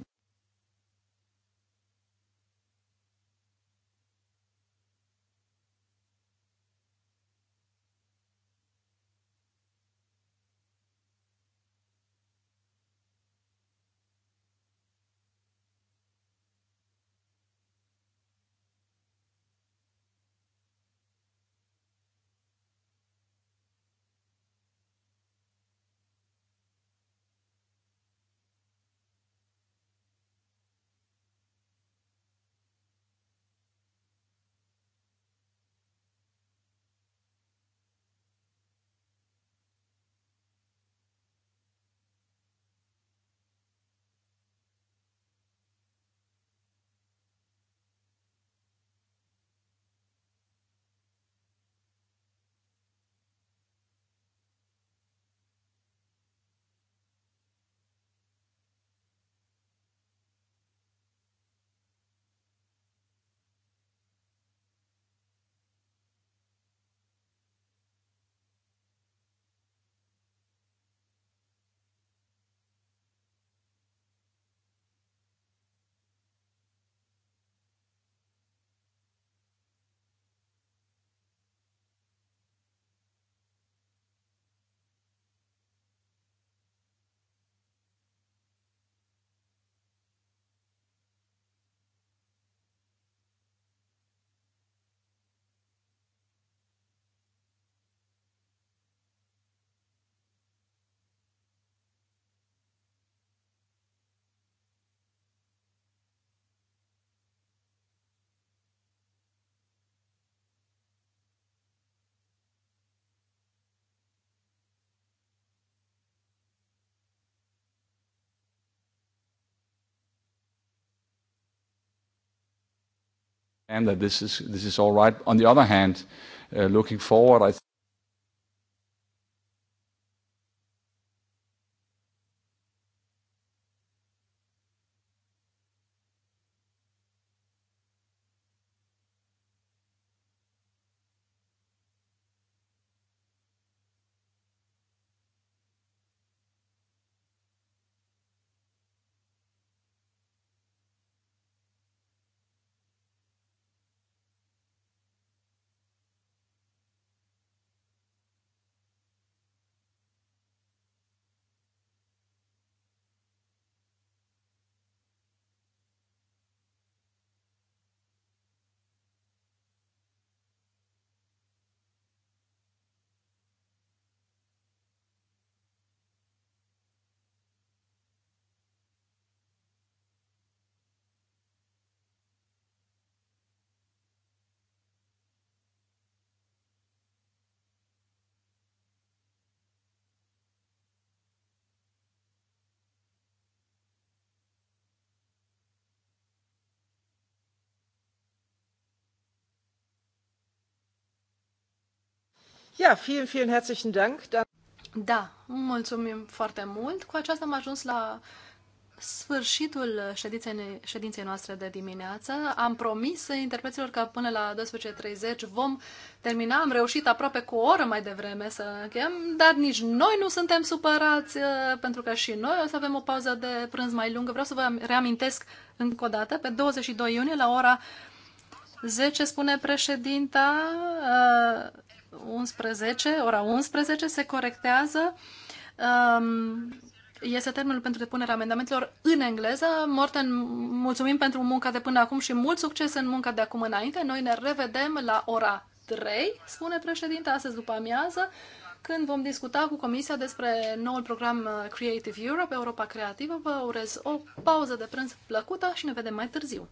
Speaker 1: and that this is all right. On the other hand, uh, looking forward, I Ja, vielen, vielen herzlichen Dank. Da, mulțumim foarte mult. Cu aceasta am ajuns la sfârșitul ședinței, ședinței noastre de dimineață. Am promis interpreților că până la 12.30 vom termina. Am reușit aproape cu o oră mai devreme să încheiem, dar nici noi nu suntem supărați, eh, pentru că și noi o să avem o pauză de prânz mai lungă. Vreau să vă reamintesc încă o dată, pe 22 iunie la ora 10, spune președinta, eh, 11, ora 11, se corectează. Um, este termenul pentru depunerea amendamentelor în engleză. Morten, mulțumim pentru munca de până acum și mult succes în munca de acum înainte. Noi ne revedem la ora 3, spune președinte, astăzi după amiază, când vom discuta cu Comisia despre noul program uh, Creative Europe, Europa Creativă. Vă urez o pauză de prânz plăcută și ne vedem mai târziu.